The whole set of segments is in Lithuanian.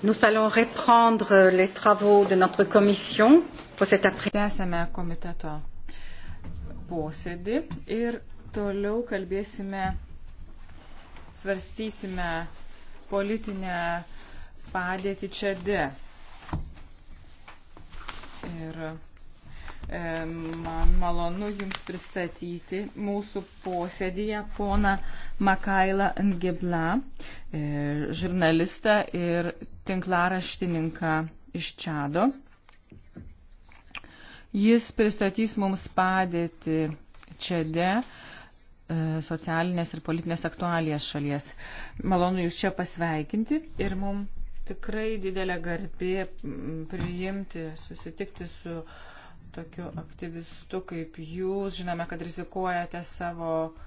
Nous allons reprendre euh, les travaux de notre commission pour cet après-midi. posėdį ir toliau kalbėsime, svarstysime politinę padėtį čia D. Ir e, man malonu Jums pristatyti mūsų posėdėje pona Makailą Ngibla, e, žurnalistą ir tinklaraštininką iš Čado. Jis pristatys mums padėti Čede e, socialinės ir politinės aktualijas šalies. Malonu Jūs čia pasveikinti ir mums tikrai didelė garbė priimti, susitikti su tokiu aktyvistu kaip Jūs. Žinome, kad rizikuojate savo uh,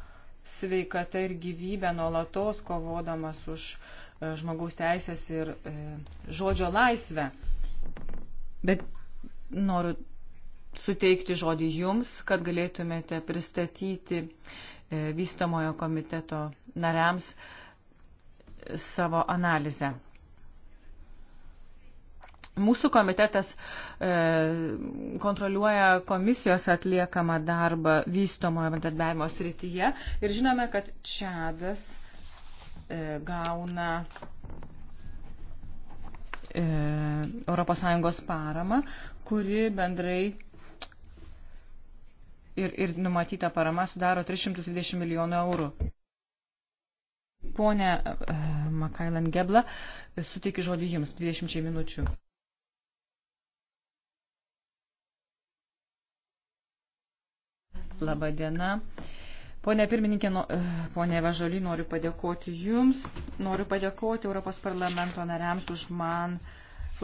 sveikata ir gyvybė nuolatos kovodamas už e, žmogaus teisės ir e, žodžio laisvę. Bet noriu suteikti žodį jums, kad galėtumėte pristatyti e, vystomojo komiteto nariams savo analizę. Mūsų komitetas e, kontroliuoja komisijos atliekamą darbą vystomojo bendradarbiavimo srityje ir žinome, kad Čadas e, gauna e, ES paramą, kuri bendrai ir, ir numatyta parama sudaro 320 milijonų eurų. Pone e, Makailan Gebla, suteikiu žodį Jums 20 minučių. Labą dieną. Pone pirmininkė, eh, ponė Važoly, noriu padėkoti Jums, noriu padėkoti Europos parlamento nariams už man,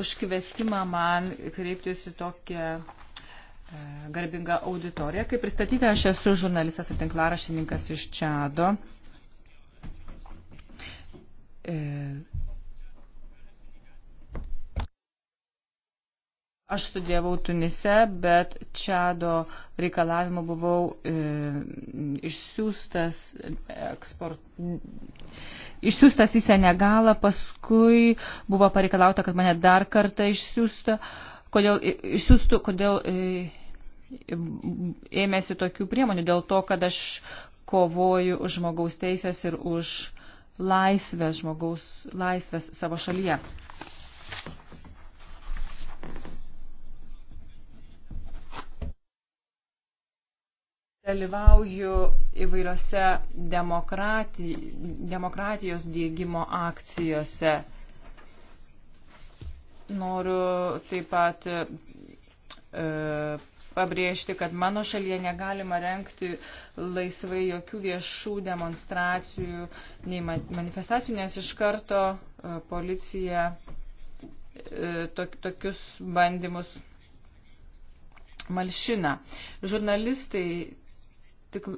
už kvietimą man kreiptis į tokią eh, garbingą auditoriją. Kaip pristatyti, aš esu žurnalistas ir tinklarašininkas iš Čado. E Aš studijavau Tunise, bet Čado reikalavimu buvau e, išsiųstas, eksport, išsiųstas į Senegalą, paskui buvo pareikalauta, kad mane dar kartą išsiųsta, kodėl, išsiųstų, kodėl e, ėmėsi tokių priemonių, dėl to, kad aš kovoju už žmogaus teisės ir už laisvės, žmogaus laisvės savo šalyje. Dalyvauju įvairiose demokrati, demokratijos dėgymo akcijose. Noriu taip pat e, pabrėžti, kad mano šalyje negalima renkti laisvai jokių viešų demonstracijų, nei manifestacijų, nes iš karto e, policija e, tok, tokius bandymus malšina. Žurnalistai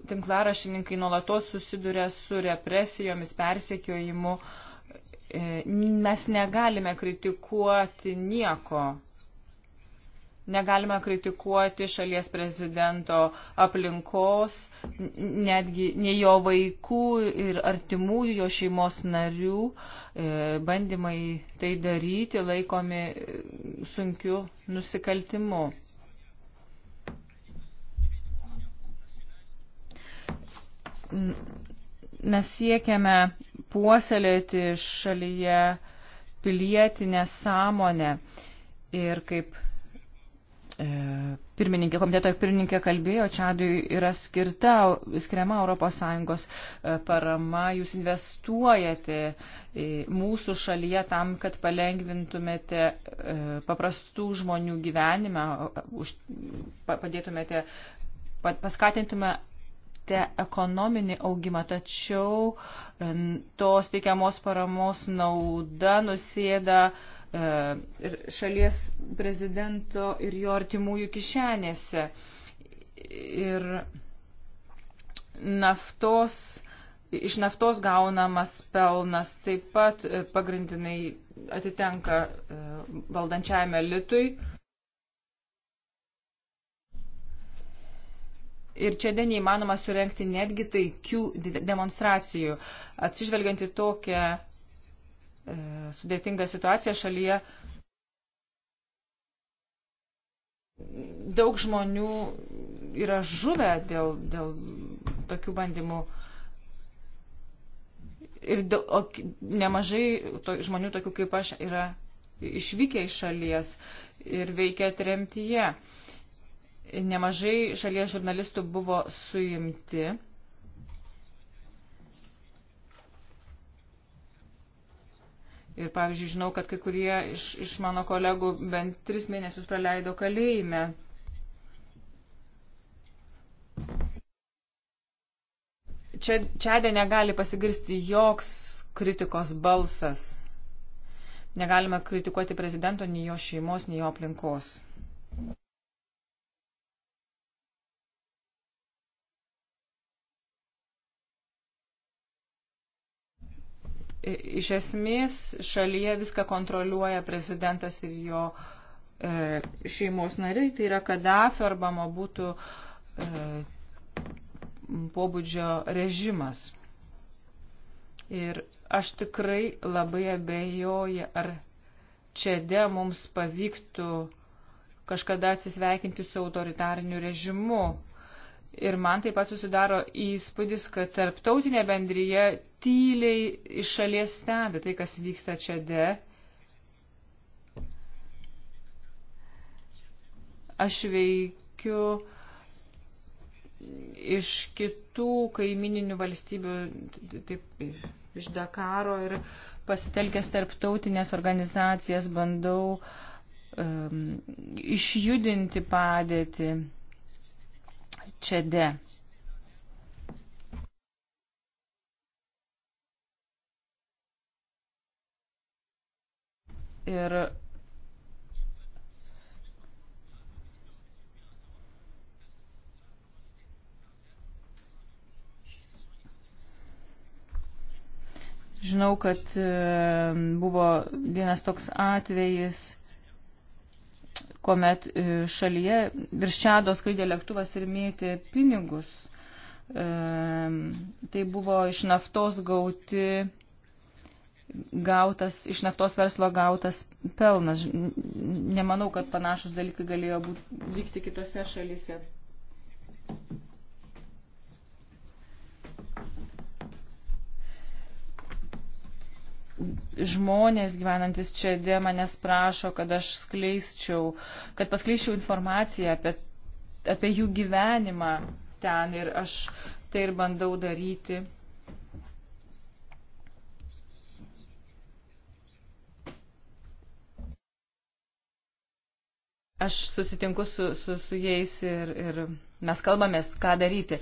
tinklarašininkai nuolatos susiduria su represijomis, persekiojimu. E, mes negalime kritikuoti nieko. Negalime kritikuoti šalies prezidento aplinkos, netgi nei jo vaikų ir artimųjų, jo šeimos narių. E, bandymai tai daryti laikomi sunkiu nusikaltimu. Mes siekiame puoselėti šalyje pilietinę sąmonę ir kaip e, pirmininkė, komiteto pirmininkė kalbėjo, Čadui yra skirta, skiriama ES e, parama, jūs investuojate mūsų šalyje tam, kad palengvintumėte e, paprastų žmonių gyvenimą, padėtumėte, paskatintume matysite ekonominį augimą, tačiau tos teikiamos paramos nauda nusėda e, šalies prezidento ir jo artimųjų kišenėse. Ir naftos, iš naftos gaunamas pelnas taip pat e, pagrindinai atitenka e, valdančiajame litui. ir čia neįmanoma surenkti netgi taikių demonstracijų. Atsižvelgiant į tokią e, sudėtingą situaciją šalyje, daug žmonių yra žuvę dėl, dėl tokių bandymų. Ir da, o, nemažai to, žmonių, tokių kaip aš, yra išvykę iš šalies ir veikia tremtyje. E, Nemažai šalies žurnalistų buvo suimti. Ir pavyzdžiui, žinau, kad kai kurie iš, iš mano kolegų bent tris mėnesius praleido kalėjime. Čia, čia negali pasigirsti joks kritikos balsas. Negalime kritikuoti prezidento, nei jo šeimos, nei jo aplinkos. E, iš esmės šalyje viską kontroliuoja prezidentas ir jo e, šeimos nariai, tai yra Kadafio arba Mabutų e, pobūdžio režimas. Ir aš tikrai labai abejoju, ar čia de mums pavyktų kažkada atsisveikinti su autoritariniu režimu. Ir man taip pat susidaro įspūdis, kad tarptautinė bendryje tyliai iš šalies stebi tai, kas vyksta čia de. Aš veikiu iš kitų kaimininių valstybių, taip, iš Dakaro ir pasitelkęs tarptautinės organizacijas bandau um, išjudinti padėtį čia de. Ir Žinau, kad e, buvo vienas toks atvejis, kuomet e, šalyje virš čiado skraidė lėktuvas ir mėtė pinigus. E, tai buvo iš naftos gauti gautas, iš naftos verslo gautas pelnas. Nemanau, kad panašus dalykai galėjo būti, vykti kitose šalyse. Žmonės gyvenantis čia dė manęs prašo, kad aš skleisčiau, kad paskleisčiau informaciją apie, apie jų gyvenimą ten ir aš tai ir bandau daryti. Aš susitinku su, su, su jais ir, ir mes kalbamės, ką daryti.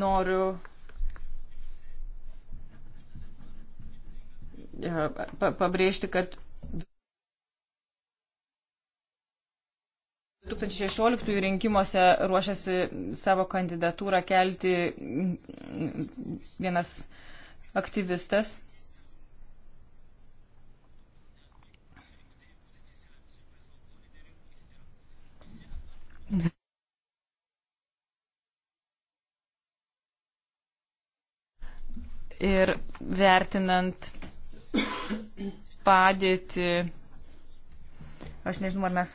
Noriu e, pabrėžti, kad 2016 rinkimuose ruošiasi savo kandidatūrą kelti vienas aktyvistas Ir vertinant padėtį, aš nežinau, ar mes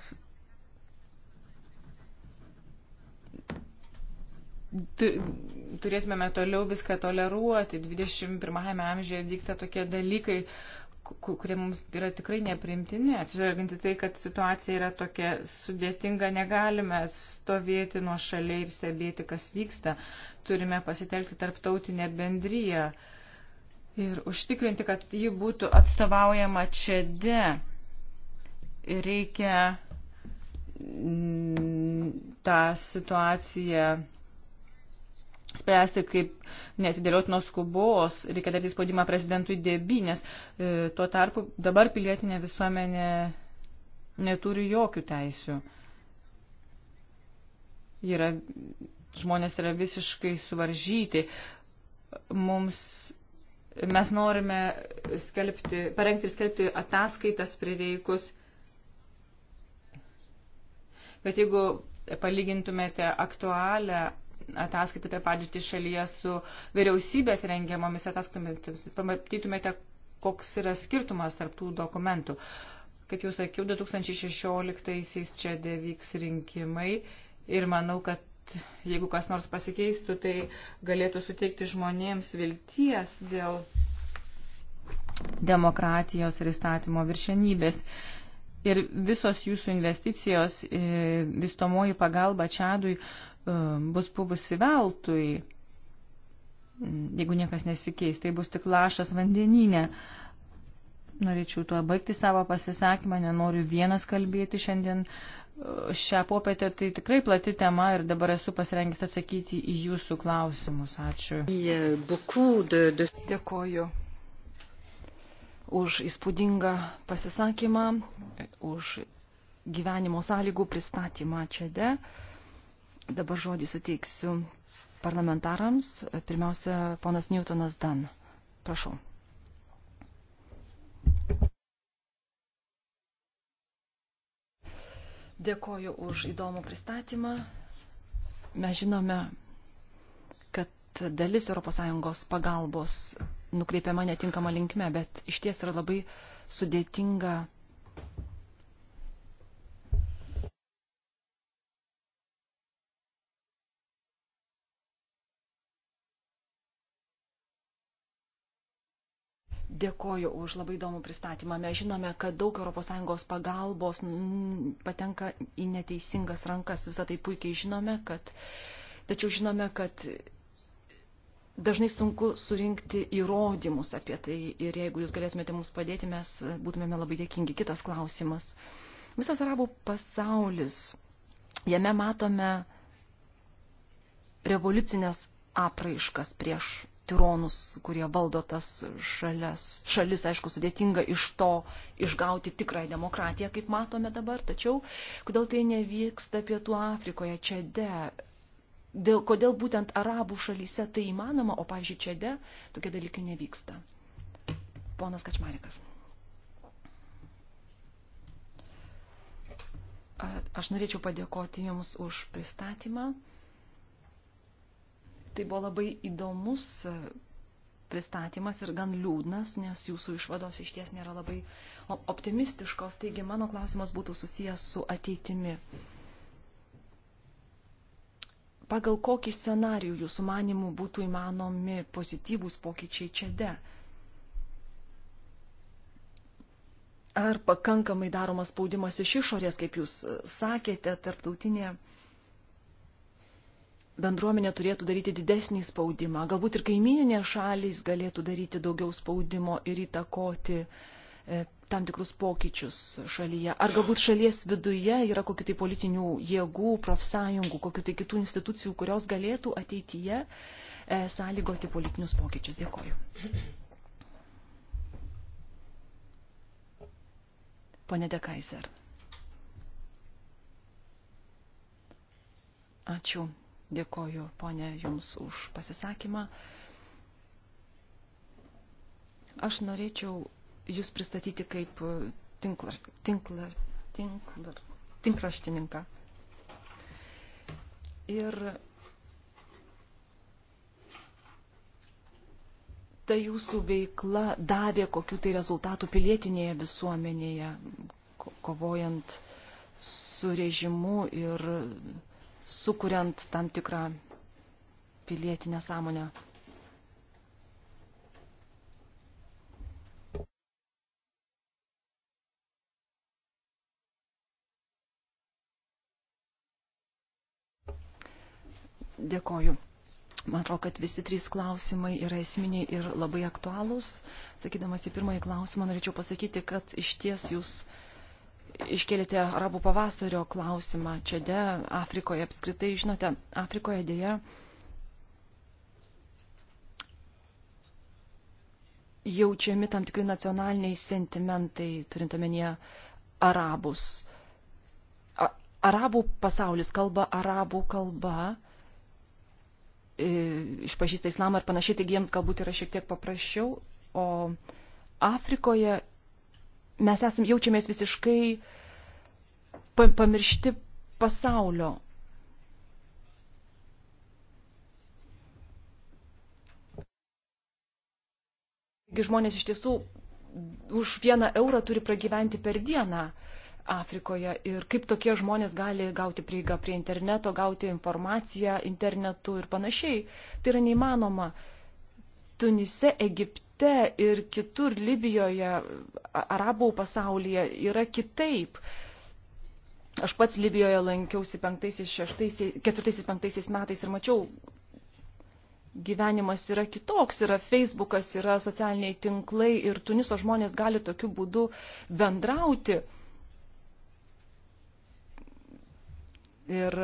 turėtumėme toliau viską toleruoti. 21 amžiuje vyksta tokie dalykai, kurie mums yra tikrai neprimtini. Atsižvelginti tai, kad situacija yra tokia sudėtinga, negalime stovėti nuo šaliai ir stebėti, kas vyksta. Turime pasitelkti tarptautinę bendryją ir užtikrinti, kad ji būtų atstovaujama čia de. Reikia tą situaciją spręsti kaip netidėliotinos skubos, reikia daryti spaudimą prezidentui dėby, nes e, tuo tarpu dabar pilietinė visuomenė neturi jokių teisių. Yra, žmonės yra visiškai suvaržyti. Mums mes norime skelbti, parengti ir skelbti ataskaitas prireikus. Bet jeigu palygintumėte aktualią ataskaitą apie padėtį šalyje su vyriausybės rengiamomis ataskaitomis, pamatytumėte, koks yra skirtumas tarptų dokumentų. Kaip jau sakiau, 2016-aisiais čia devyks rinkimai ir manau, kad jeigu kas nors pasikeistų, tai galėtų suteikti žmonėms vilties dėl demokratijos ir įstatymo viršenybės. Ir visos jūsų investicijos, e, vystomoji pagalba Čadui E, bus buvusi veltui. Jeigu niekas nesikeis, tai bus tik lašas vandeninė. Norėčiau tuo baigti savo pasisakymą, nenoriu vienas kalbėti šiandien. E, šią popietę tai tikrai plati tema ir dabar esu pasirengęs atsakyti į jūsų klausimus. Ačiū. E, Dėkoju už įspūdingą pasisakymą, už gyvenimo sąlygų pristatymą čia. De. Dabar žodį suteiksiu parlamentarams. Pirmiausia, ponas Newtonas Dan. Prašau. Dėkoju už įdomų pristatymą. Mes žinome, kad dalis ES pagalbos nukreipiama netinkama linkme, bet iš ties yra labai sudėtinga Dėkoju už labai įdomų pristatymą. Mes žinome, kad daug ES pagalbos patenka į neteisingas rankas. Visą tai puikiai žinome, kad tačiau žinome, kad dažnai sunku surinkti įrodymus apie tai ir jeigu jūs galėtumėte mums padėti, mes būtumėme labai dėkingi. Kitas klausimas. Visas arabų pasaulis, jame matome revoliucinės apraiškas prieš tironus, kurie valdo tas šalias. šalis. Aišku, sudėtinga iš to išgauti tikrą demokratiją, kaip matome dabar, tačiau kodėl tai nevyksta Pietų Afrikoje, Čede, dėl, kodėl būtent arabų šalyse tai įmanoma, o, pavyzdžiui, Čede tokie dalykai nevyksta. Ponas Kačmarikas. Aš norėčiau padėkoti Jums už pristatymą. Tai buvo labai įdomus pristatymas ir gan liūdnas, nes jūsų išvados iš ties nėra labai optimistiškos. Taigi mano klausimas būtų susijęs su ateitimi. Pagal kokį scenarijų jūsų manimų būtų įmanomi pozityvūs pokyčiai čia de? Ar pakankamai daromas spaudimas iš išorės, kaip jūs e, sakėte, tarptautinė bendruomenė turėtų daryti didesnį spaudimą. Galbūt ir kaimininės šalys galėtų daryti daugiau spaudimo ir įtakoti e, tam tikrus pokyčius šalyje. Ar galbūt šalies viduje yra kokiu tai politinių jėgų, profsąjungų, kokiu tai kitų institucijų, kurios galėtų ateityje e, sąlygoti politinius pokyčius. Dėkoju. Pone De Kaiser. Ačiū. Dėkoju, ponė, Jums už pasisakymą. Aš norėčiau Jūs pristatyti kaip tinklar, tinklar, tinklar, tinkraštininką. Ir ta jūsų veikla davė kokių tai rezultatų pilietinėje visuomenėje, kovojant su režimu ir uh, sukuriant tam tikrą pilietinę sąmonę. Dėkoju. Man atrodo, kad visi trys klausimai yra esminiai ir labai aktualūs. Sakydamas į pirmąjį klausimą, norėčiau pasakyti, kad iš ties jūs uh, iškėlėte arabų pavasario klausimą čia de, Afrikoje apskritai, žinote, Afrikoje dėja jaučiami tam tikri nacionaliniai sentimentai, turint omenyje arabus. A, arabų pasaulis kalba arabų kalba, išpažįsta islamą ir panašiai, taigi jiems galbūt yra šiek tiek paprasčiau, o Afrikoje mes esam, jaučiamės visiškai pamiršti pasaulio. Taigi žmonės iš tiesų už vieną eurą turi pragyventi per dieną Afrikoje ir kaip tokie žmonės gali gauti prieigą prie interneto, gauti informaciją internetu ir panašiai. Tai yra neįmanoma. Tunise, Egipte Egipte ir kitur Libijoje, arabų pasaulyje yra kitaip. Aš pats Libijoje lankiausi 4-5 metais ir mačiau, gyvenimas yra kitoks, yra Facebookas, yra socialiniai tinklai ir Tuniso žmonės gali tokiu būdu bendrauti. Ir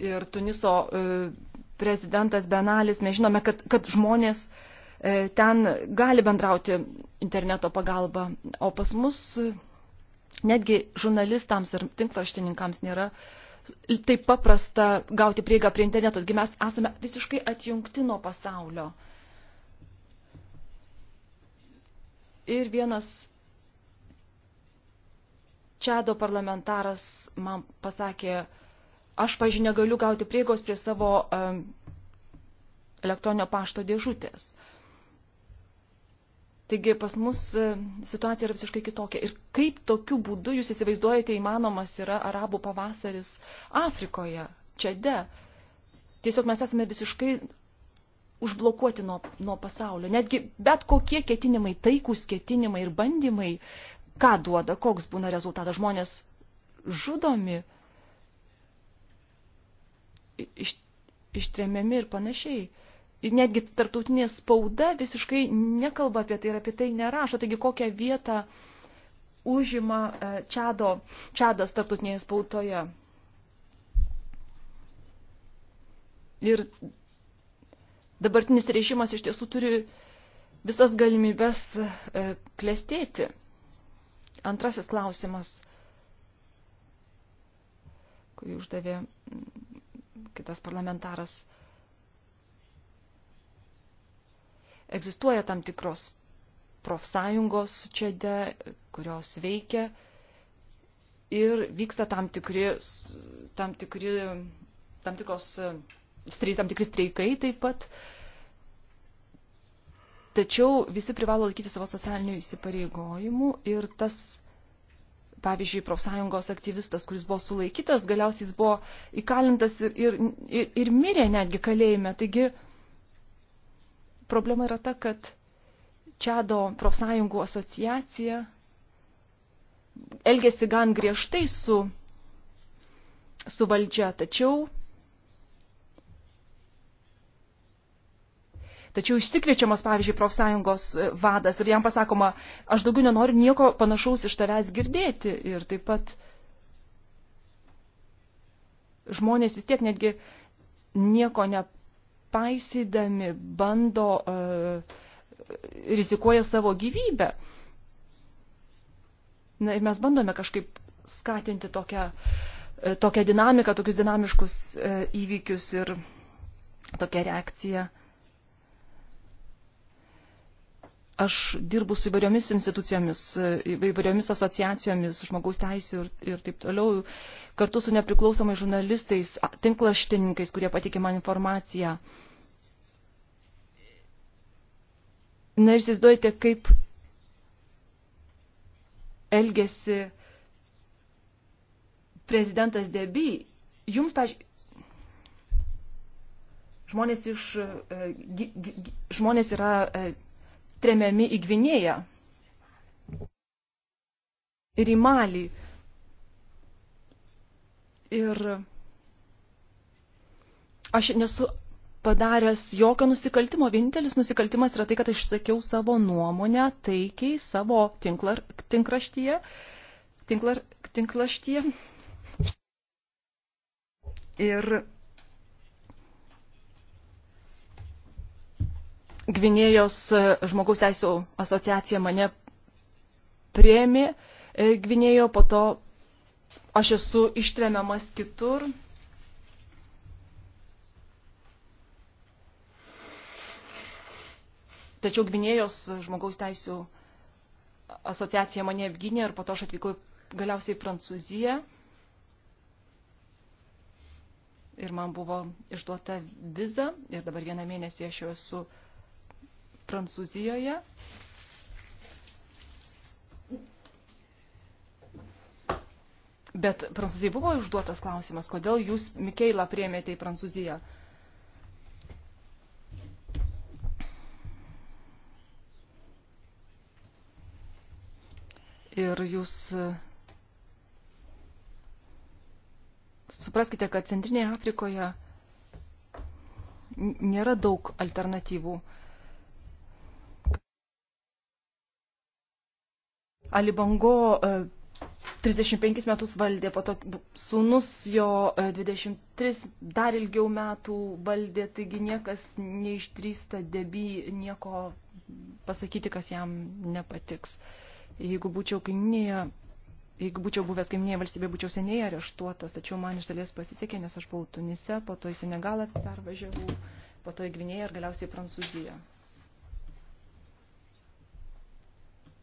ir Tuniso e, prezidentas Benalis, mes žinome, kad, kad žmonės e, ten gali bendrauti interneto pagalba, o pas mus e, netgi žurnalistams ir tinklaštininkams nėra taip paprasta gauti prieigą prie interneto, taigi mes esame visiškai atjungti nuo pasaulio. Ir vienas Čado parlamentaras man pasakė, Aš, pažiūrėjau, negaliu gauti prieigos prie savo um, elektroninio pašto dėžutės. Taigi pas mus situacija yra visiškai kitokia. Ir kaip tokiu būdu jūs įsivaizduojate įmanomas yra arabų pavasaris Afrikoje, Čede? Tiesiog mes esame visiškai užblokuoti nuo, nuo pasaulio. Netgi bet kokie ketinimai, taikūs ketinimai ir bandymai, ką duoda, koks būna rezultatas. Žmonės žudomi, iš, ištremiami ir panašiai. Ir netgi tarptautinė spauda visiškai nekalba apie tai ir apie tai nerašo. Taigi kokią vietą užima e, čado, čadas tarptautinėje spaudoje. Ir dabartinis režimas iš tiesų turi visas galimybės e, klestėti. Antrasis klausimas, kurį uždavė kitas parlamentaras. Egzistuoja tam tikros profsąjungos čiade, kurios veikia ir vyksta tam tikri, tam tikri, tam tikros, e, tam tikri streikai taip pat. Tačiau visi privalo laikyti savo socialinių įsipareigojimų ir tas Pavyzdžiui, profsąjungos aktyvistas, kuris buvo sulaikytas, galiausiai jis buvo įkalintas ir, ir, ir, ir mirė netgi kalėjime. Taigi problema yra ta, kad Čado profsąjungų asociacija elgėsi gan griežtai su, su valdžia, tačiau Tačiau išsikviečiamas, pavyzdžiui, profsąjungos e, vadas ir jam pasakoma, aš daugiau nenoriu nieko panašaus iš tavęs girdėti. Ir taip pat žmonės vis tiek netgi nieko nepaisydami bando, uh, rizikuoja savo gyvybę. Na ir mes bandome kažkaip skatinti tokią, e, tokią dinamiką, tokius dinamiškus uh, įvykius ir tokią reakciją. Uh, Aš dirbu su įvairiomis institucijomis, įvairiomis asociacijomis, žmogaus teisų ir, ir taip toliau, kartu su nepriklausomai žurnalistais, tinklaštininkais, kurie patikė man informaciją. Na ir įsivaizduojate, kaip elgesi prezidentas Deby. Jums, pažiūrėjau, žmonės, iš, e, žmonės yra e, tremiami į Gvinėją ir į Malį. Ir aš nesu padaręs jokio nusikaltimo. Vienintelis nusikaltimas yra tai, kad aš išsakiau savo nuomonę taikiai savo tinklar, tinkraštyje. Tinklar, tinklaštyje. Ir Gvinėjos e, žmogaus teisų asociacija mane priemi e, Gvinėjo, po to aš esu ištremiamas kitur. Tačiau Gvinėjos žmogaus teisų asociacija mane apgynė ir po to aš atvykau galiausiai į Prancūziją. Ir man buvo išduota viza ir dabar vieną mėnesį aš jau esu Prancūzijoje. Bet Prancūzijai buvo užduotas klausimas, kodėl jūs Mikeilą priemėte į Prancūziją. Ir jūs uh, supraskite, kad Centrinėje Afrikoje nėra daug alternatyvų. Ali Bongo 35 metus valdė, po to sūnus jo 23 e, dar ilgiau metų valdė, taigi niekas neišdrįsta debi nieko pasakyti, kas jam nepatiks. Jeigu būčiau kaiminėje, jeigu būčiau buvęs kaiminėje valstybėje, būčiau seniai areštuotas, tačiau man iš dalies pasisekė, nes aš buvau Tunise, po to į Senegalą pervažiavau, po to į Gvinėją ir galiausiai Prancūziją.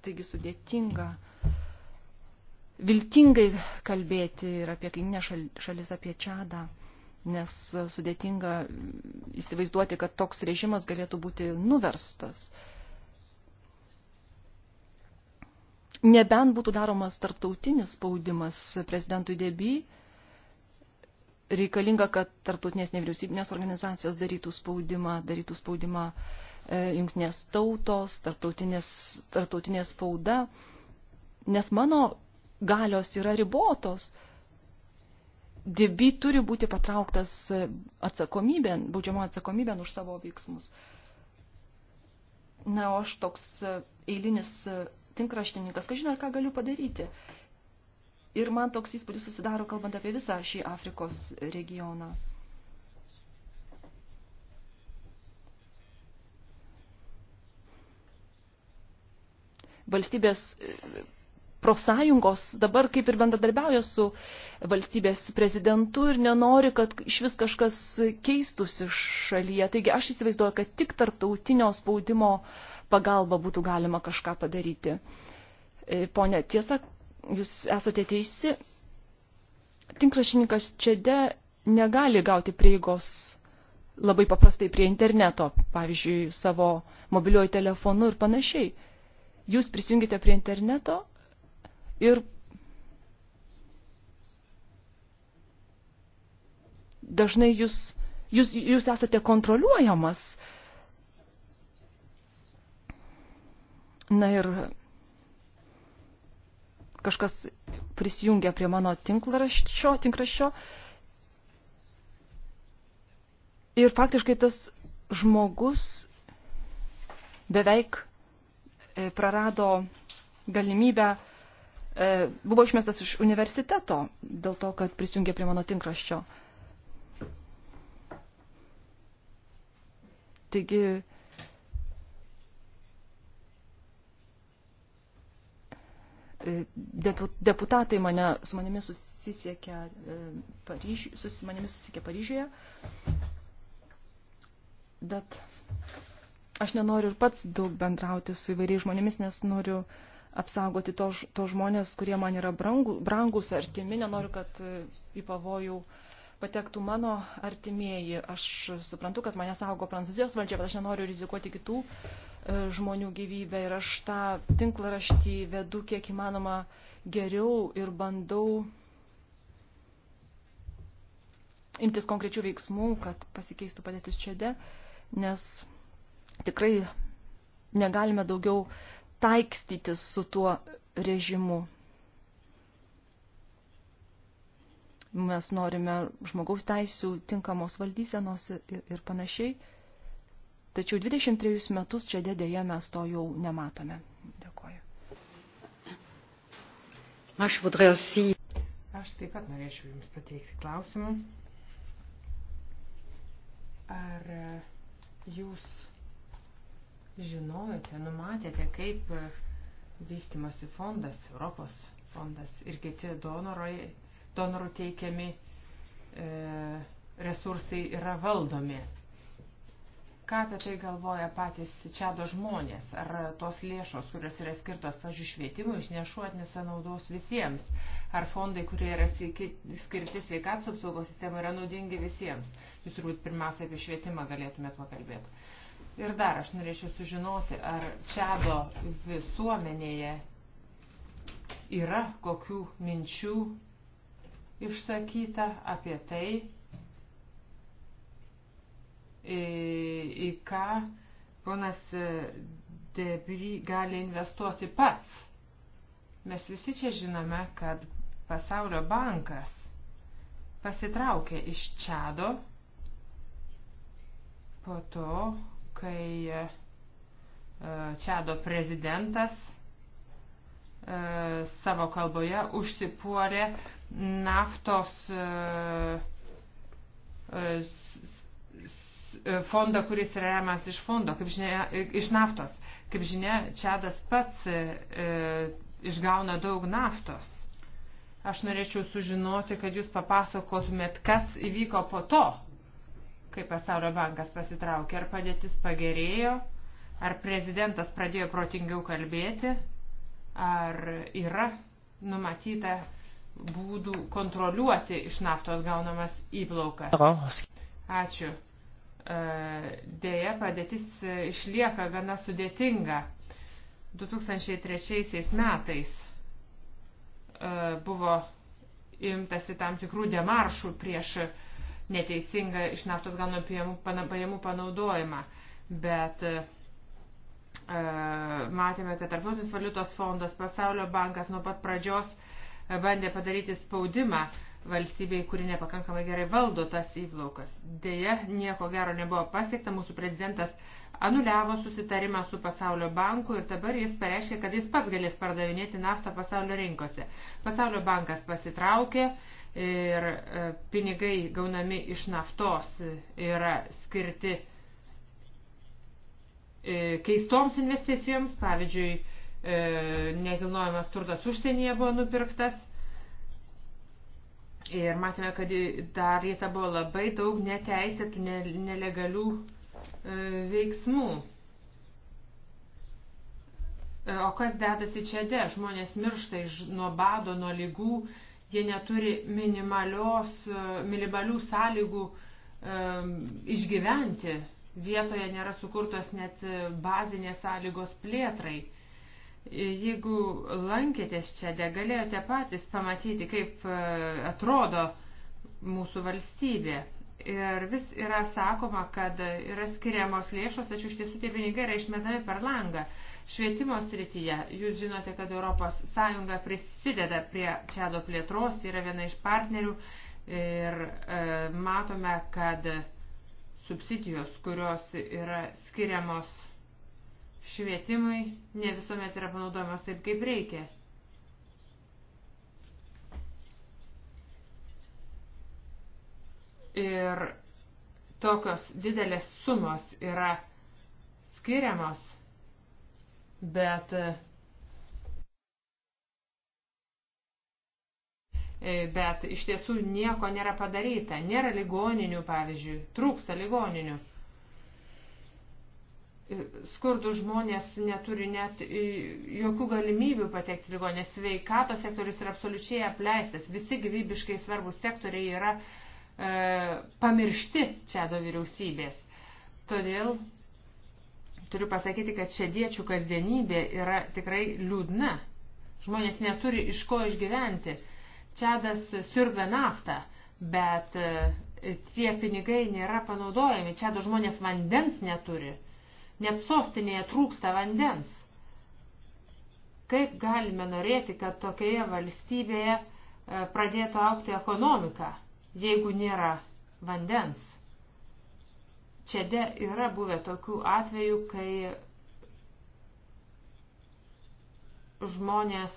taigi sudėtinga viltingai kalbėti ir apie kaiminę šalis, apie Čadą, nes sudėtinga įsivaizduoti, kad toks režimas galėtų būti nuverstas. Nebent būtų daromas tarptautinis spaudimas prezidentui Deby, reikalinga, kad tarptautinės nevyriausybinės organizacijos darytų spaudimą, darytų spaudimą uh, E, jungtinės tautos, tarptautinės, tarptautinės spauda, nes mano galios yra ribotos. Dibi turi būti patrauktas atsakomybėn, baudžiamo atsakomybėn už savo veiksmus. Na, o aš toks e, eilinis e, tinkraštininkas, kažin ar ką galiu padaryti. Ir man toks įspūdis susidaro, kalbant apie visą šį Afrikos regioną. valstybės profsąjungos dabar kaip ir bendradarbiauja su valstybės prezidentu ir nenori, kad iš vis kažkas keistųsi šalyje. Taigi aš įsivaizduoju, kad tik tarptautinio spaudimo pagalba būtų galima kažką padaryti. E, pone, tiesa, jūs esate teisi. Tinklašininkas Čede negali gauti prieigos labai paprastai prie interneto, pavyzdžiui, savo mobiliuoju telefonu ir panašiai jūs prisijungite prie interneto ir dažnai jūs, jūs, jūs esate kontroliuojamas. Na ir kažkas prisijungia prie mano tinklaraščio, tinkraščio. Ir faktiškai tas žmogus beveik E, prarado galimybę, e, buvo išmestas iš universiteto dėl to, kad prisijungė prie mano tinkraščio. Taigi, e, deputatai mane su manimi susisiekė Paryžiuje, susi manimi susisiekė Paryžiuje, bet Aš nenoriu ir pats daug bendrauti su įvairiais žmonėmis, nes noriu apsaugoti tos to žmonės, kurie man yra brangu, brangus, artimi. Nenoriu, kad e, į pavojų patektų mano artimieji. Aš suprantu, kad mane saugo prancūzijos valdžia, bet aš nenoriu rizikuoti kitų e, žmonių gyvybę ir aš tą tinklaraštį vedu kiek įmanoma geriau ir bandau imtis konkrečių veiksmų, kad pasikeistų padėtis čiade, nes tikrai negalime daugiau taikstytis su tuo režimu. Mes norime žmogaus teisų, tinkamos valdysenos ir, ir panašiai. Tačiau 23 metus čia dėdėje mes to jau nematome. Dėkuoju. Aš Aš taip pat norėčiau Jums pateikti klausimą. Ar Jūs žinojote, numatėte, kaip e, vystimosi fondas, Europos fondas ir kiti donorai, donorų teikiami e, resursai yra valdomi. Ką apie tai galvoja patys čiado žmonės? Ar tos lėšos, kurios yra skirtos, pažiūrėjau, švietimui, išnešuotinėse naudos visiems? Ar fondai, kurie yra skirti sveikatos apsaugos sistemai, yra naudingi visiems? Jūs turbūt pirmiausia apie švietimą galėtumėt pakalbėti. Ir dar aš norėčiau sužinoti, ar Čado visuomenėje yra kokių minčių išsakyta apie tai, į, į ką ponas Debry gali investuoti pats. Mes visi čia žinome, kad Pasaulio bankas pasitraukė iš Čado po to, kai e, Čado prezidentas e, savo kalboje užsipuolė naftos e, fondą, kuris remiamas iš fondo, kaip žinia, iš naftos. Kaip žinia, Čadas pats išgauna daug naftos. Aš norėčiau sužinoti, kad jūs papasakotumėt, kas įvyko po to, kai Pasaulio bankas pasitraukė, ar padėtis pagerėjo, ar prezidentas pradėjo protingiau kalbėti, ar yra numatyta būdų kontroliuoti iš naftos gaunamas įplaukas. Ačiū. E, Deja, padėtis išlieka gana sudėtinga. 2003 metais e, buvo imtasi tam tikrų demaršų prieš uh, neteisingą iš naftos gaunamų pajamų panaudojimą. Bet e, e, matėme, kad Tarptautinis valiutos fondas, Pasaulio bankas nuo pat pradžios e, bandė padaryti spaudimą valstybei, kuri nepakankamai gerai valdo tas įplaukas. Deja, nieko gero nebuvo pasiekta, mūsų prezidentas anuliavo susitarimą su Pasaulio banku ir dabar jis pareiškė, kad jis pats galės pardavinėti naftą pasaulio rinkose. Pasaulio bankas pasitraukė, uh, ir e, pinigai gaunami iš naftos yra skirti e, keistoms investicijoms, pavyzdžiui, e, nekilnojamas turtas užsienyje buvo nupirktas. Ir matėme, kad daryta buvo labai daug neteisėtų, nelegalių veiksmų. O kas dedasi čia de? Žmonės miršta iš, nuo bado, nuo lygų, jie neturi e, minimalių sąlygų e, išgyventi. Vietoje nėra sukurtos net e, bazinės sąlygos plėtrai. Jeigu lankėtės čia, galėjote patys pamatyti, kaip atrodo mūsų valstybė. Ir vis yra sakoma, kad yra skiriamos lėšos, tačiau iš tiesų tie pinigai yra išmetami per langą. Švietimo srityje, jūs žinote, kad ES prisideda prie čiado plėtros, yra viena iš partnerių ir e, matome, kad subsidijos, kurios yra skiriamos švietimui, ne visuomet yra panaudojamos taip, kaip reikia. Ir tokios didelės sumos yra skiriamos bet, e, bet iš tiesų nieko nėra padaryta. Nėra ligoninių, pavyzdžiui, trūksta ligoninių. Skurdų žmonės neturi net e, jokių galimybių patekti ligoninės. Sveikato sektorius yra absoliučiai apleistas. Visi gyvybiškai svarbus sektoriai yra e, pamiršti čia do vyriausybės. Todėl Turiu pasakyti, kad šediečių kasdienybė yra tikrai liūdna. Žmonės neturi iš ko išgyventi. Čadas siurbia naftą, bet e, tie pinigai nėra panaudojami. Čado žmonės vandens neturi. Net sostinėje trūksta vandens. Kaip galime norėti, kad tokioje valstybėje e, pradėtų aukti ekonomika, jeigu nėra vandens? Čia de yra buvę tokių atvejų, kai žmonės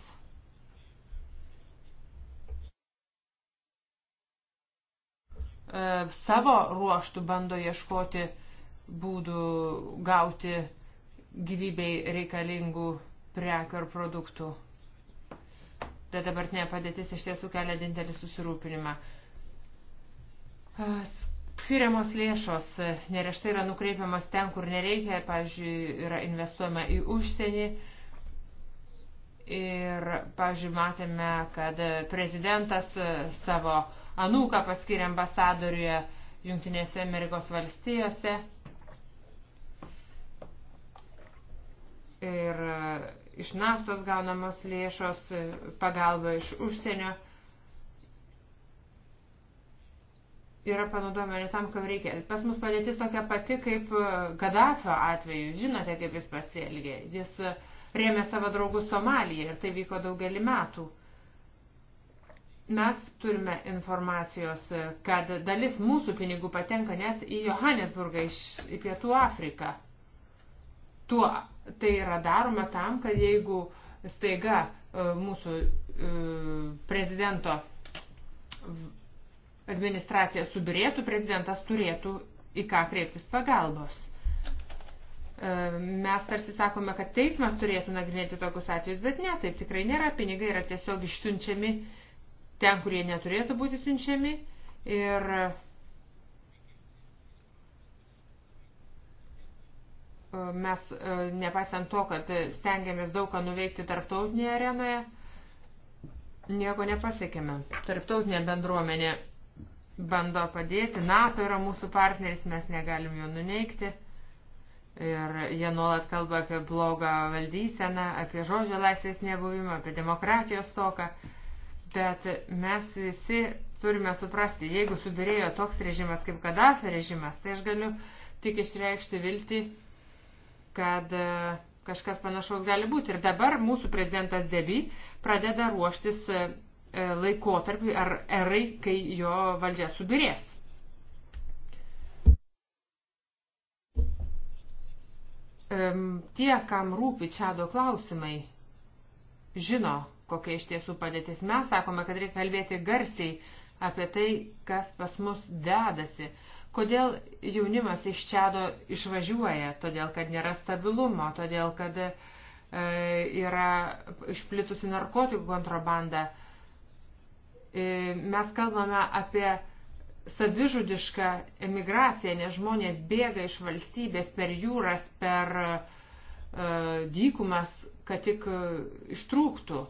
e, savo ruoštų bando ieškoti būdų gauti gyvybei reikalingų prekių ar produktų. Ta dabartinė padėtis iš tiesų kelia didelį susirūpinimą. E, Skiriamos lėšos e, nereštai yra nukreipiamas ten, kur nereikia, pavyzdžiui, yra investuojama į užsienį. Ir, pavyzdžiui, matėme, kad prezidentas e, savo anūką paskiria ambasadoriuje Junktinėse Amerikos valstijose. Ir e, iš naftos gaunamos lėšos pagalba iš užsienio. yra panaudojama ne tam, kam reikia. Pas mus padėtis tokia pati kaip e, Gaddafio atveju. Žinote, kaip jis pasielgė. Jis e, rėmė savo draugus Somaliją ir tai vyko daugelį metų. Mes turime informacijos, e, kad dalis mūsų pinigų patenka net į Johannesburgą, iš, į Pietų Afriką. Tuo tai yra daroma tam, kad jeigu staiga mūsų prezidento administracija subirėtų, prezidentas turėtų į ką kreiptis pagalbos. E, mes tarsi sakome, kad teismas turėtų nagrinėti tokius atvejus, bet ne, taip tikrai nėra. Pinigai yra tiesiog išsiunčiami ten, kur jie neturėtų būti siunčiami. Ir e, mes, e, nepaisant to, kad stengiamės daug ką nuveikti tarptautinėje arenoje, nieko nepasiekėme. Tarptautinė bendruomenė bando padėti. NATO yra mūsų partneris, mes negalim jo nuneikti. Ir jie nuolat kalba apie blogą valdyseną, apie žodžio laisvės nebuvimą, apie demokratijos toką. Bet mes visi turime suprasti, jeigu subirėjo toks režimas kaip Kadafio režimas, tai aš galiu tik išreikšti viltį, kad e, kažkas panašaus gali būti. Ir dabar mūsų prezidentas Debi pradeda ruoštis e, E, laikotarpiui ar erai, kai jo valdžia subirės. Tie, kam rūpi čiado klausimai, žino, kokia iš tiesų padėtis. Mes sakome, kad reikia kalbėti garsiai apie tai, kas pas mus dedasi. Kodėl jaunimas iš čiado išvažiuoja? Todėl, kad nėra stabilumo, todėl, kad e, yra išplitusi narkotikų kontrabanda. E, E, mes kalbame apie savižudišką emigraciją, nes žmonės bėga iš valstybės per jūras, per e, dykumas, kad tik e, ištrūktų.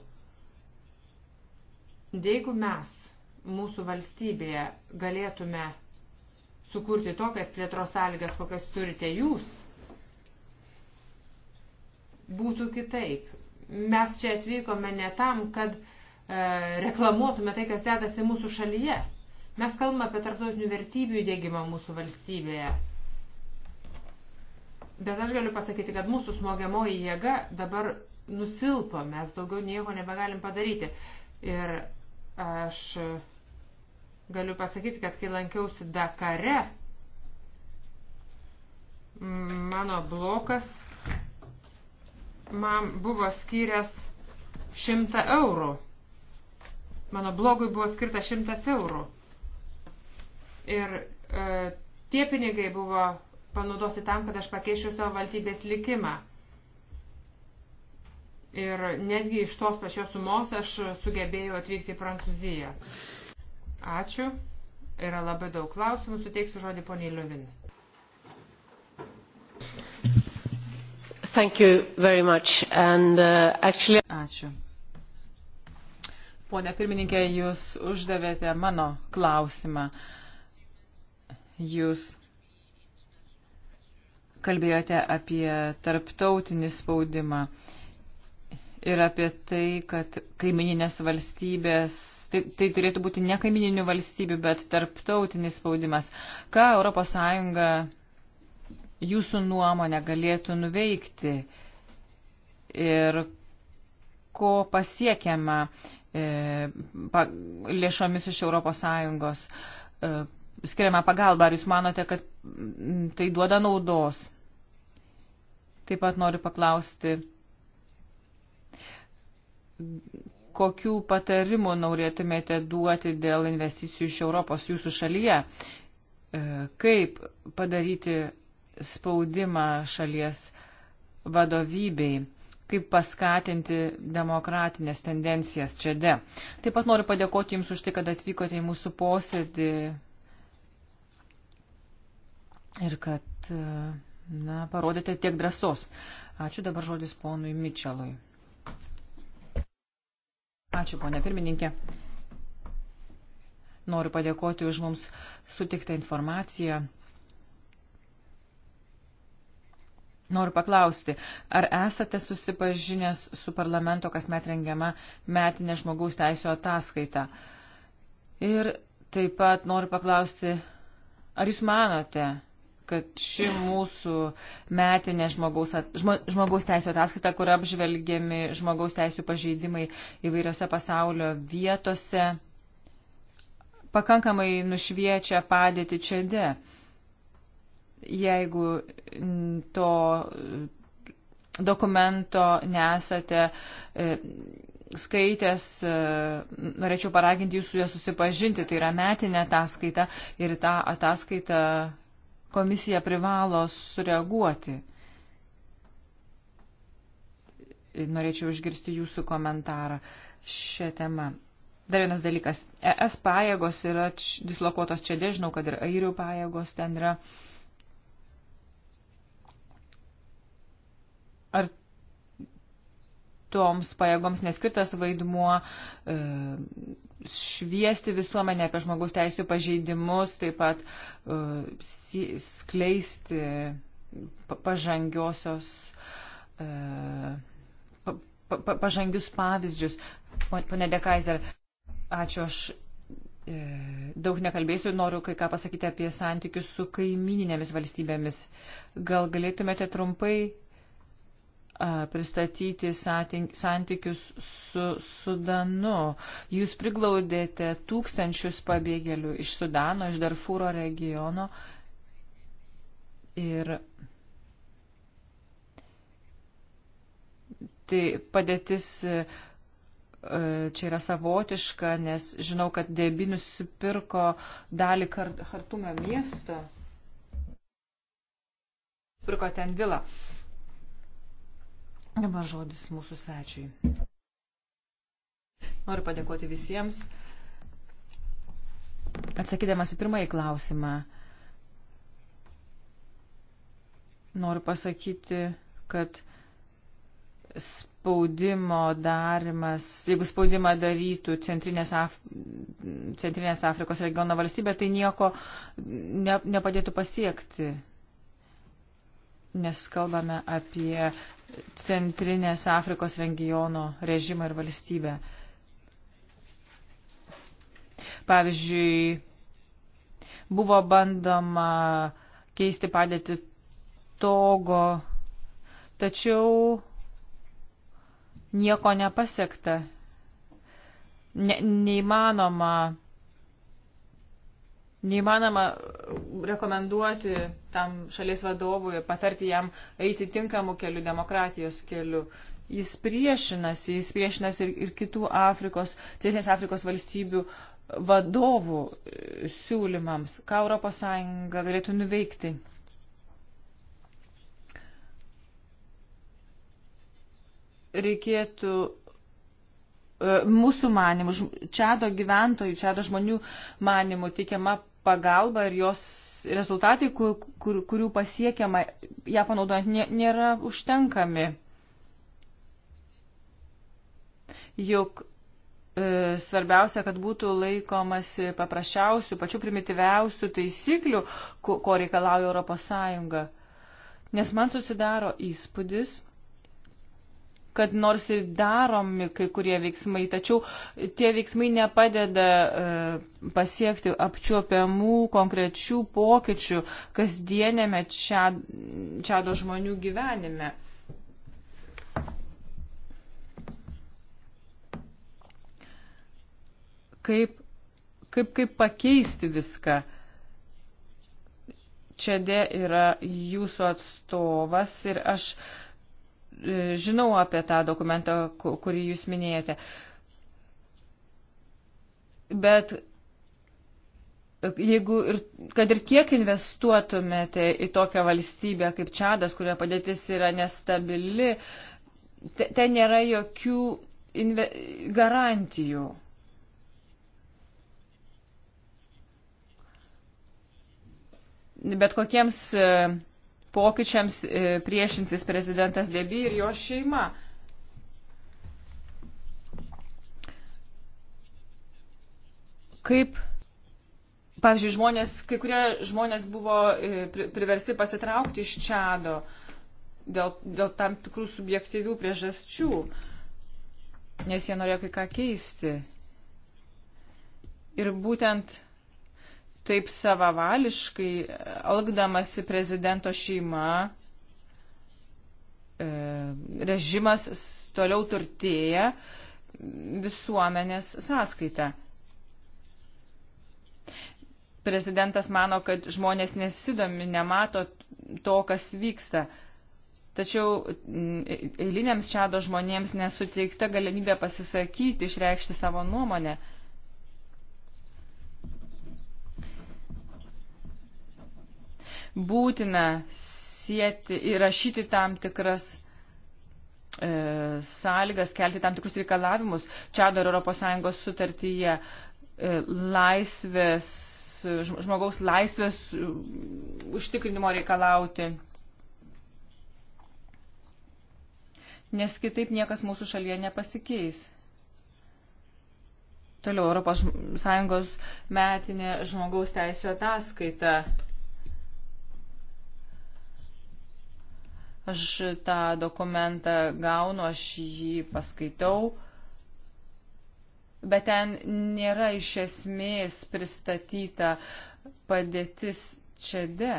Jeigu mes mūsų valstybėje galėtume sukurti tokias plėtros sąlygas, kokias turite jūs, būtų kitaip. Mes čia atvykome ne tam, kad uh, E, reklamuotume tai, kas dedasi mūsų šalyje. Mes kalbame apie tarptautinių vertybių įdėgymą mūsų valstybėje. Bet aš galiu pasakyti, kad mūsų smogiamoji jėga dabar nusilpo, mes daugiau nieko nebegalim padaryti. Ir aš galiu pasakyti, kad kai lankiausi Dakare, mano blokas man buvo skyręs 100 eurų. Mano blogui buvo skirta 100 eurų. Ir e, tie pinigai buvo panaudoti tam, kad aš pakeičiau savo valstybės likimą. Ir netgi iš tos pačios sumos aš sugebėjau atvykti į Prancūziją. Ačiū. Yra labai daug klausimų. Suteiksiu žodį poniai Liuvin. Thank you very much. And, uh, actually... Ačiū. Pone pirmininkė, jūs uždavėte mano klausimą. Jūs kalbėjote apie tarptautinį spaudimą ir apie tai, kad kaimininės valstybės, tai, tai turėtų būti ne kaimininių valstybių, bet tarptautinis spaudimas. Ką ES jūsų nuomonė galėtų nuveikti ir ko pasiekiama E, lėšomis iš ES e, skiriama pagalba. Ar jūs manote, kad tai duoda naudos? Taip pat noriu paklausti, kokių patarimų norėtumėte duoti dėl investicijų iš Europos jūsų šalyje? E, kaip padaryti spaudimą šalies vadovybei? kaip paskatinti demokratinės tendencijas čia de. Taip pat noriu padėkoti Jums už tai, kad atvykote į mūsų posėdį ir kad na, parodėte tiek drąsos. Ačiū dabar žodis ponui Mičelui. Ačiū, ponė pirmininkė. Noriu padėkoti už mums sutiktą informaciją. Noriu paklausti, ar esate susipažinęs su parlamento kasmet rengiama metinė žmogaus teisų ataskaita? Ir taip pat noriu paklausti, ar jūs manote, kad ši mūsų metinė žmogaus, žmo, žmogaus teisų ataskaita, kur apžvelgiami žmogaus teisų pažeidimai įvairiose pasaulio vietose, pakankamai nušviečia padėti čia de jeigu to dokumento nesate e, skaitęs, e, norėčiau paraginti jūs su juo susipažinti, tai yra metinė ataskaita ir tą ataskaitą komisija privalo sureaguoti. Norėčiau išgirsti jūsų komentarą šią temą. Dar vienas dalykas. ES pajėgos yra dislokuotos čia, žinau, kad ir airių pajėgos ten yra. Uh, toms pajėgoms neskirtas vaidmuo e, šviesti visuomenę apie žmogaus teisų pažeidimus, taip pat e, skleisti pažangiosios, e, pa, pa, pažangius pavyzdžius. Pane Dekaiser, ačiū aš. E, daug nekalbėsiu, noriu kai ką pasakyti apie santykius su kaimininėmis valstybėmis. Gal galėtumėte trumpai pristatyti santykius su Sudanu. Jūs priglaudėte tūkstančius pabėgėlių iš Sudano, iš Darfūro regiono. Ir tai padėtis čia yra savotiška, nes žinau, kad Debi nusipirko dalį Hartumio miesto. Pirko ten vilą. Uh, Dabar žodis mūsų svečiui. Noriu padėkoti visiems. Atsakydamas į pirmąjį klausimą, noriu pasakyti, kad spaudimo darimas, jeigu spaudimą darytų Centrinės, Af Centrinės Afrikos regiono valstybė, tai nieko ne, nepadėtų pasiekti nes kalbame apie centrinės Afrikos regiono režimą ir valstybę. Pavyzdžiui, buvo bandoma keisti padėti togo, tačiau nieko nepasiekta. Ne, neįmanoma neįmanoma rekomenduoti tam šalies vadovui, patarti jam eiti tinkamų kelių, demokratijos kelių. Jis priešinasi, jis priešinasi ir, ir kitų Afrikos, Centrinės Afrikos valstybių vadovų e, siūlymams, ką ES galėtų nuveikti. Reikėtų e, mūsų manimų, čiado gyventojų, čiado žmonių manimų teikiama pagalba ir jos rezultatai, kur, kur, kurių pasiekiama ją panaudojant, nėra užtenkami. Juk e, svarbiausia, kad būtų laikomasi paprasčiausių, pačių primityviausių taisyklių, ko, ko reikalauja Europos Sąjunga. Nes man susidaro įspūdis, kad nors ir daromi kai kurie veiksmai, tačiau tie veiksmai nepadeda e, pasiekti apčiuopiamų konkrečių pokyčių kasdienėme čia, čiado žmonių gyvenime. Kaip, kaip, kaip pakeisti viską? Čia yra jūsų atstovas ir aš uh, E, žinau apie tą dokumentą, kurį jūs minėjote. Bet jeigu ir, kad ir kiek investuotumėte į tokią valstybę kaip Čadas, kurio padėtis yra nestabili, ten nėra jokių inve, garantijų. Bet kokiems e, pokyčiams e, priešinsis prezidentas Debi ir jo šeima. Kaip, pavyzdžiui, žmonės, kai kurie žmonės buvo e, priversti pasitraukti iš čado dėl, dėl tam tikrų subjektyvių priežasčių, nes jie norėjo kai ką keisti. Ir būtent taip savavališkai algdamasi prezidento šeima, e, režimas toliau turtėja visuomenės sąskaita. Prezidentas mano, kad žmonės nesidomi, nemato to, kas vyksta. Tačiau e, eiliniams čiado žmonėms nesuteikta galimybė pasisakyti, išreikšti savo nuomonę. būtina sieti, įrašyti tam tikras e, sąlygas, kelti tam tikrus reikalavimus. Čia dar ES sutartyje e, laisvės, žmogaus laisvės užtikrinimo reikalauti. Nes kitaip niekas mūsų šalyje nepasikeis. Toliau Europos Sąjungos metinė žmogaus teisų ataskaita Aš tą dokumentą gaunu, aš jį paskaitau, bet ten nėra iš esmės pristatyta padėtis čia de.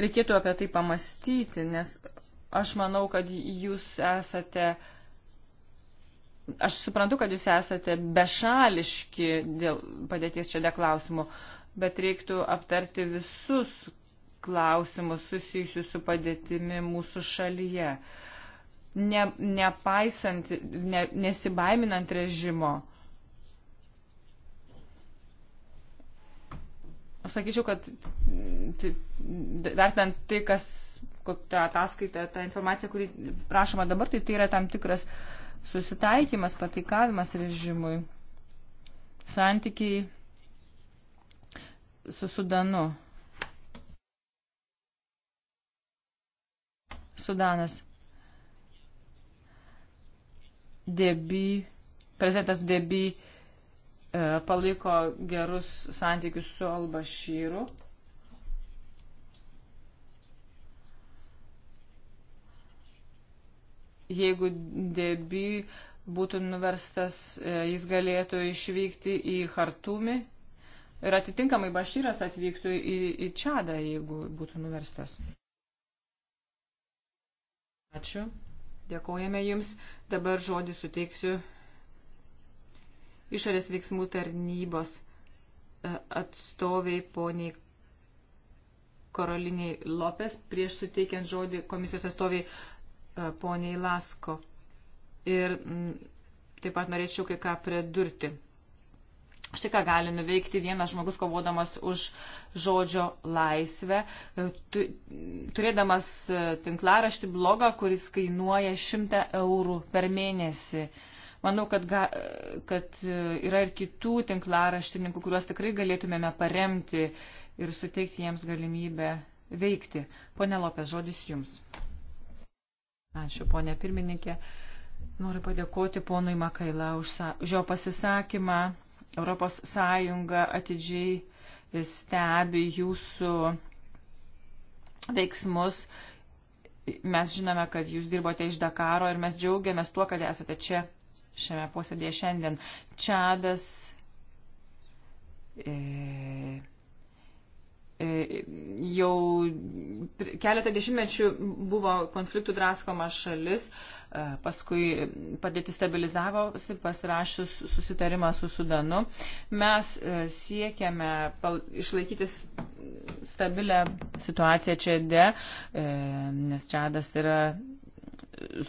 Reikėtų apie tai pamastyti, nes aš manau, kad jūs esate uh, Aš suprantu, kad jūs esate bešališki dėl padėties čia dėl klausimų, bet reiktų aptarti visus klausimus susijusius su padėtimi mūsų šalyje. Ne, nepaisant, ne, nesibaiminant režimo. Aš sakyčiau, kad vertinant tai, kas, kokią ataskaitą, tą informaciją, kuri prašoma dabar, tai tai yra tam tikras uh, susitaikymas, pataikavimas režimui, santykiai su Sudanu. Sudanas. Debi, prezidentas Debi e, palaiko gerus santykius su Albašyru. jeigu debi būtų nuverstas, e, jis galėtų išvykti į Hartumį ir atitinkamai Bašyras atvyktų į, į Čadą, jeigu būtų nuverstas. Ačiū. Dėkojame Jums. Dabar žodį suteiksiu išorės veiksmų tarnybos e, atstoviai poniai Karoliniai Lopes prieš suteikiant žodį komisijos atstoviai E, poniai Lasko. Ir taip pat norėčiau kai ką pridurti. Štai ką gali nuveikti vienas žmogus kovodamas už žodžio laisvę, e, tu, turėdamas e, tinklaraštį blogą, kuris kainuoja 100 eurų per mėnesį. Manau, kad, ga, kad yra ir kitų tinklaraštininkų, kuriuos tikrai galėtumėme paremti ir suteikti jiems galimybę veikti. Pone Lopės, žodis jums. Ačiū, ponė pirmininkė. Noriu padėkoti ponui Makaila už, už jo pasisakymą. Europos Sąjunga atidžiai stebi jūsų veiksmus. Mes žinome, kad jūs dirbote iš Dakaro ir mes džiaugiamės tuo, kad esate čia šiame posėdėje šiandien. Čadas. E, E, jau keletą dešimtmečių buvo konfliktų draskoma šalis, e, paskui padėti stabilizavosi, pasirašius susitarimą su Sudanu. Mes e, siekiame išlaikyti stabilę situaciją Čede, nes Čedas yra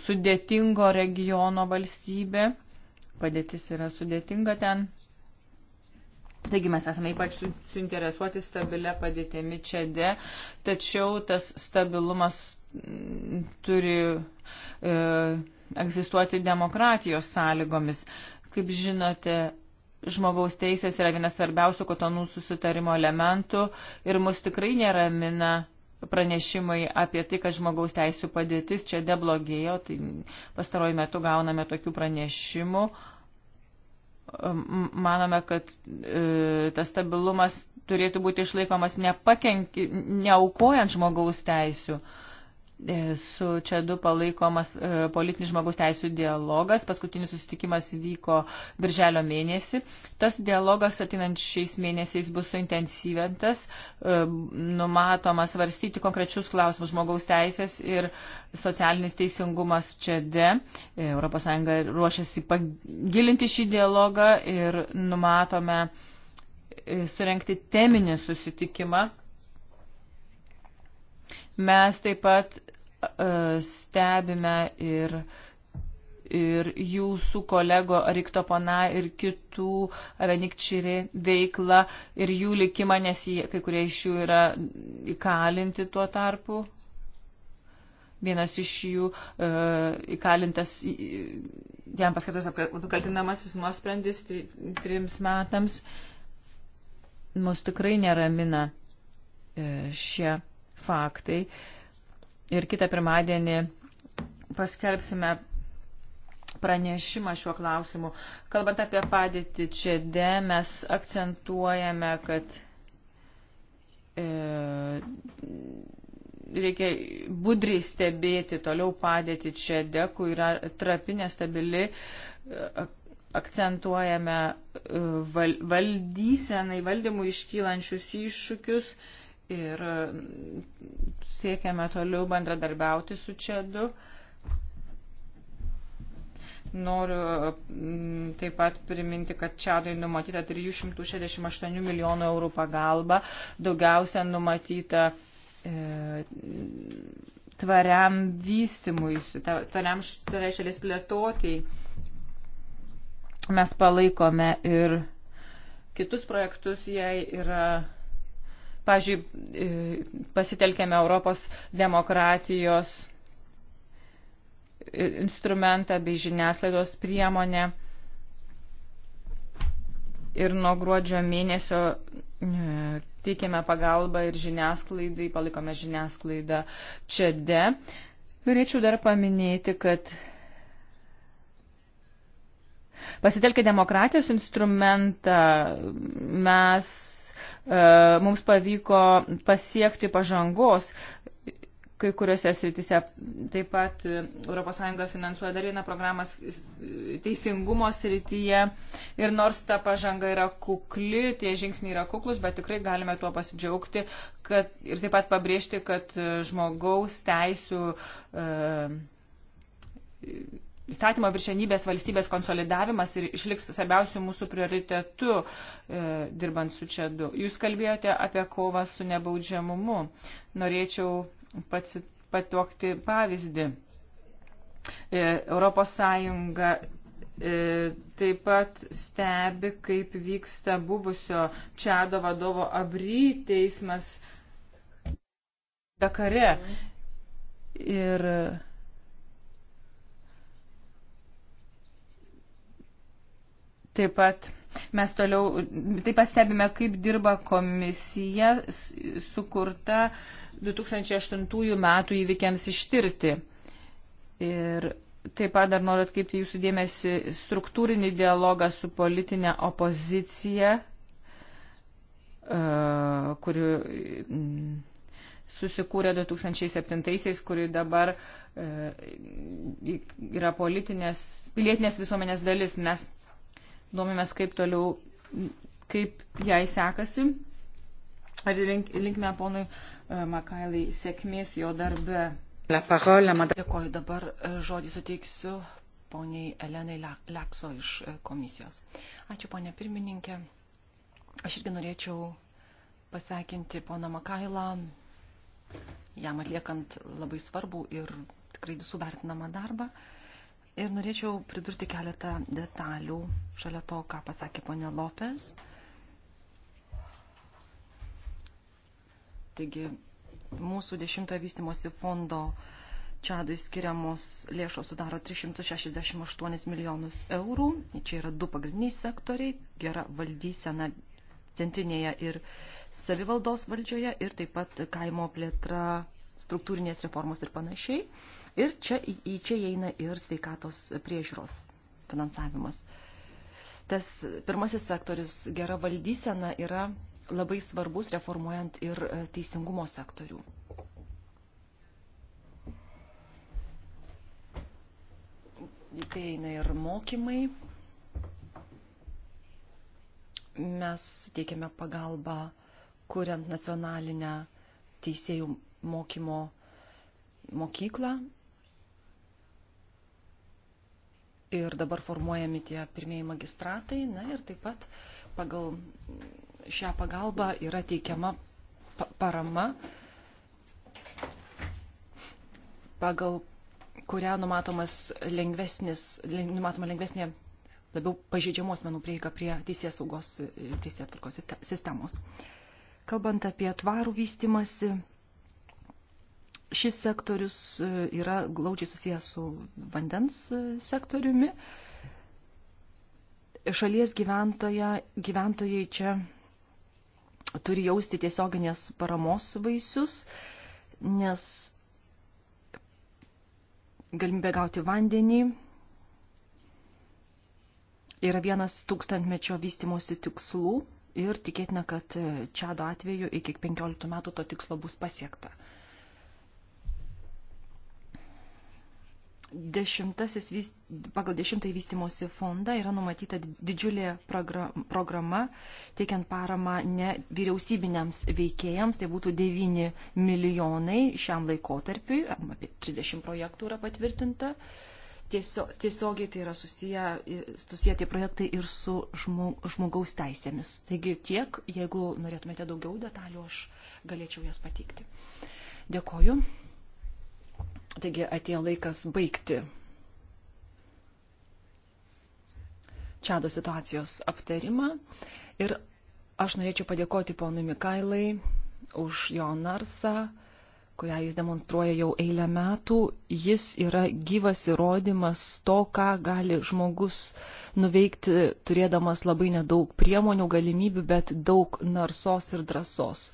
sudėtingo regiono valstybė, padėtis yra sudėtinga ten. Taigi mes esame ypač suinteresuoti stabilią padėtėmi čiade, tačiau tas stabilumas mm, turi e, egzistuoti demokratijos sąlygomis. Kaip žinote, žmogaus teisės yra vienas svarbiausių kotonų susitarimo elementų ir mus tikrai neramina pranešimai apie tai, kad žmogaus teisų padėtis čia deblogėjo, tai pastaruoju metu gauname tokių pranešimų. E, manome, kad e, tas stabilumas turėtų būti išlaikomas nepakenki, neaukojant žmogaus teisių. E, E, su Čedu palaikomas e, politinis žmogaus teisų dialogas. Paskutinis susitikimas vyko birželio mėnesį. Tas dialogas ateinančiais mėnesiais bus suintensyventas, e, numatoma svarstyti konkrečius klausimus žmogaus teisės ir socialinis teisingumas Čede. ES ruošiasi pagilinti šį dialogą ir numatome surenkti teminį susitikimą Mes taip pat e, stebime ir, ir jūsų kolego Riktopona ir kitų Avenikčiri veiklą ir jų likimą, nes jie, kai kurie iš jų yra įkalinti tuo tarpu. Vienas iš jų uh, e, įkalintas, jam paskatas apkaltinamasis nuosprendis tri, trims metams. Mus tikrai neramina uh, e, šie faktai. Ir kitą pirmadienį paskelbsime pranešimą šiuo klausimu. Kalbant apie padėtį čia D, mes akcentuojame, kad e, reikia budriai stebėti toliau padėti čia D, kur yra trapi, nestabili. E, akcentuojame e, val, valdysenai, valdymų iškylančius iššūkius. E, ir mm, siekiame toliau bendradarbiauti su Čedu. Noriu mm, taip pat priminti, kad Čadui numatyta 368 milijonų eurų pagalba, daugiausia numatyta e, tvariam vystimui, tvariam tvariai šalies plėtotėjai. Mes palaikome ir kitus projektus, jei yra Pavyzdžiui, e, pasitelkėme Europos demokratijos e, instrumentą bei žiniasklaidos priemonę ir nuo gruodžio mėnesio e, teikėme pagalbą ir žiniasklaidai, palikome žiniasklaidą čia de. Norėčiau dar paminėti, kad pasitelkę demokratijos instrumentą mes E, mums pavyko pasiekti pažangos. Kai kuriuose sritise taip pat ES finansuoja dar vieną programą teisingumo srityje. Ir nors ta pažanga yra kukli, tie žingsniai yra kuklus, bet tikrai galime tuo pasidžiaugti kad, ir taip pat pabrėžti, kad e, žmogaus teisų. E, įstatymo viršenybės valstybės konsolidavimas ir išliks svarbiausių mūsų prioritetų e, dirbant su Čedu. Jūs kalbėjote apie kovą su nebaudžiamumu. Norėčiau pats patokti pavyzdį. E, Europos Sąjunga e, taip pat stebi, kaip vyksta buvusio Čado vadovo Abry teismas Dakare. Ir e, Taip pat mes toliau, taip pat stebime, kaip dirba komisija sukurta 2008 metų įvykiams ištirti. Ir taip pat dar noriu atkreipti jūsų dėmesį struktūrinį dialogą su politinė opozicija, e, kuri susikūrė 2007-aisiais, kuri dabar e, yra politinės, pilietinės visuomenės dalis. Mes domimės, kaip toliau, kaip jai sekasi. Ar link, linkime ponui e, Makailai sėkmės jo darbe. Dėkoju, dabar e, žodį suteiksiu poniai Elenai Lekso iš e, komisijos. Ačiū, ponė pirmininkė. Aš irgi norėčiau pasveikinti poną Makailą, jam atliekant labai svarbų ir tikrai visų vertinamą darbą. Ir norėčiau pridurti keletą detalių šalia to, ką pasakė ponė Lopez. Taigi, mūsų 10 vystimosi fondo Čadui skiriamos lėšos sudaro 368 milijonus eurų. Čia yra du pagrindiniai sektoriai - gera valdysena centrinėje ir savivaldos valdžioje ir taip pat kaimo plėtra, struktūrinės reformos ir panašiai. Ir čia, į čia įeina ir sveikatos priežiūros finansavimas. Tas pirmasis sektorius gera valdysena yra labai svarbus reformuojant ir e, teisingumo sektorių. Į tai eina ir mokymai. Mes teikiame pagalbą, kuriant nacionalinę teisėjų mokymo mokyklą ir dabar formuojami tie pirmieji magistratai. Na ir taip pat pagal šią pagalbą yra teikiama parama, pagal kurią numatomas lengvesnis, numatoma lengvesnė labiau pažeidžiamų asmenų prieiga prie teisės saugos ir teisės atvarkos sistemos. Kalbant apie tvarų vystimasi, šis sektorius e, yra glaudžiai susijęs su vandens e, sektoriumi. Šalies gyventoja, gyventojai čia turi jausti tiesioginės paramos vaisius, nes galimybė gauti vandenį yra vienas tūkstantmečio vystimosi tikslų ir tikėtina, kad e, čia atveju iki 15 metų to tikslo bus pasiekta. dešimtasis, pagal dešimtąjį vystimosi fondą yra numatyta didžiulė programa, teikiant paramą ne vyriausybiniams veikėjams, tai būtų 9 milijonai šiam laikotarpiui, apie 30 projektų yra patvirtinta. Tiesiog, tiesiogiai tai yra susiję, susiję tie projektai ir su žmogaus teisėmis. Taigi tiek, jeigu norėtumėte daugiau detalių, aš galėčiau jas pateikti. Dėkoju. Taigi atėjo laikas baigti Čado situacijos aptarimą ir aš norėčiau padėkoti ponui Mikailai už jo narsą, kurią jis demonstruoja jau eilę metų. Jis yra gyvas įrodymas to, ką gali žmogus nuveikti, turėdamas labai nedaug priemonių, galimybių, bet daug narsos ir drąsos.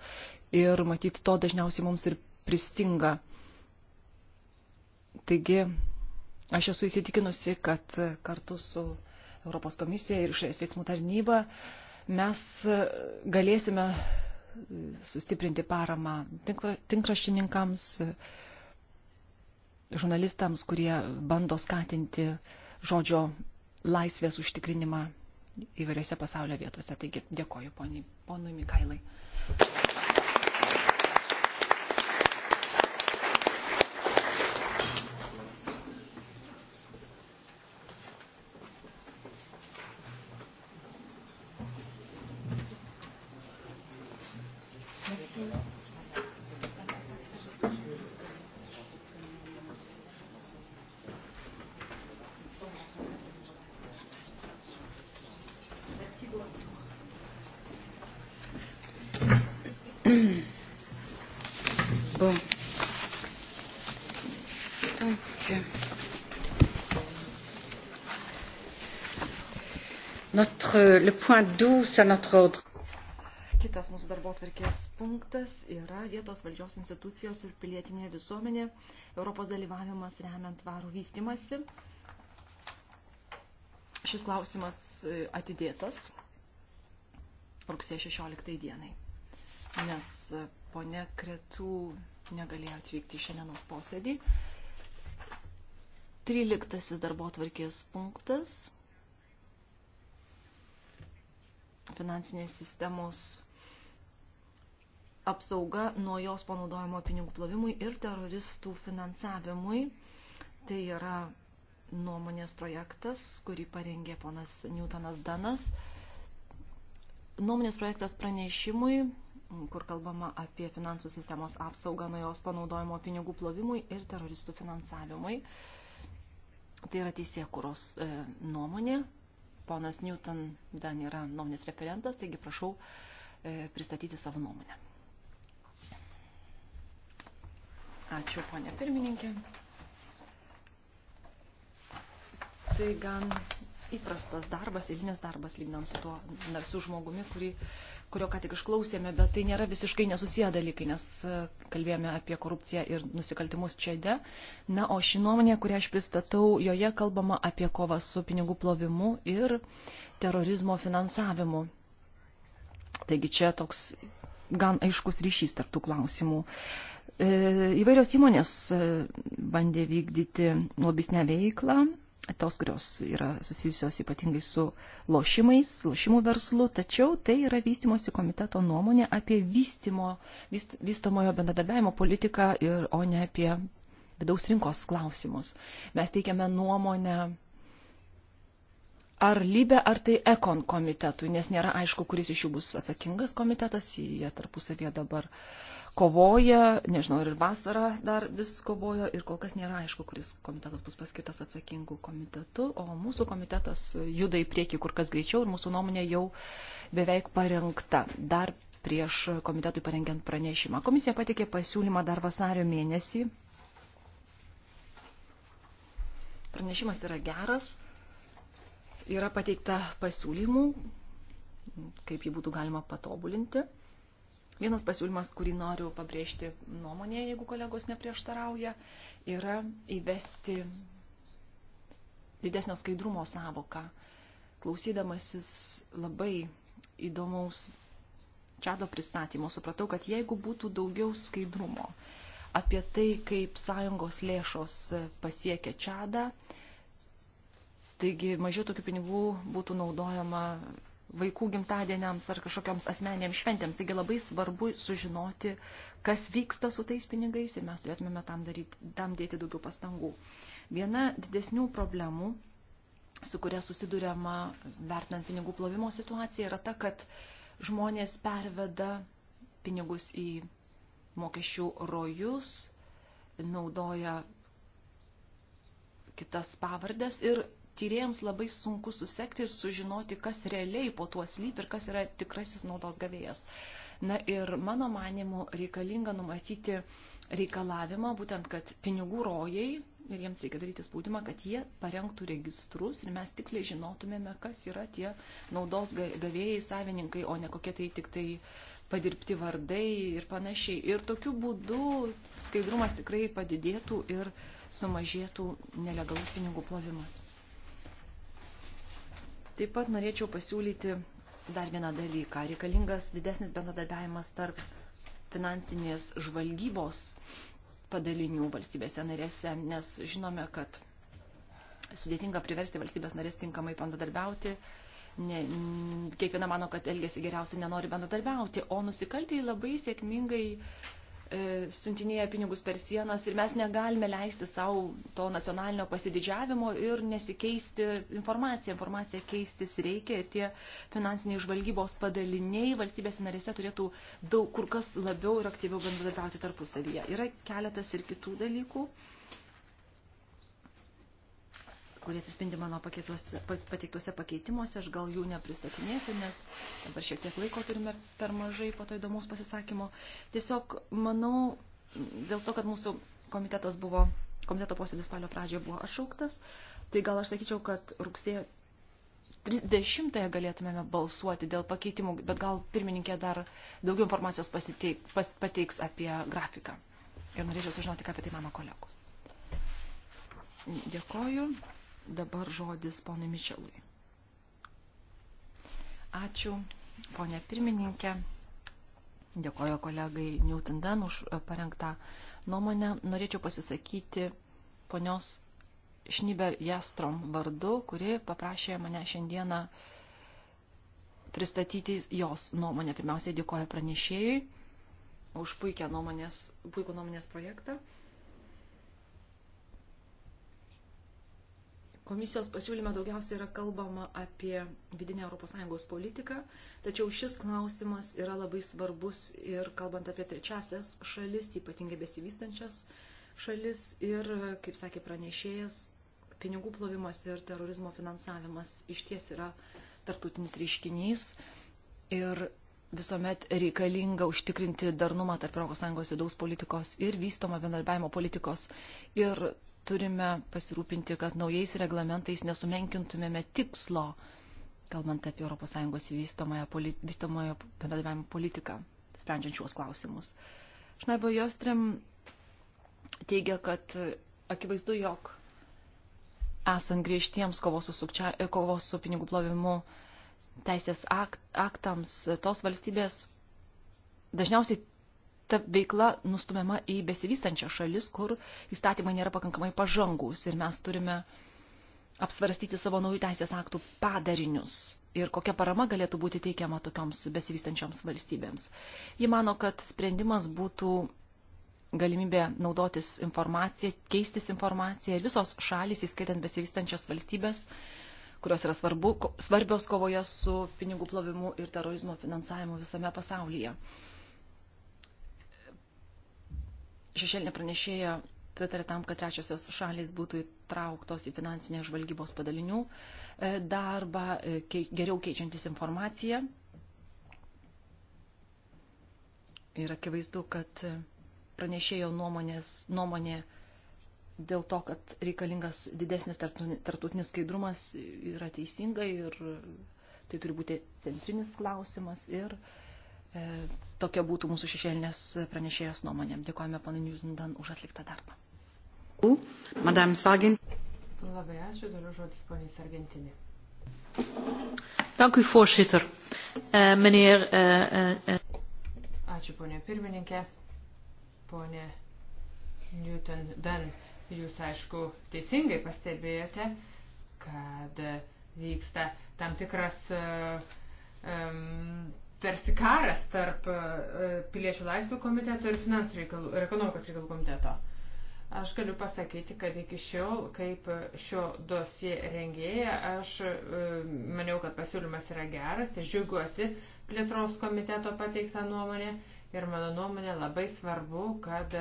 Ir matyti to dažniausiai mums ir pristinga Taigi, aš esu įsitikinusi, kad kartu su Europos komisija ir išorės veiksmų tarnyba mes galėsime sustiprinti paramą tinkraštininkams, žurnalistams, kurie bando skatinti žodžio laisvės užtikrinimą įvairiose pasaulio vietose. Taigi dėkoju poniai, ponui Mikailai. Euh, le point 12 à notre ordre. Kitas mūsų darbo atvirkės punktas yra vietos valdžios institucijos ir pilietinė visuomenė, Europos dalyvavimas remiant varų vystimasi. Šis klausimas e, atidėtas rugsėjo 16 dienai, nes e, ponė Kretų negalėjo atvykti į šiandienos posėdį. 13 darbo atvarkės punktas – finansinės sistemos apsauga nuo jos panaudojimo pinigų plovimui ir teroristų finansavimui. Tai yra nuomonės projektas, kurį parengė ponas Newtonas Danas. Nuomonės projektas pranešimui, kur kalbama apie finansų sistemos apsaugą nuo jos panaudojimo pinigų plovimui ir teroristų finansavimui. Tai yra teisėkuros e, nuomonė, Ponas Newton Dan yra nuomonės referentas, taigi prašau e, pristatyti savo nuomonę. Ačiū, ponė pirmininkė. Tai gan įprastas darbas, eilinis darbas, lygdant su tuo narsiu žmogumi, kurį kurio ką tik išklausėme, bet tai nėra visiškai nesusiję dalykai, nes e, kalbėjome apie korupciją ir nusikaltimus čiade. Na, o ši nuomonė, kurią aš pristatau, joje kalbama apie kovą su pinigų plovimu ir terorizmo finansavimu. Taigi čia toks gan aiškus ryšys tarptų klausimų. E, įvairios įmonės e, bandė vykdyti lobisnę veiklą, tos, kurios yra susijusios ypatingai su lošimais, lošimų verslu, tačiau tai yra vystimosi komiteto nuomonė apie vystimo, vyst, vystomojo bendradarbiavimo politiką, ir, o ne apie vidaus rinkos klausimus. Mes teikiame nuomonę ar lybė, ar tai ekon komitetui, nes nėra aišku, kuris iš jų bus atsakingas komitetas, jie tarpusavėje dabar kovoja, nežinau, ir vasarą dar vis kovojo ir kol kas nėra aišku, kuris komitetas bus paskirtas atsakingų komitetu, o mūsų komitetas juda į priekį kur kas greičiau ir mūsų nuomonė jau beveik parengta. Dar prieš komitetui parengiant pranešimą. Komisija patikė pasiūlymą dar vasario mėnesį. Pranešimas yra geras. Yra pateikta pasiūlymų, kaip jį būtų galima patobulinti. Vienas pasiūlymas, kurį noriu pabrėžti nuomonėje, jeigu kolegos neprieštarauja, yra įvesti didesnio skaidrumo savoką. Klausydamasis labai įdomaus čiado pristatymo, supratau, kad jeigu būtų daugiau skaidrumo apie tai, kaip sąjungos lėšos pasiekia čiadą, taigi mažiau tokių pinigų būtų naudojama vaikų gimtadieniams ar kažkokioms asmeniniams šventėms. Taigi labai svarbu sužinoti, kas vyksta su tais pinigais ir mes turėtumėme tam, daryti, tam dėti daugiau pastangų. Viena didesnių problemų, su kuria susidurėma vertinant pinigų plovimo situaciją, yra ta, kad žmonės perveda pinigus į mokesčių rojus, naudoja kitas pavardės ir tyrėjams labai sunku susekti ir sužinoti, kas realiai po tuo slypi ir kas yra tikrasis naudos gavėjas. Na ir mano manimu reikalinga numatyti reikalavimą, būtent, kad pinigų rojai ir jiems reikia daryti spaudimą, kad jie parengtų registrus ir mes tiksliai žinotumėme, kas yra tie naudos gavėjai savininkai, o ne kokie tai tik tai padirbti vardai ir panašiai. Ir tokiu būdu skaidrumas tikrai padidėtų ir sumažėtų nelegalus pinigų plovimas. Taip pat norėčiau pasiūlyti dar vieną dalyką. Reikalingas didesnis bendradarbiavimas tarp finansinės žvalgybos padalinių valstybėse narėse, nes žinome, kad sudėtinga priversti valstybės narės tinkamai bendradarbiauti. Ne, kiekviena mano, kad elgesi geriausiai, nenori bendradarbiauti, o nusikaltėjai labai sėkmingai E, siuntinėja pinigus per sienas ir mes negalime leisti savo to nacionalinio pasididžiavimo ir nesikeisti informaciją. Informaciją keistis reikia ir tie finansiniai žvalgybos padaliniai valstybės narėse turėtų daug kur kas labiau ir aktyviau bendradarbiauti tarpusavyje. Yra keletas ir kitų dalykų. E, kurie atsispindi mano pateiktuose pakeitimuose. Aš gal jų nepristatinėsiu, nes dabar šiek tiek laiko turime per mažai po to įdomus pasisakymo. Tiesiog manau, dėl to, kad mūsų komitetas buvo, komiteto posėdis spalio pradžioje buvo atšauktas, tai gal aš sakyčiau, kad rugsėjo 30-ąją galėtumėme balsuoti dėl pakeitimų, bet gal pirmininkė dar daugiau informacijos pasiteik, pas, pateiks apie grafiką. Ir norėčiau sužinoti, ką apie tai mano kolegos. Dėkoju. Dabar žodis ponui Mičelui. Ačiū, ponė pirmininkė. Dėkoju kolegai Newton Dan už parengtą nuomonę. Norėčiau pasisakyti ponios Šniber Jastrom vardu, kuri paprašė mane šiandieną pristatyti jos nuomonę. Pirmiausiai dėkoju pranešėjui už puikią nuomonės, puikų nuomonės projektą. Komisijos pasiūlyme daugiausiai yra kalbama apie vidinę ES politiką, tačiau šis klausimas yra labai svarbus ir kalbant apie trečiasias šalis, ypatingai besivystančias šalis ir, kaip sakė pranešėjas, pinigų plovimas ir terorizmo finansavimas iš ties yra tartutinis reiškinys ir visuomet reikalinga užtikrinti darnumą tarp ES vidaus politikos ir vystomo bendarbiavimo politikos ir turime pasirūpinti, kad naujais reglamentais nesumenkintumėme tikslo, kalbant apie ES vystomojo bendradarbiavimo politiką, sprendžiant šiuos klausimus. Šnaibo Jostrim teigia, kad akivaizdu, jog esant griežtiems kovos su, sukčia, kovos su pinigų plovimu teisės akt, aktams, tos valstybės dažniausiai ta veikla nustumiama į besivystančią šalis, kur įstatymai nėra pakankamai pažangus ir mes turime apsvarstyti savo naujų teisės aktų padarinius ir kokia parama galėtų būti teikiama tokioms besivystančioms valstybėms. Ji mano, kad sprendimas būtų galimybė naudotis informaciją, keistis informaciją ir visos šalys, įskaitant besivystančias valstybės, kurios yra svarbu, svarbios kovoje su pinigų plovimu ir terorizmo finansavimu visame pasaulyje šešėlinė pranešėja pritarė tam, kad trečiosios šalys būtų įtrauktos į finansinės žvalgybos padalinių e, darbą, e, geriau keičiantis informaciją. Ir akivaizdu, kad pranešėjo nuomonės, nuomonė dėl to, kad reikalingas didesnis tartutinis skaidrumas yra teisinga ir tai turi būti centrinis klausimas ir uh, E, tokia būtų mūsų šešėlinės pranešėjos nuomonė. Dėkojame panai Newsendan už atliktą darbą. Madame Sagin. Labai ačiū, daliu žodis poniai Sargentinė. Dank u voorzitter. Uh, meneer. Uh, uh, Ačiū ponė pirmininkė. Ponė Newton Dan, jūs aišku teisingai pastebėjote, kad vyksta tam tikras um, tarsi karas tarp e, piliečių laisvių komiteto ir finansų reikalų ir ekonomikos reikalų komiteto. Aš galiu pasakyti, kad iki šiol, kaip šio dosie rengėja, aš e, maniau, kad pasiūlymas yra geras ir tai džiaugiuosi plėtros komiteto pateiktą nuomonę. Ir mano nuomonė labai svarbu, kad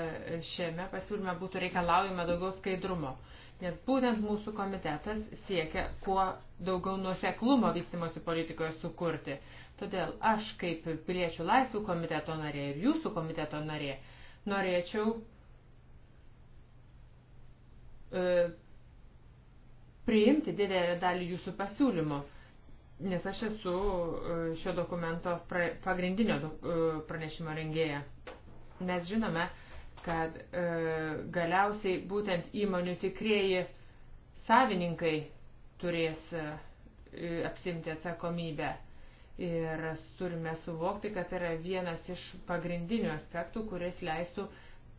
šiame pasiūlyme būtų reikalaujama daugiau skaidrumo. Nes būtent mūsų komitetas siekia kuo daugiau nuoseklumo vystimosi politikoje sukurti. Todėl aš kaip piliečių laisvių komiteto narė ir jūsų komiteto narė norėčiau e, priimti didelę dalį jūsų pasiūlymų, nes aš esu e, šio dokumento pra, pagrindinio dok, e, pranešimo rengėja. Mes žinome, kad e, galiausiai būtent įmonių tikrieji savininkai turės e, apsimti atsakomybę. Ir turime suvokti, kad tai yra vienas iš pagrindinių aspektų, kuris leistų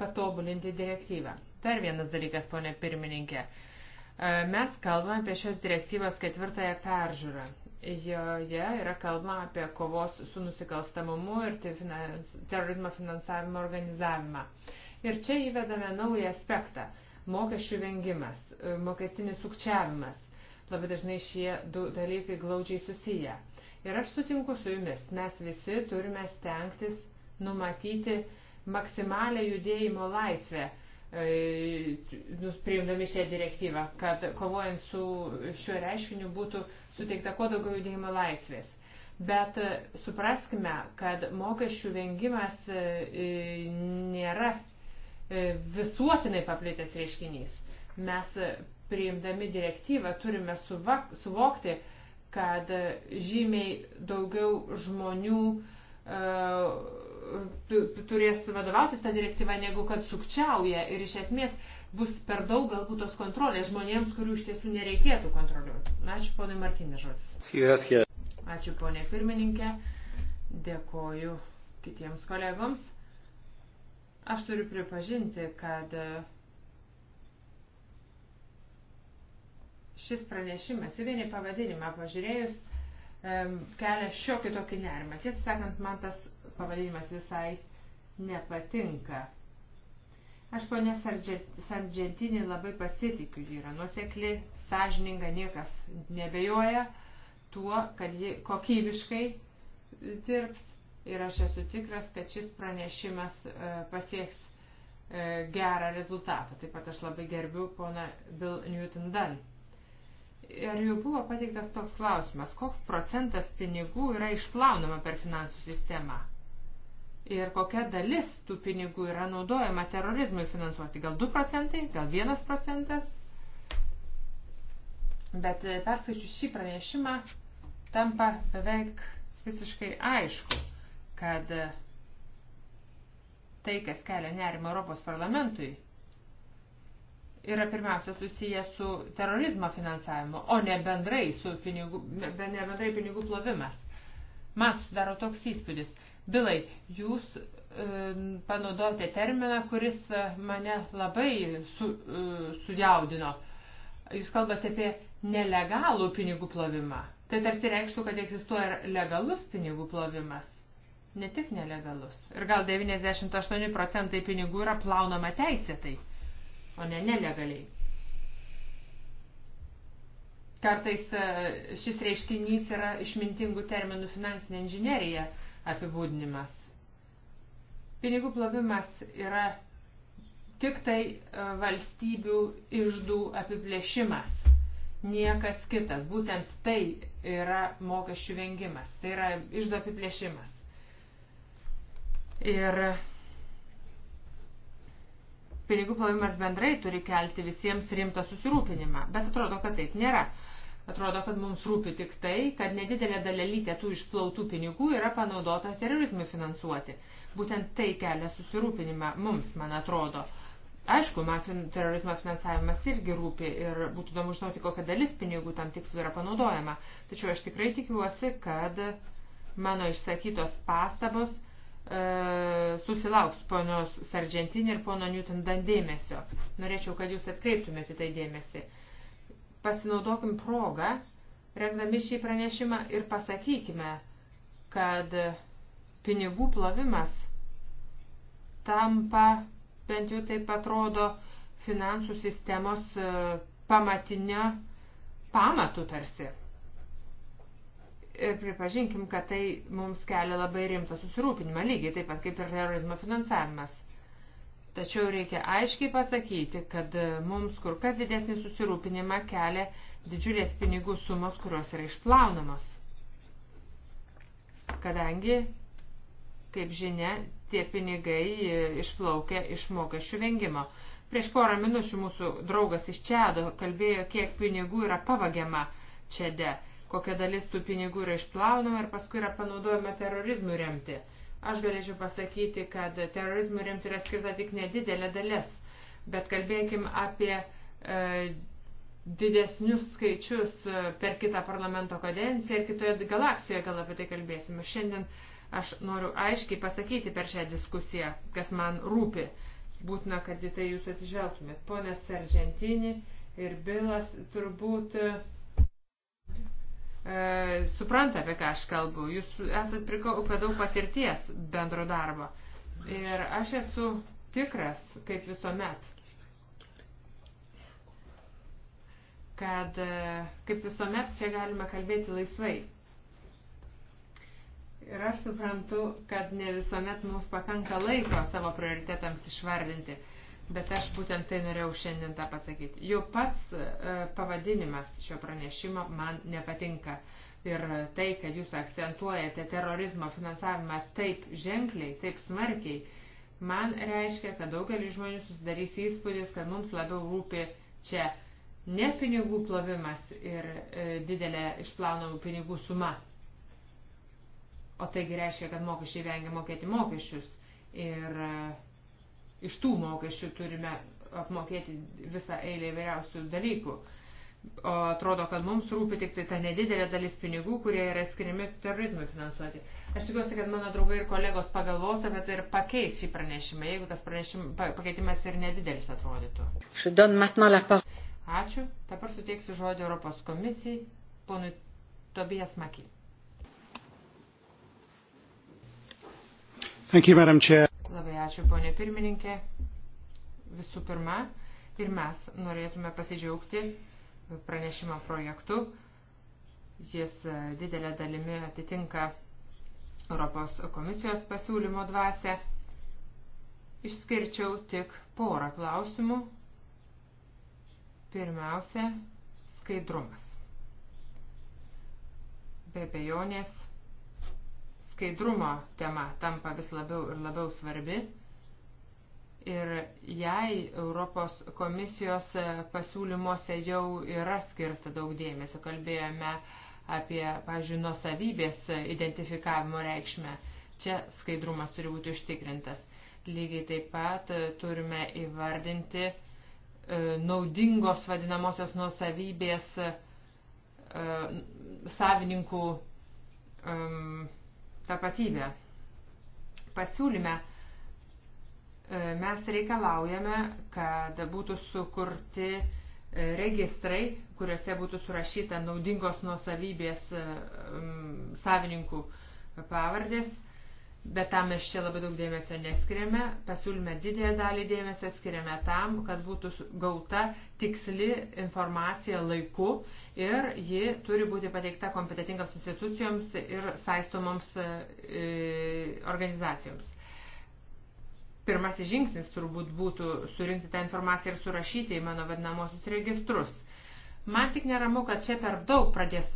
patobulinti direktyvą. Dar vienas dalykas, ponė pirmininkė. E, mes kalbame apie šios direktyvos ketvirtąją peržiūrą. Joje yra kalbama apie kovos su nusikalstamumu ir terorizmo finansavimo organizavimą. Ir čia įvedame naują aspektą - mokesčių vengimas, e, mokestinis sukčiavimas. Labai dažnai šie du dalykai glaudžiai susiję. Ir aš sutinku su jumis, mes visi turime stengtis numatyti maksimalę judėjimo laisvę, e, priimdami šią direktyvą, kad kovojant su šiuo reiškiniu būtų suteikta kuo daugiau judėjimo laisvės. Bet e, supraskime, kad mokesčių vengimas e, nėra visuotinai paplitęs reiškinys. Mes priimdami direktyvą turime suvokti, kad žymiai daugiau žmonių e, turės vadovautis tą direktyvą, negu kad sukčiauja ir iš esmės bus per daug galbūt tos kontrolės žmonėms, kurių iš tiesų nereikėtų kontroliuoti. Ačiū ponui Martinė žodis. Ačiū ponė pirmininkė, dėkoju kitiems kolegoms. Aš turiu pripažinti, kad uh, šis pranešimas, į vienį pavadinimą pažiūrėjus, kelia šiokį tokį nerimą. Tiesą sakant, man tas pavadinimas visai nepatinka. Aš ponė Sargentinį labai pasitikiu, ji yra nusekli, sąžininga, niekas nebejoja tuo, kad ji kokybiškai dirbs ir aš esu tikras, kad šis pranešimas e, pasieks e, gerą rezultatą. Taip pat aš labai gerbiu poną Bill Newton Dunn Ar jau buvo pateiktas toks klausimas, koks procentas pinigų yra išplaunama per finansų sistemą? Ir kokia dalis tų pinigų yra naudojama terorizmui finansuoti? Gal 2 procentai, gal 1 procentas? Bet e, perskaičiu šį pranešimą tampa beveik visiškai aišku, kad e, tai, kas kelia nerimą Europos parlamentui, yra pirmiausia susiję su terorizmo finansavimu, o ne bendrai, su pinigų, ne bendrai pinigų plovimas. Man sudaro toks įspūdis. Bilai, jūs e, panaudojate terminą, kuris e, mane labai su, e, sujaudino. Jūs kalbate apie nelegalų pinigų plovimą. Tai tarsi reikštų, kad egzistuoja ir legalus pinigų plovimas, ne tik nelegalus. Ir gal 98 procentai pinigų yra plaunama teisėtai o ne nelegaliai. Kartais e, šis reiškinys yra išmintingų terminų finansinė inžinierija apibūdinimas. Pinigų plovimas yra tik tai e, valstybių išdų apiplėšimas, niekas kitas. Būtent tai yra mokesčių vengimas, tai yra išdų apiplėšimas. Ir pinigų plovimas bendrai turi kelti visiems rimtą susirūpinimą, bet atrodo, kad taip nėra. Atrodo, kad mums rūpi tik tai, kad nedidelė dalelytė tų išplautų pinigų yra panaudota terorizmui finansuoti. Būtent tai kelia susirūpinimą mums, man atrodo. Aišku, man fin, terorizmo finansavimas irgi rūpi ir būtų įdomu žinoti, kokia dalis pinigų tam tikslui yra panaudojama. Tačiau aš tikrai tikiuosi, kad mano išsakytos pastabos E, susilauks ponios Sargentinė ir pono Newton dan dėmesio. Norėčiau, kad jūs atkreiptumėte tai dėmesį. Pasinaudokim progą, rengdami šį pranešimą ir pasakykime, kad pinigų plovimas tampa, bent jau taip atrodo, finansų sistemos e, pamatinio pamatų tarsi. Ir pripažinkim, kad tai mums kelia labai rimtą susirūpinimą, lygiai taip pat kaip ir terorizmo finansavimas. Tačiau reikia aiškiai pasakyti, kad mums kur kas didesnį susirūpinimą kelia didžiulės pinigų sumos, kurios yra išplaunamos. Kadangi, kaip žinia, tie pinigai e, išplaukia iš mokesčių vengimo. Prieš porą minučių mūsų draugas iš Čedo kalbėjo, kiek pinigų yra pavagiama Čede kokia dalis tų pinigų yra išplaunama ir paskui yra panaudojama terorizmui remti. Aš galėčiau pasakyti, kad terorizmui remti yra skirta tik nedidelė dalis, bet kalbėkim apie e, didesnius skaičius e, per kitą parlamento kadenciją ir kitoje galaksijoje gal apie tai kalbėsime. Šiandien aš noriu aiškiai pasakyti per šią diskusiją, kas man rūpi. Būtina, kad į tai jūs atsižvelgtumėt. Ponas Sargentini ir Bilas turbūt. E, E, supranta, apie ką aš kalbu. Jūs esat prikaupę daug patirties bendro darbo. Ir aš esu tikras, kaip visuomet, kad e, kaip visuomet čia galime kalbėti laisvai. Ir aš suprantu, kad ne visuomet mums pakanka laiko savo prioritetams išvardinti. Bet aš būtent tai norėjau šiandien tą pasakyti. Jau pats e, pavadinimas šio pranešimo man nepatinka. Ir tai, kad jūs akcentuojate terorizmo finansavimą taip ženkliai, taip smarkiai, man reiškia, kad daugelis žmonių susidarys įspūdis, kad mums labiau rūpi čia ne pinigų plovimas ir e, didelė išplaunamų pinigų suma. O taigi reiškia, kad mokesčiai vengia mokėti mokesčius. Ir e, Iš tų mokesčių turime apmokėti visą eilę įvairiausių dalykų. O atrodo, kad mums rūpi tik tai ta nedidelė dalis pinigų, kurie yra skiriami terorizmui finansuoti. Aš tikiuosi, kad mano draugai ir kolegos pagalvos apie tai ir pakeis šį pranešimą, jeigu tas pranešim, pakeitimas ir nedidelis atrodytų. Ačiū. Dabar suteiksiu žodį Europos komisijai, ponui Tobijas Makiai. Thank you, Madam Chair. Labai ačiū, ponė pirmininkė. Visų pirma, ir mes norėtume pasidžiaugti pranešimo projektu. Jis e, didelė dalimi atitinka Europos komisijos pasiūlymo dvasę. Išskirčiau tik porą klausimų. Pirmiausia, skaidrumas. Be bejonės skaidrumo tema tampa vis labiau ir labiau svarbi. Ir jai Europos komisijos pasiūlymuose jau yra skirta daug dėmesio. Kalbėjome apie, pažiūrėjau, nusavybės identifikavimo reikšmę. Čia skaidrumas turi būti užtikrintas. Lygiai taip pat turime įvardinti e, naudingos vadinamosios nusavybės e, savininkų um, tapatybę. Pasiūlyme e, mes reikalaujame, kad būtų sukurti e, registrai, kuriuose būtų surašyta naudingos nuosavybės e, savininkų pavardės Bet tam mes čia labai daug dėmesio neskiriame, pasiūlyme didėją dalį dėmesio skiriame tam, kad būtų gauta tiksli informacija laiku ir ji turi būti pateikta kompetitingams institucijoms ir saistomoms e, e, organizacijoms. Pirmasis žingsnis turbūt būtų surinkti tą informaciją ir surašyti į mano vadinamosius registrus. Man tik neramu, kad čia per daug, pradės,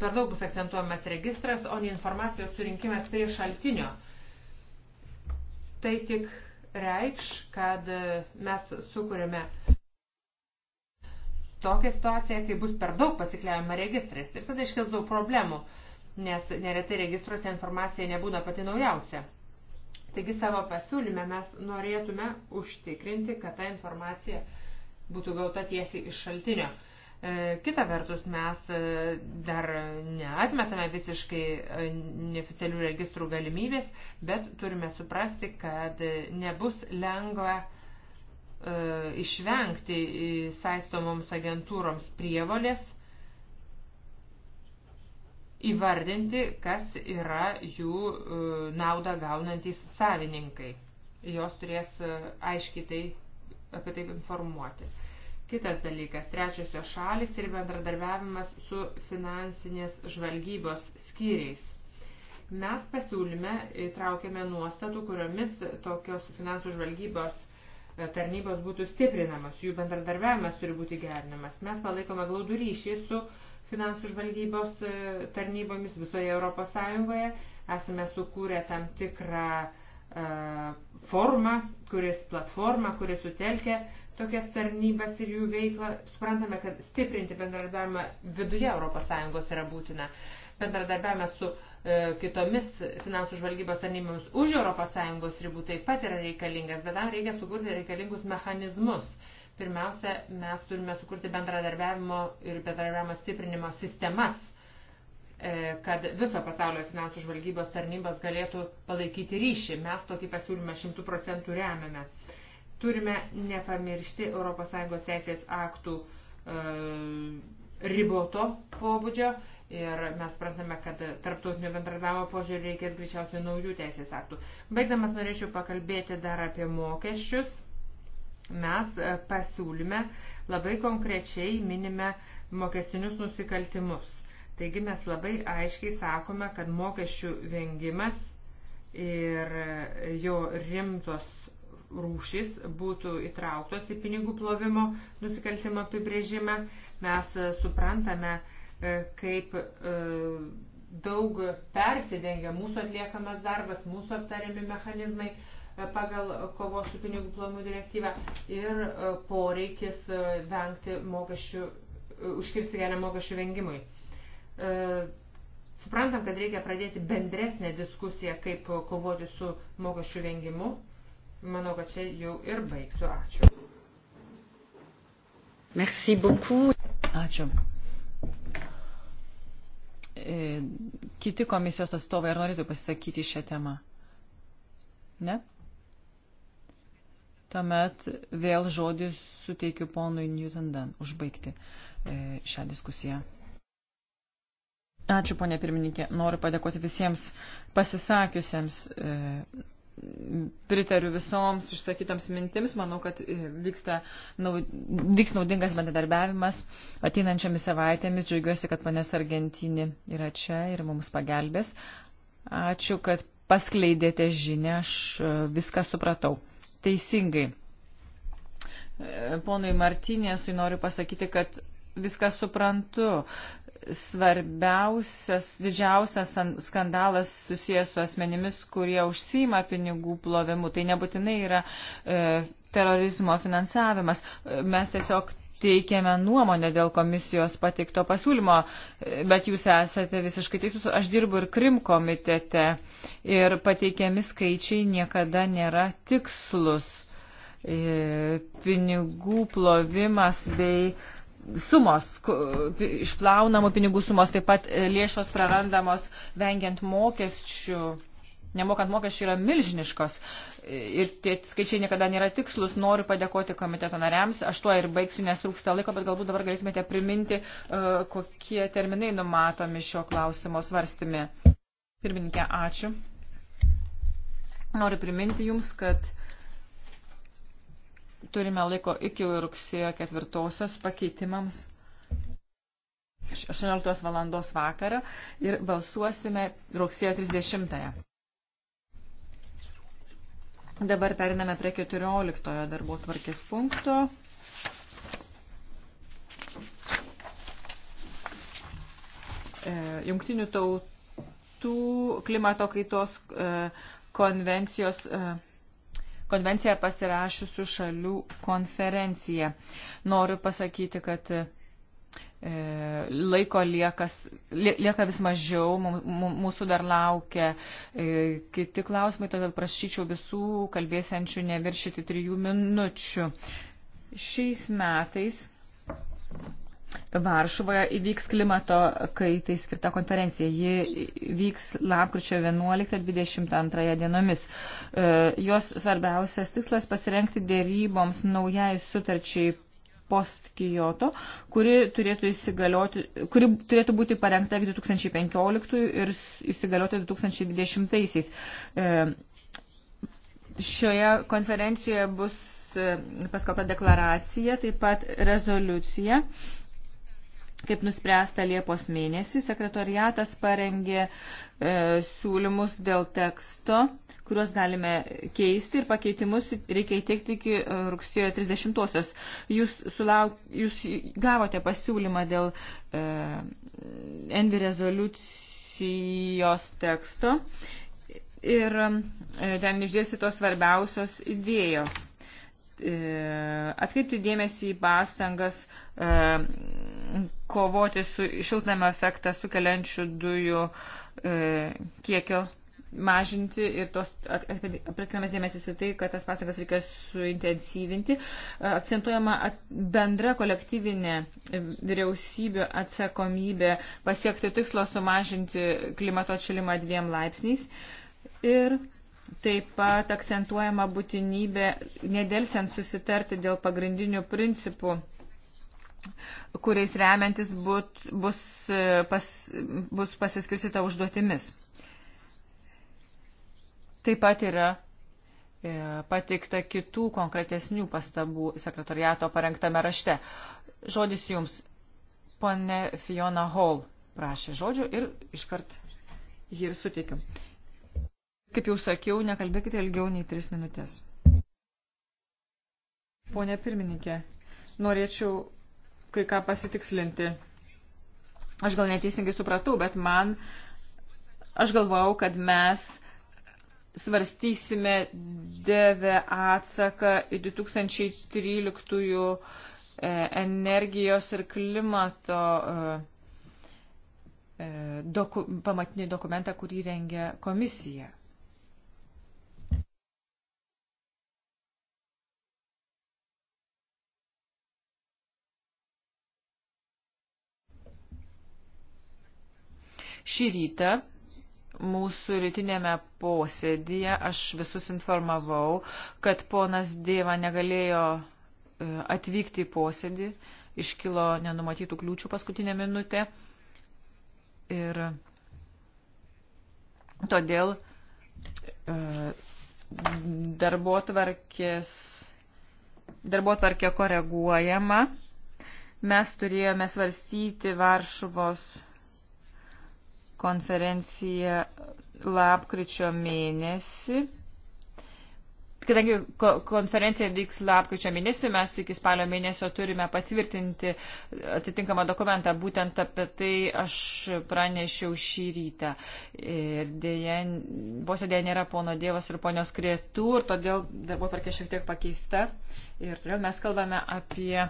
per daug bus akcentuojamas registras, o ne informacijos surinkimas prie šaltinio. Tai tik reikš, kad e, mes sukūrėme tokią situaciją, kai bus per daug pasikliaujama registrais. Ir tada iškils daug problemų, nes neretai registruose informacija nebūna pati naujausia. Taigi savo pasiūlyme mes norėtume užtikrinti, kad ta informacija būtų gauta tiesiai iš šaltinio. E, kita vertus, mes e, dar neatmetame visiškai e, neoficialių registrų galimybės, bet turime suprasti, kad nebus lengva išvengti saistomoms agentūroms prievolės įvardinti, kas yra jų naudą gaunantys savininkai. Jos turės aiškiai tai, apie tai informuoti. Kitas dalykas - trečiosios šalis ir bendradarbiavimas su finansinės žvalgybos skyriais. Mes pasiūlyme įtraukėme nuostatų, kuriomis tokios finansų žvalgybos e, tarnybos būtų stiprinamas, jų bendradarbiavimas turi būti gerinamas. Mes palaikome glaudų ryšį su finansų žvalgybos e, tarnybomis visoje Europos Sąjungoje. Esame sukūrę tam tikrą uh, formą, kuris platformą, kuris sutelkia tokias tarnybas ir jų veiklą. Suprantame, kad stiprinti bendradarbiavimą viduje ES yra būtina. Bendradarbiavimą su e, kitomis finansų žvalgybos tarnybomis už ES ribų taip pat yra reikalingas, bet tam reikia sukurti reikalingus mechanizmus. Pirmiausia, mes turime sukurti bendradarbiavimo ir bendradarbiavimo stiprinimo sistemas e, kad viso pasaulio finansų žvalgybos tarnybos galėtų palaikyti ryšį. Mes tokį pasiūlymą šimtų procentų remiame. Turime nepamiršti ES teisės aktų e, riboto pobūdžio ir mes suprantame, kad tarptautinio bendradarbiavimo požiūrį reikės greičiausiai naujų teisės aktų. Baigdamas norėčiau pakalbėti dar apie mokesčius. Mes e, pasiūlyme labai konkrečiai minime mokestinius nusikaltimus. Taigi mes labai aiškiai sakome, kad mokesčių vengimas ir jo rimtos rūšys būtų įtrauktos į pinigų plovimo nusikaltimo apibrėžimą. Mes e, suprantame, e, kaip e, daug persidengia mūsų atliekamas darbas, mūsų aptariami mechanizmai pagal kovos su pinigų plovimu direktyvą ir poreikis vengti mokesčių, užkirsti kelią mokesčių vengimui. Suprantam, kad reikia pradėti bendresnę diskusiją, kaip kovoti su mokesčių vengimu. Manau, kad čia jau ir baigsiu. Ačiū. Merci beaucoup. Ačiū. E, kiti komisijos atstovai ar norėtų pasisakyti šią temą? Ne? Tuomet vėl žodį suteikiu ponui Newton Dan užbaigti e, šią diskusiją. Ačiū, ponė pirmininkė. Noriu padėkoti visiems pasisakiusiems e, pritariu visoms išsakytoms mintims, manau, kad e, vyksta, naud, vyks naudingas bendradarbiavimas ateinančiamis savaitėmis. Džiaugiuosi, kad panės Argentinė yra čia ir mums pagelbės. Ačiū, kad paskleidėte žinę, aš e, viską supratau. Teisingai. E, ponui Martinėsui noriu pasakyti, kad viską suprantu svarbiausias, didžiausias skandalas susijęs su asmenimis, kurie užsima pinigų plovimu. Tai nebūtinai yra e, terorizmo finansavimas. Mes tiesiog teikiame nuomonę dėl komisijos pateikto pasiūlymo, bet jūs esate visiškai teisus. Aš dirbu ir Krim komitete ir pateikiami skaičiai niekada nėra tikslus. E, pinigų plovimas bei e, sumos, išplaunamų pinigų sumos, taip pat e, lėšos prarandamos vengiant mokesčių, nemokant mokesčių yra milžiniškos e, ir tie skaičiai niekada nėra tikslus. Noriu padėkoti komiteto nariams, aš tuo ir baigsiu, nes trūksta laiko, bet galbūt dabar galėtumėte priminti, e, kokie terminai numatomi šio klausimo svarstymi. Pirmininkė, ačiū. Noriu priminti Jums, kad turime laiko iki rugsėjo ketvirtosios pakeitimams 18 valandos vakarą ir balsuosime rugsėjo 30-ąją. Dabar periname prie 14-ojo darbo tvarkės punkto. E, Jungtinių tautų klimato kaitos e, konvencijos e, konvenciją pasirašiusių šalių konferencija. Noriu pasakyti, kad e, laiko liekas, lieka vis mažiau, mūsų dar laukia e, kiti klausimai, todėl prašyčiau visų kalbėsiančių neviršyti trijų minučių. Šiais metais Varšuvoje įvyks klimato kaitai skirta konferencija. Ji vyks lapkričio 11-22 dienomis. E, jos svarbiausias tikslas pasirengti dėryboms naujai sutarčiai post Kyoto, kuri turėtų, kuri turėtų būti parengta 2015 ir įsigalioti 2020-aisiais. E, šioje konferencijoje bus e, paskalta deklaracija, taip pat rezoliucija Kaip nuspręsta Liepos mėnesį, sekretoriatas parengė e, siūlymus dėl teksto, kuriuos galime keisti ir pakeitimus reikia įteikti iki e, rugsėjo 30-osios. Jūs, sulauk, jūs gavote pasiūlymą dėl e, Envi rezoliucijos teksto ir e, ten išdėstytos svarbiausios idėjos E, atkreipti dėmesį į pastangas e, kovoti su šiltnamio efektą sukeliančių dujų e, kiekio mažinti ir tos atkreipiamas dėmesys į tai, kad tas pastangas reikia suintensyvinti. Akcentuojama bendra kolektyvinė vyriausybių atsakomybė pasiekti tikslo sumažinti klimato atšilimą dviem laipsniais. Ir Taip pat akcentuojama būtinybė nedelsiant susitarti dėl pagrindinių principų kuriais remiantis būt, bus, e, pas, bus pasiskirsita užduotimis. Taip pat yra e, pateikta kitų konkretesnių pastabų sekretoriato parengtame rašte. Žodis jums, ponė Fiona Hall, prašė žodžių ir iškart jį ir suteikiu. Kaip jau sakiau, nekalbėkite ilgiau nei tris minutės. Pone pirmininkė, norėčiau kai ką pasitikslinti. Aš gal neteisingai supratau, bet man, aš galvau, kad mes svarstysime devę atsaką į 2013 e, energijos ir klimato e, e, doku, pamatinį dokumentą, kurį rengia komisija. Šį rytą mūsų rytinėme posėdėje aš visus informavau, kad ponas Dėva negalėjo e, atvykti į posėdį, iškilo nenumatytų kliūčių paskutinę minutę. Ir todėl e, darbo tvarkės, darbo tvarkė koreguojama. Mes turėjome svarstyti Varšuvos konferenciją lapkričio mėnesį kadangi konferencija vyks lapkričio mėnesį, mes iki spalio mėnesio turime patvirtinti atitinkamą dokumentą. Būtent apie tai aš pranešiau šį rytą. Ir dėje, posėdėje nėra pono Dievas ir ponios Krietų, ir todėl darbo tvarkė šiek tiek pakeista. Ir todėl mes kalbame apie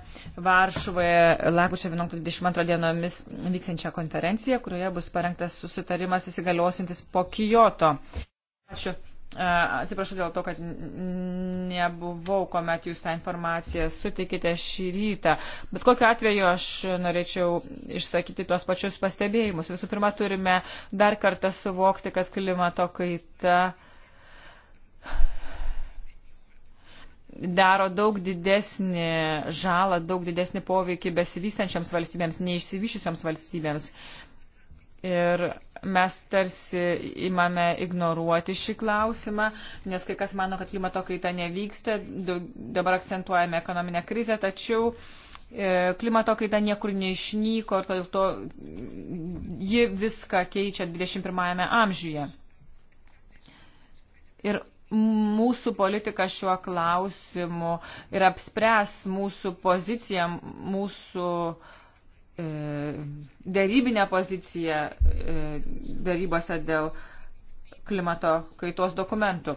Varšuvoje lapkričio 11-22 dienomis vyksiančią konferenciją, kurioje bus parengtas susitarimas įsigaliosintis po Kijoto. Ačiū. Atsiprašau dėl to, kad nebuvau, kuomet jūs tą informaciją sutikite šį rytą. Bet kokiu atveju aš norėčiau išsakyti tuos pačius pastebėjimus. Visų pirma, turime dar kartą suvokti, kad klimato kaita daro daug didesnį žalą, daug didesnį poveikį besivystančiams valstybėms, neišsivyšiusiams valstybėms. Uh, Ir mes tarsi imame ignoruoti šį klausimą, nes kai kas mano, kad klimato kaita nevyksta, dabar akcentuojame ekonominę krizę, tačiau e, klimato kaita niekur neišnyko ir todėl to ji viską keičia 21 amžiuje. Ir mūsų politika šiuo klausimu ir apspręs mūsų poziciją, mūsų uh, E, dėrybinę poziciją e, dėrybose dėl klimato kaitos dokumentų.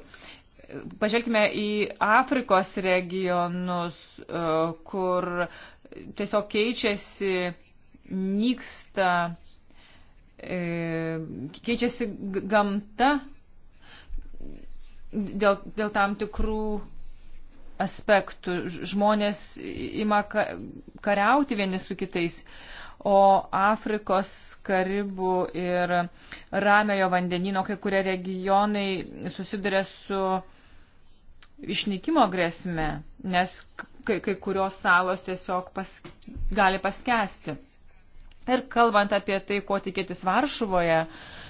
Pažvelkime į Afrikos regionus, e, kur tiesiog keičiasi, nyksta, keičiasi gamta dėl, dėl tam tikrų aspektų. Žmonės ima kariauti vieni su kitais, o Afrikos, Karibų ir Ramiojo vandenino kai kurie regionai susiduria su išnykimo grėsme, nes kai, kai kurios salos tiesiog pas, gali paskesti. Ir kalbant apie tai, ko tikėtis Varšuvoje, uh,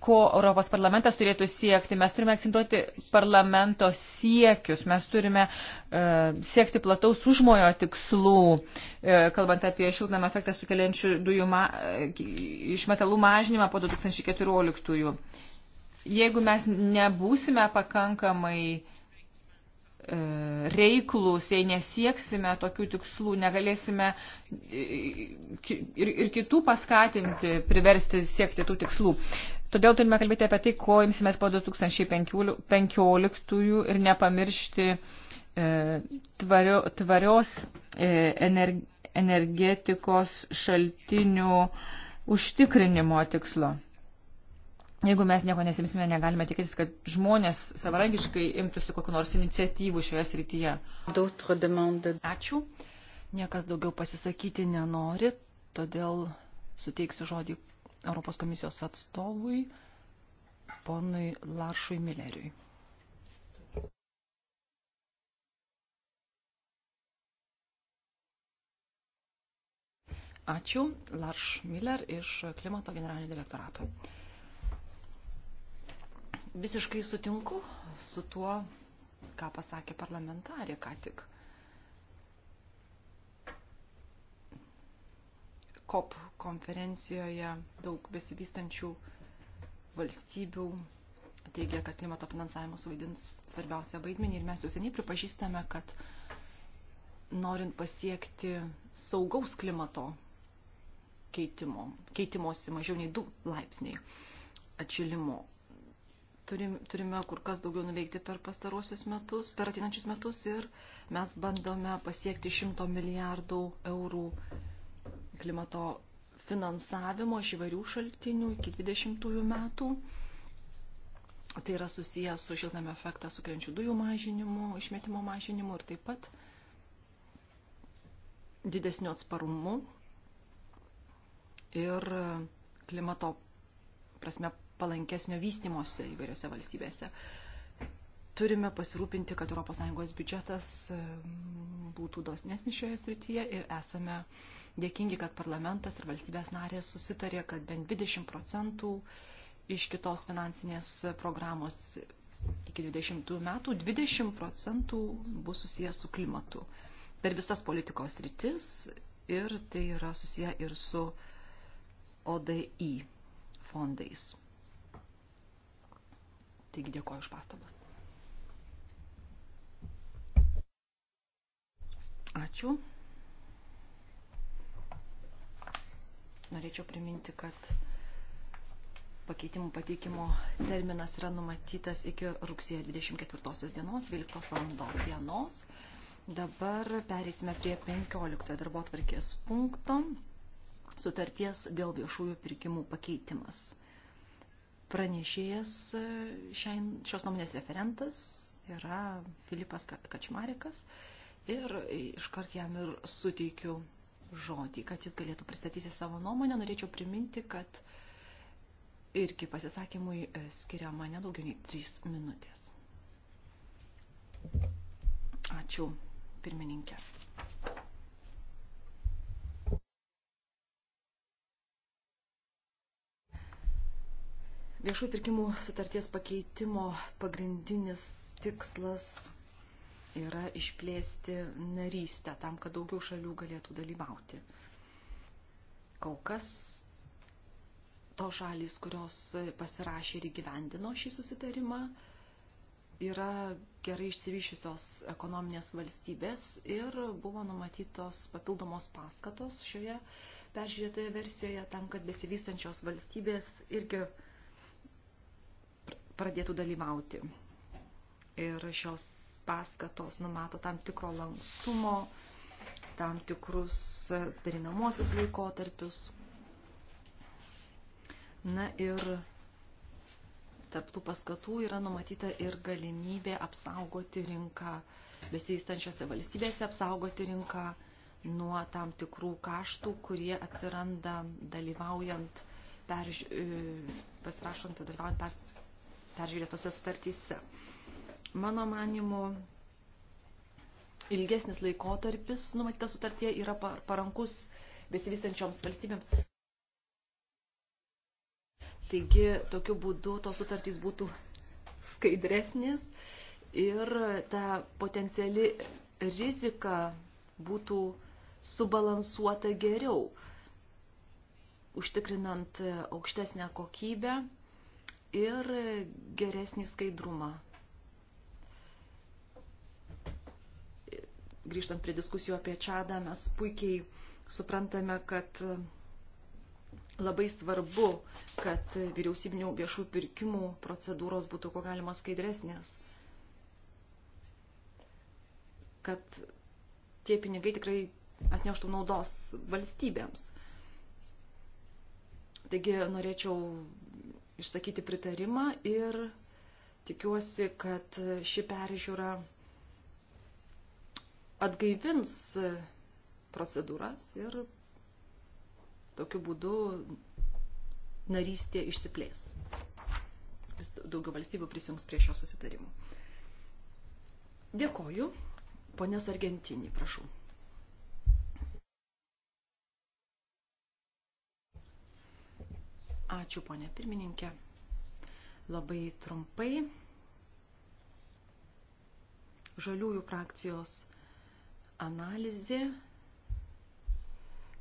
ko Europos parlamentas turėtų siekti. Mes turime akcentuoti parlamento siekius, mes turime e, siekti plataus užmojo tikslų, e, kalbant apie šiltnamą efektą sukeliančių dujų ma, e, išmetalų mažinimą po 2014. -ųjų. Jeigu mes nebūsime pakankamai e, reiklus, jei nesieksime tokių tikslų, negalėsime e, ir, ir kitų paskatinti, priversti siekti tų tikslų. Todėl turime kalbėti apie tai, ko imsimės po 2015 ir nepamiršti e, tvario, tvarios e, energi, energetikos šaltinių užtikrinimo tikslo. Jeigu mes nieko nesimsime, negalime tikėtis, kad žmonės savarankiškai imtųsi kokiu nors iniciatyvų šioje srityje. Ačiū. Niekas daugiau pasisakyti nenori, todėl suteiksiu žodį Europos komisijos atstovui, ponui Laršui Milleriui. Ačiū, Larš Miller iš klimato generalinio direktorato. Visiškai sutinku su tuo, ką pasakė parlamentarė ką tik. COP konferencijoje daug besivystančių valstybių teigia, kad klimato finansavimas vaidins svarbiausią vaidmenį ir mes jau seniai pripažįstame, kad norint pasiekti saugaus klimato keitimo, keitimosi mažiau nei 2 laipsniai atšilimo, turim, turime kur kas daugiau nuveikti per pastarosius metus, per ateinančius metus ir mes bandome pasiekti 100 milijardų eurų klimato finansavimo iš įvairių šaltinių iki 20 metų. Tai yra susijęs su šiltnamio efektą sukeliančių dujų mažinimu, išmetimo mažinimu ir taip pat didesniu atsparumu ir klimato prasme palankesnio vystimosi įvairiose valstybėse. Uh, turime pasirūpinti, kad ES biudžetas mm, būtų dosnesnis šioje srityje ir esame dėkingi, kad parlamentas ir valstybės narės susitarė, kad bent 20 procentų iš kitos finansinės programos iki 20 metų 20 procentų bus susijęs su klimatu per visas politikos rytis ir tai yra susiję ir su ODI fondais. Taigi dėkoju už pastabas. Ačiū. Norėčiau priminti, kad pakeitimų pateikimo terminas yra numatytas iki rugsėjo 24 dienos, 12 valandos dienos. Dabar perėsime prie 15 darbo tvarkės punkto sutarties dėl viešųjų pirkimų pakeitimas. Pranešėjas šios nuomonės referentas yra Filipas Kačmarikas. Ka ir iškart jam ir suteikiu žodį, kad jis galėtų pristatyti savo nuomonę. Norėčiau priminti, kad irgi pasisakymui e, skiria mane daugiau nei 3 minutės. Ačiū, pirmininkė. Viešų pirkimų sutarties pakeitimo pagrindinis tikslas yra išplėsti narystę tam, kad daugiau šalių galėtų dalyvauti. Kol kas to šalis, kurios pasirašė ir įgyvendino šį susitarimą, yra gerai išsivyšiusios ekonominės valstybės ir buvo numatytos papildomos paskatos šioje peržiūrėtoje versijoje tam, kad besivystančios valstybės irgi pradėtų dalyvauti. Ir šios paskatos numato tam tikro lankstumo, tam tikrus perinamosius laikotarpius. Na ir tarptų paskatų yra numatyta ir galimybė apsaugoti rinką besivystančiose valstybėse, apsaugoti rinką nuo tam tikrų kaštų, kurie atsiranda dalyvaujant, perž... E, pasirašant, dalyvaujant pers... peržiūrėtose sutartyse. Mano manimu, ilgesnis laikotarpis numatytas sutartie yra parankus besivystančioms valstybėms. Taigi, tokiu būdu tos sutartys būtų skaidresnės ir ta potenciali rizika būtų subalansuota geriau, užtikrinant aukštesnę kokybę ir geresnį skaidrumą grįžtant prie diskusijų apie Čadą, mes puikiai suprantame, kad e, labai svarbu, kad vyriausybinių viešų pirkimų procedūros būtų ko galima skaidresnės. Kad tie pinigai tikrai atneštų naudos valstybėms. Taigi norėčiau išsakyti pritarimą ir tikiuosi, kad ši peržiūra atgaivins procedūras ir tokiu būdu narystė išsiplės. Vis daugiau valstybių prisijungs prie šio susitarimo. Dėkoju. Ponės Argentinį, prašau. Ačiū, ponė pirmininkė. Labai trumpai. Žaliųjų frakcijos analizė,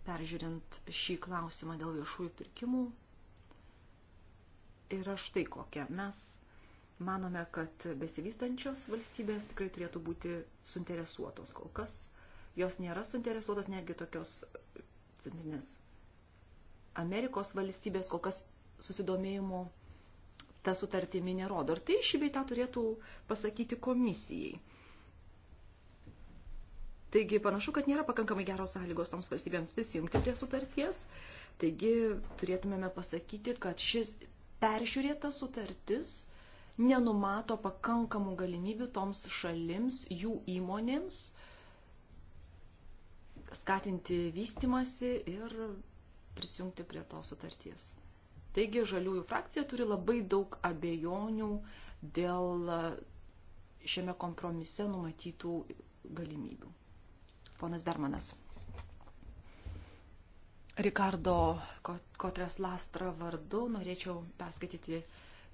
peržiūrint šį klausimą dėl viešųjų pirkimų, yra štai kokia. Mes manome, kad besivystančios valstybės tikrai turėtų būti suinteresuotos kol kas. Jos nėra suinteresuotos netgi tokios centrinės Amerikos valstybės kol kas susidomėjimo tą sutartimį nerodo. Ar tai šį beitą turėtų pasakyti komisijai? Taigi panašu, kad nėra pakankamai geros sąlygos toms valstybėms prisijungti prie sutarties. Taigi turėtumėme pasakyti, kad šis peržiūrėta sutartis nenumato pakankamų galimybių toms šalims, jų įmonėms skatinti vystimasi ir prisijungti prie to sutarties. Taigi žaliųjų frakcija turi labai daug abejonių dėl šiame kompromise numatytų galimybių ponas Bermanas. Rikardo Kotres Lastra vardu norėčiau perskaityti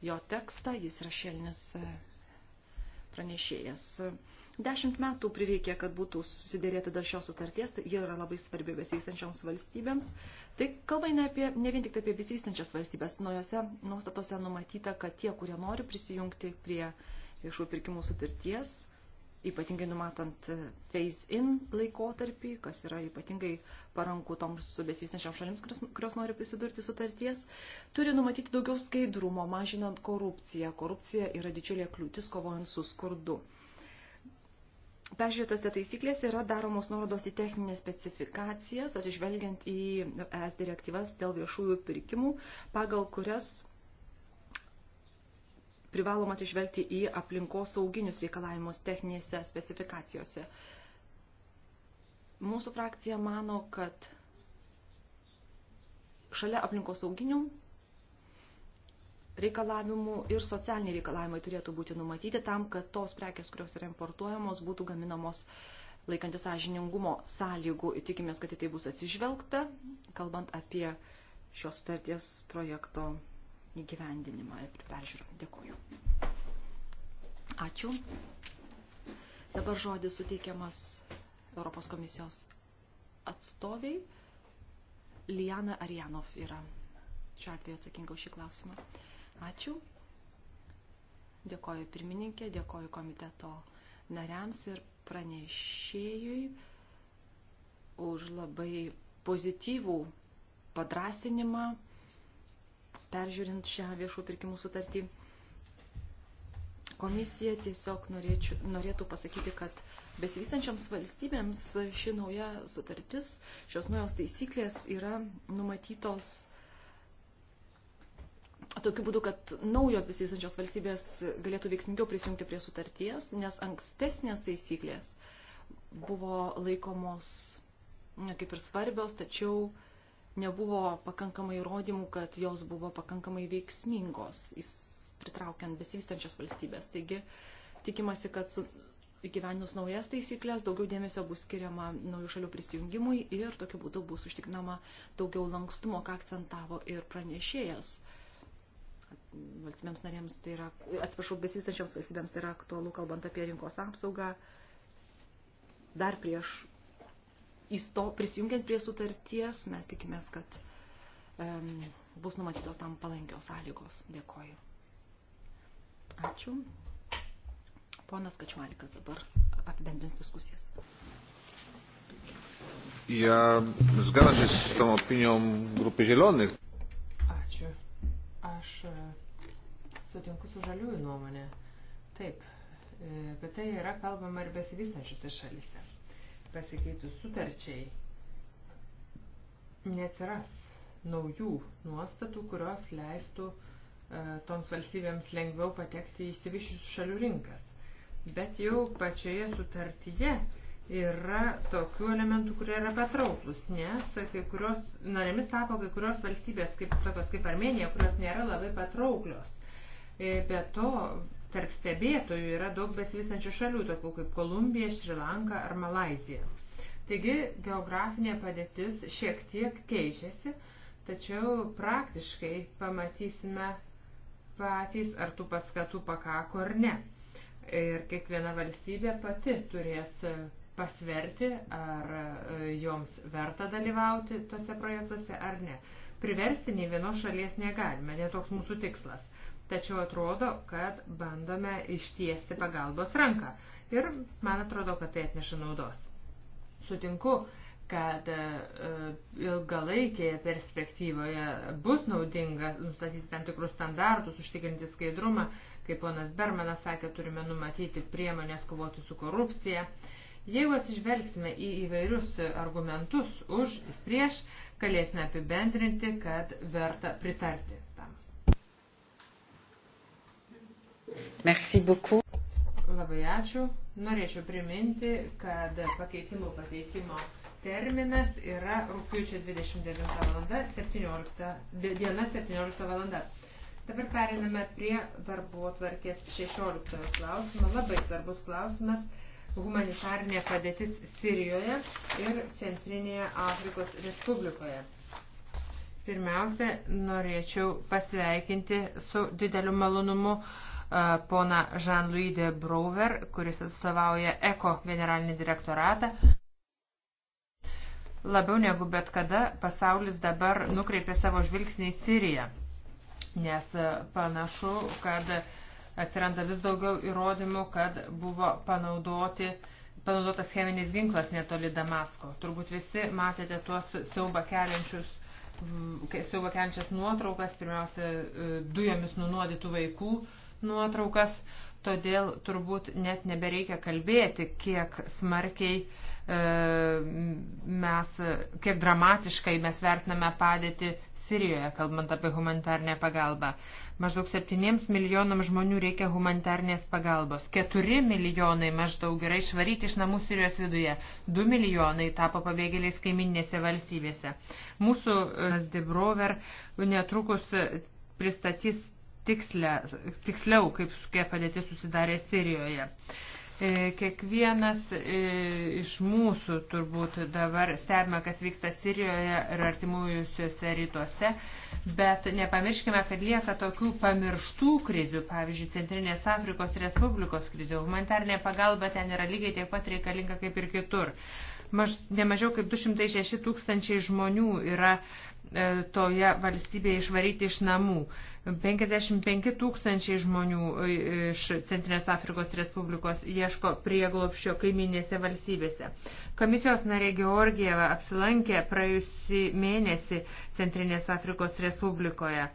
jo tekstą, jis yra šelnis e, pranešėjas. Dešimt metų prireikė, kad būtų susidėrėta dėl šios sutarties, tai jie yra labai svarbi besiveistančioms valstybėms. Tai kalba ne, apie, ne vien tik apie besiveistančias valstybės, naujose nuostatose numatyta, kad tie, kurie nori prisijungti prie viešų pirkimų sutarties, ypatingai numatant e, phase-in laikotarpį, kas yra ypatingai paranku toms besivystančiams šalims, kurios nori prisidurti sutarties, turi numatyti daugiau skaidrumo, mažinant korupciją. Korupcija yra didžiulė kliūtis kovojant su skurdu. Peržiūrėtose taisyklėse yra daromos nuorodos į techninės specifikacijas, atsižvelgiant į ES direktyvas dėl viešųjų pirkimų, pagal kurias privaloma atsižvelgti į aplinkos sauginius reikalavimus techninėse specifikacijose. Mūsų frakcija mano, kad šalia aplinkos sauginių reikalavimų ir socialiniai reikalavimai turėtų būti numatyti tam, kad tos prekės, kurios yra importuojamos, būtų gaminamos laikantis sąžiningumo sąlygų. Tikimės, kad į tai bus atsižvelgta, kalbant apie šios sutarties projekto įgyvendinimą ir peržiūrą. Dėkuoju. Ačiū. Dabar žodis suteikiamas Europos komisijos atstoviai. Liana Arianov yra šiuo atveju atsakinga už šį klausimą. Ačiū. Dėkoju pirmininkė, dėkoju komiteto nariams ir pranešėjui už labai pozityvų padrasinimą peržiūrint šią viešų pirkimų sutartį. Komisija tiesiog norėčių, norėtų pasakyti, kad besivystančioms valstybėms ši nauja sutartis, šios naujos taisyklės yra numatytos tokiu būdu, kad naujos besivystančios valstybės galėtų veiksmingiau prisijungti prie sutarties, nes ankstesnės taisyklės buvo laikomos ne kaip ir svarbios, tačiau uh, nebuvo pakankamai įrodymų, kad jos buvo pakankamai veiksmingos, pritraukiant besivystančias valstybės. Taigi tikimasi, kad su įgyvenus naujas taisyklės daugiau dėmesio bus skiriama naujų šalių prisijungimui ir tokiu būdu bus užtikrinama daugiau lankstumo, ką akcentavo ir pranešėjas. Valstybėms narėms tai yra, atsiprašau, besistančiams valstybėms tai yra aktualu, kalbant apie rinkos apsaugą. Dar prieš įsto, prisijungiant prie sutarties, mes tikimės, kad um, bus numatytos tam palankios sąlygos. Dėkoju. Ačiū. Ponas Kačmalikas dabar apibendrins dyskusijas. Ja zgadzam się z tą opinią Grupy Zielonych. Ačiū. Aš e, sutinku su žaliųjų nuomonė. Taip, apie tai yra kalbama ir besivystančiose šalise pasikeitus sutarčiai neatsiras naujų nuostatų, kurios leistų e, toms valstybėms lengviau patekti į įsivyšusių šalių rinkas. Bet jau pačioje sutartyje yra tokių elementų, kurie yra patrauklus, nes kai kurios narėmis tapo kai kurios valstybės, kaip, tokios kaip Armenija, kurios nėra labai patrauklios. E, be to, Tarp stebėtojų yra daug besivystančių šalių, tokių kaip Kolumbija, Šrilanka ar Malazija. Taigi geografinė padėtis šiek tiek keičiasi, tačiau praktiškai pamatysime patys, ar tų paskatų pakako ar ne. Ir kiekviena valstybė pati turės pasverti, ar e, joms verta dalyvauti tose projektuose ar ne. Priversti nei vienos šalies negalime, netoks mūsų tikslas. Tačiau atrodo, kad bandome ištiesti pagalbos ranką. Ir man atrodo, kad tai atneša naudos. Sutinku, kad e, ilgalaikėje perspektyvoje bus naudinga nustatyti tam tikrus standartus, užtikrinti skaidrumą. Kaip ponas Bermanas sakė, turime numatyti priemonės kovoti su korupcija. Jeigu atsižvelgsime į įvairius argumentus už ir prieš, galėsime apibendrinti, kad verta pritarti. Merci beaucoup. Labai ačiū. Norėčiau priminti, kad pakeitimų pateikimo terminas yra rūpiučio 29 valanda, 17, diena 17 valanda. Dabar periname prie darbo tvarkės 16 klausimą. Labai svarbus klausimas - humanitarinė padėtis Sirijoje ir Centrinėje Afrikos Respublikoje. Pirmiausia, norėčiau pasveikinti su dideliu malonumu uh, pona Jean-Louis de Brouwer, kuris atstovauja ECO generalinį direktoratą. Labiau negu bet kada pasaulis dabar nukreipė savo žvilgsnį į Siriją, nes panašu, kad atsiranda vis daugiau įrodymų, kad buvo panaudoti panaudotas cheminis ginklas netoli Damasko. Turbūt visi matėte tuos siaubą keliančius siaubą keliančias nuotraukas, pirmiausia, e, dujomis nunuodytų vaikų, uh, nuotraukas, todėl turbūt net nebereikia kalbėti, kiek smarkiai e, mes, kiek dramatiškai mes vertiname padėtį Sirijoje, kalbant apie humanitarnę pagalbą. Maždaug 7 milijonams žmonių reikia humanitarnės pagalbos. 4 milijonai maždaug yra išvaryti iš namų Sirijos viduje. 2 milijonai tapo pabėgėliais kaiminėse valstybėse. Mūsų e, Debrover netrukus pristatys tikslę, tiksliau, kaip kokia padėtis susidarė Sirijoje. E, kiekvienas e, iš mūsų turbūt dabar stebime, kas vyksta Sirijoje ir artimuosiuose rytuose, bet nepamirškime, kad lieka tokių pamirštų krizių, pavyzdžiui, Centrinės Afrikos Respublikos krizių. Humanitarnė pagalba ten yra lygiai tiek pat reikalinga kaip ir kitur. Maž, nemažiau kaip 206 tūkstančiai žmonių yra e, toje valstybėje išvaryti iš namų. 55 tūkstančiai žmonių e, iš Centrinės Afrikos Respublikos ieško prieglopščio kaiminėse valstybėse. Komisijos narė Georgieva apsilankė praėjusį mėnesį Centrinės Afrikos Respublikoje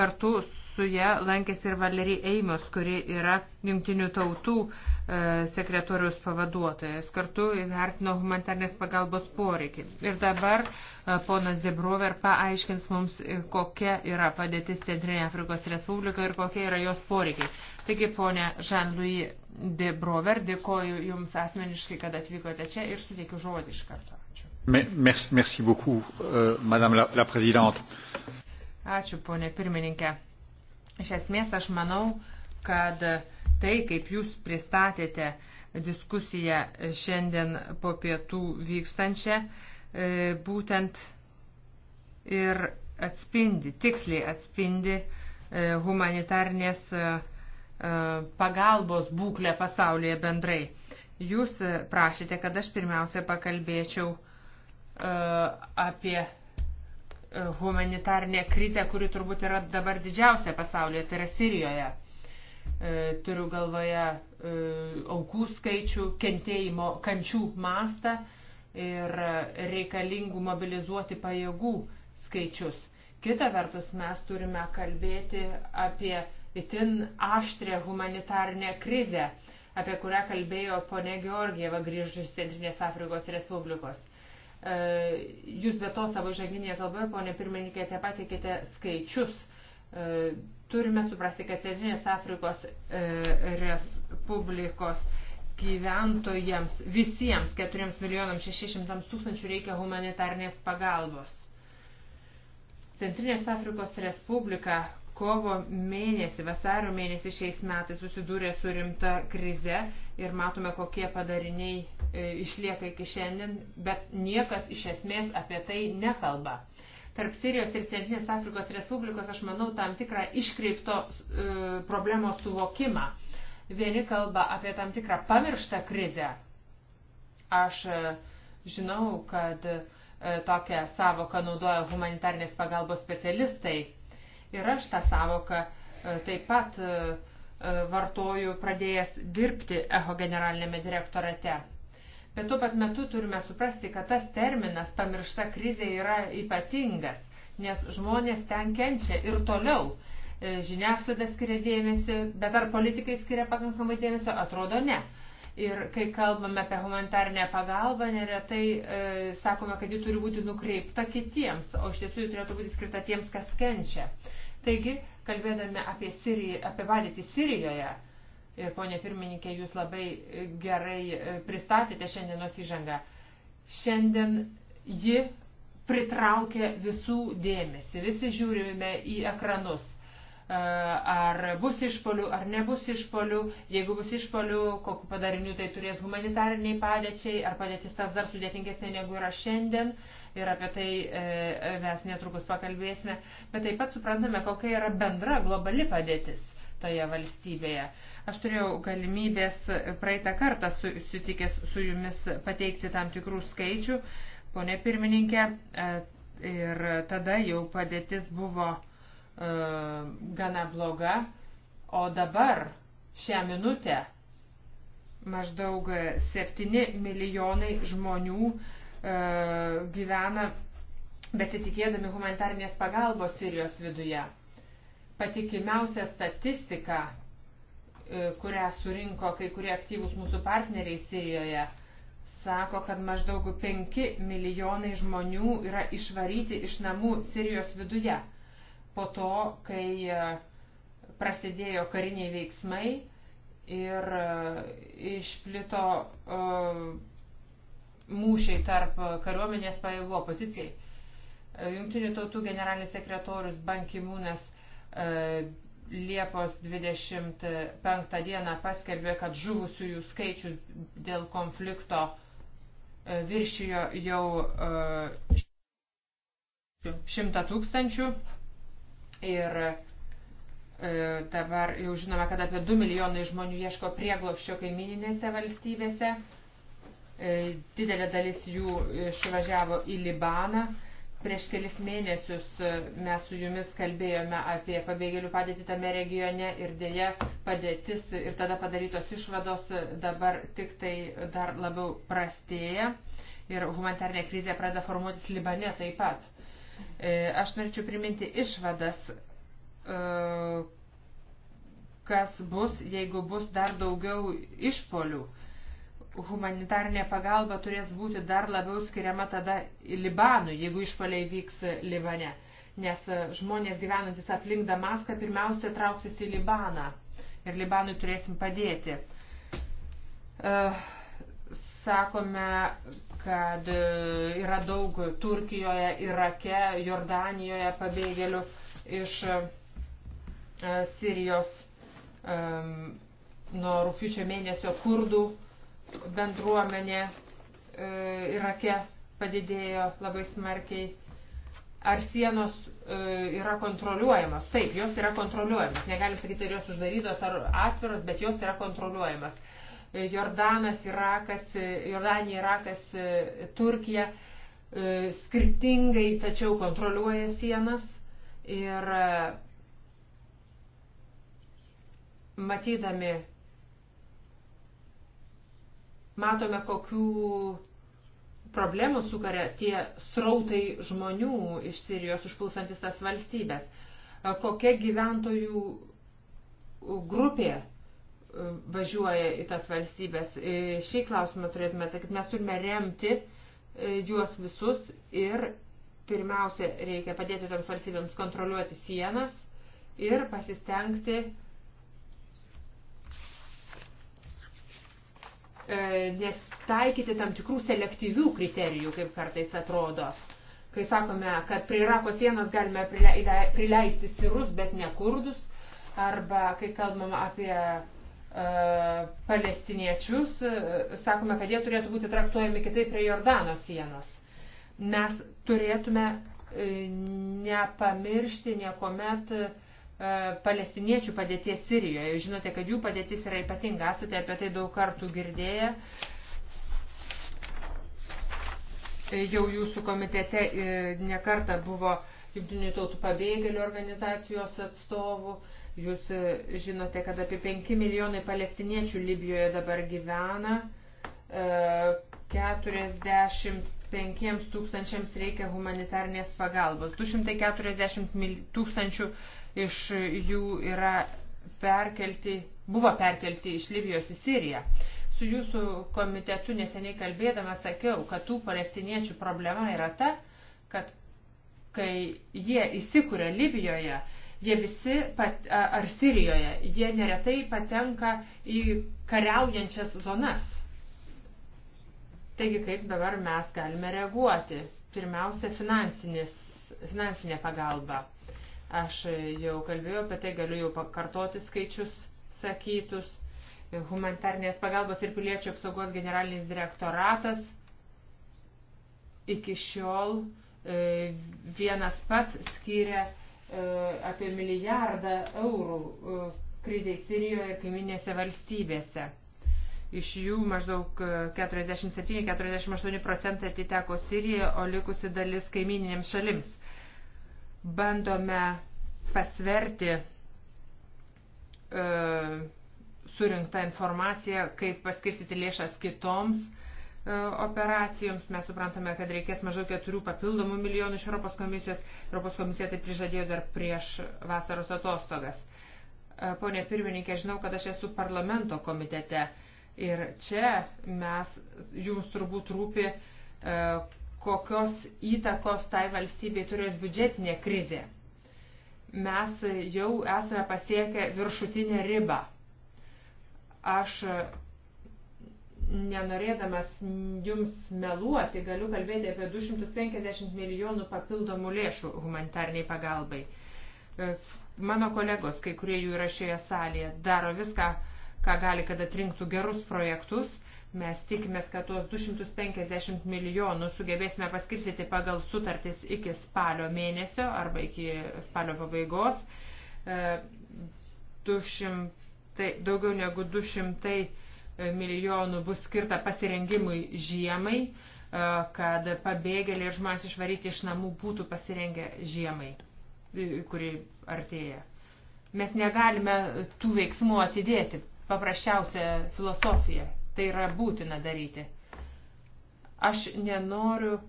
kartu su ją lankėsi ir Valerijai Eimios, kuri yra jungtinių tautų e, sekretorius pavaduotojas. Kartu įvertino humanitarnės pagalbos poreikį. Ir dabar e, ponas Debrover paaiškins mums, e, kokia yra padėtis Centrinė Afrikos Respublika ir kokie yra jos poreikiai. Taigi, ponė Žan-Louis Debrover, dėkoju Jums asmeniškai, kad atvykote čia ir suteikiu žodį iš karto. Ačiū. Merci beaucoup, euh, Madame la, la Présidente. Ačiū, ponė pirmininkė. Iš esmės aš manau, kad tai, kaip jūs pristatėte diskusiją šiandien po pietų vykstančią, e, būtent ir atspindi, tiksliai atspindi e, humanitarnės e, pagalbos būklę pasaulyje bendrai. Jūs prašėte, kad aš pirmiausia pakalbėčiau apie E, humanitarnė krizė, kuri turbūt yra dabar didžiausia pasaulyje, tai yra Sirijoje. E, turiu galvoje e, aukų skaičių, kentėjimo, kančių mastą ir reikalingų mobilizuoti pajėgų skaičius. Kita vertus, mes turime kalbėti apie itin aštrę humanitarnę krizę, apie kurią kalbėjo ponė Georgieva grįžus iš Centrinės Afrikos Respublikos. E, jūs be to savo žaginėje kalboje, ponė pirmininkė, taip pat teikite skaičius. E, turime suprasti, kad Centrinės Afrikos e, Respublikos gyventojams, visiems 4 milijonams 600 tūkstančių reikia humanitarnės pagalbos. Centrinės Afrikos Respublika kovo mėnesį, vasario mėnesį šiais metais susidūrė su rimta krize ir matome, kokie padariniai e, išlieka iki šiandien, bet niekas iš esmės apie tai nekalba. Tarp Sirijos ir Centrinės Afrikos Respublikos aš manau tam tikrą iškreipto e, problemos suvokimą. Vieni kalba apie tam tikrą pamirštą krizę. Aš e, žinau, kad e, tokią savoką naudoja humanitarnės pagalbos specialistai Ir aš tą savoką e, taip pat e, e, vartoju pradėjęs dirbti EHO generalinėme direktorate. Bet tuo pat metu turime suprasti, kad tas terminas pamiršta krizė yra ypatingas, nes žmonės ten kenčia ir toliau. Žiniasklaida skiria dėmesį, bet ar politikai skiria pakankamai dėmesio, atrodo ne. Ir kai kalbame apie humanitarnę pagalbą, neretai e, sakome, kad ji turi būti nukreipta kitiems, o iš tiesų ji turėtų būti skirta tiems, kas kenčia. Taigi, kalbėdami apie, Siriją, apie padėtį Sirijoje, ir e, ponė pirmininkė, jūs labai e, gerai e, pristatėte šiandienos įžangą, šiandien ji pritraukia visų dėmesį, visi žiūrime į ekranus E, ar bus išpolių, ar nebus išpolių, jeigu bus išpolių, kokiu padariniu tai turės humanitariniai padėčiai, ar padėtis tas dar sudėtingesnė negu yra šiandien ir apie tai e, mes netrukus pakalbėsime, bet taip pat suprantame, kokia yra bendra globali padėtis toje valstybėje. Aš turėjau galimybės praeitą kartą su, sutikęs su jumis pateikti tam tikrų skaičių, ponė pirmininkė, e, ir tada jau padėtis buvo E, gana bloga, o dabar šią minutę maždaug 7 milijonai žmonių e, gyvena besitikėdami humanitarnės pagalbos Sirijos viduje. Patikimiausia statistika, e, kurią surinko kai kurie aktyvūs mūsų partneriai Sirijoje, sako, kad maždaug 5 milijonai žmonių yra išvaryti iš namų Sirijos viduje po to, kai e, prasidėjo kariniai veiksmai ir e, išplito e, mūšiai tarp kariuomenės pajėgų opozicijai. Junktinių tautų generalinis sekretorius Bankimūnas Liepos 25 dieną paskelbė, kad žuvusiųjų skaičius dėl konflikto viršijo jau 100 tūkstančių. Ir e, dabar jau žinome, kad apie 2 milijonai žmonių ieško prieglopščio kaimininėse valstybėse. E, didelė dalis jų išvažiavo į Libaną. Prieš kelis mėnesius e, mes su jumis kalbėjome apie pabėgėlių padėtį tame regione ir dėja padėtis ir tada padarytos išvados dabar tik tai dar labiau prastėja ir humanitarinė krizė pradeda formuotis Libane taip pat. E, aš norėčiau priminti išvadas, e, kas bus, jeigu bus dar daugiau išpolių. Humanitarinė pagalba turės būti dar labiau skiriama tada Libanui, jeigu išpoliai vyks Libane. Nes e, žmonės gyvenantis aplink Damaską pirmiausia trauksis į Libaną ir Libanui turėsim padėti. Uh sakome, kad e, yra daug Turkijoje, Irake, Jordanijoje pabėgėlių iš e, Sirijos nuo rūpiučio mėnesio kurdų bendruomenė e, Irake padidėjo labai smarkiai. Ar sienos yra kontroliuojamos? Taip, jos yra kontroliuojamos. Negalim sakyti, ar jos uždarytos ar atviros, bet jos yra kontroliuojamas Jordanas, Irakas, Jordanija, Irakas, Turkija e, skirtingai tačiau kontroliuoja sienas ir e, matydami, matome, kokių problemų sukaria tie srautai žmonių iš Sirijos užpulsantis tas valstybės. E, kokia gyventojų grupė važiuoja į tas valstybės. E, šį klausimą turėtume atsakyti. Mes turime remti e, juos visus ir pirmiausia reikia padėti toms valstybėms kontroliuoti sienas ir pasistengti e, nes taikyti tam tikrų selektyvių kriterijų, kaip kartais atrodo. Kai sakome, kad prie Irako sienos galime prileisti sirus, bet ne kurdus, arba kai kalbam apie palestiniečius, sakome, kad jie turėtų būti traktuojami kitaip prie Jordano sienos. Mes turėtume e, nepamiršti niekuomet e, palestiniečių padėties Sirijoje. Žinote, kad jų padėtis yra ypatinga, esate apie tai daug kartų girdėję. E, jau jūsų komitete nekarta buvo Junktinių tautų pabėgėlių organizacijos atstovų. Uh, Jūs e, žinote, kad apie 5 milijonai palestiniečių Libijoje dabar gyvena, 45 e, tūkstančiams reikia humanitarnės pagalbos. 240 tūkstančių iš jų yra perkelti, buvo perkelti iš Libijos į Siriją. Su jūsų komitetu neseniai kalbėdama sakiau, kad tų palestiniečių problema yra ta, kad kai jie įsikūrė Libijoje, Jie visi, pat, ar Sirijoje, jie neretai patenka į kariaujančias zonas. Taigi, kaip dabar mes galime reaguoti? Pirmiausia, finansinė pagalba. Aš jau kalbėjau apie tai, galiu jau pakartoti skaičius sakytus. Humanitarnės pagalbos ir piliečių apsaugos generalinis direktoratas iki šiol e, vienas pats skyrė E, apie milijardą eurų e, kriziai Sirijoje ir kaiminėse valstybėse. Iš jų maždaug 47-48 e, procentai atiteko Sirijoje, o likusi dalis kaimininėms šalims. Bandome pasverti e, surinktą informaciją, kaip paskirstyti lėšas kitoms E, operacijoms. Mes suprantame, kad reikės maždaug 4 papildomų milijonų iš Europos komisijos. Europos komisija tai prižadėjo dar prieš vasaros atostogas. E, Pone pirmininkė, žinau, kad aš esu parlamento komitete ir čia mes, jums turbūt rūpi, e, kokios įtakos tai valstybei turės biudžetinė krizė. Mes jau esame pasiekę viršutinę ribą. Aš nenorėdamas jums meluoti, galiu kalbėti apie 250 milijonų papildomų lėšų humanitarniai pagalbai. E, mano kolegos, kai kurie jų yra šioje salėje, daro viską, ką gali, kad atrinktų gerus projektus. Mes tikimės, kad tuos 250 milijonų sugebėsime paskirstyti pagal sutartis iki spalio mėnesio arba iki spalio pabaigos. 200, e, daugiau negu 200 milijonų bus skirta pasirengimui žiemai, e, kad pabėgėliai ir žmonės išvaryti iš namų būtų pasirengę žiemai, e, kuri artėja. Mes negalime tų veiksmų atidėti. Paprasčiausia filosofija. Tai yra būtina daryti. Aš nenoriu e,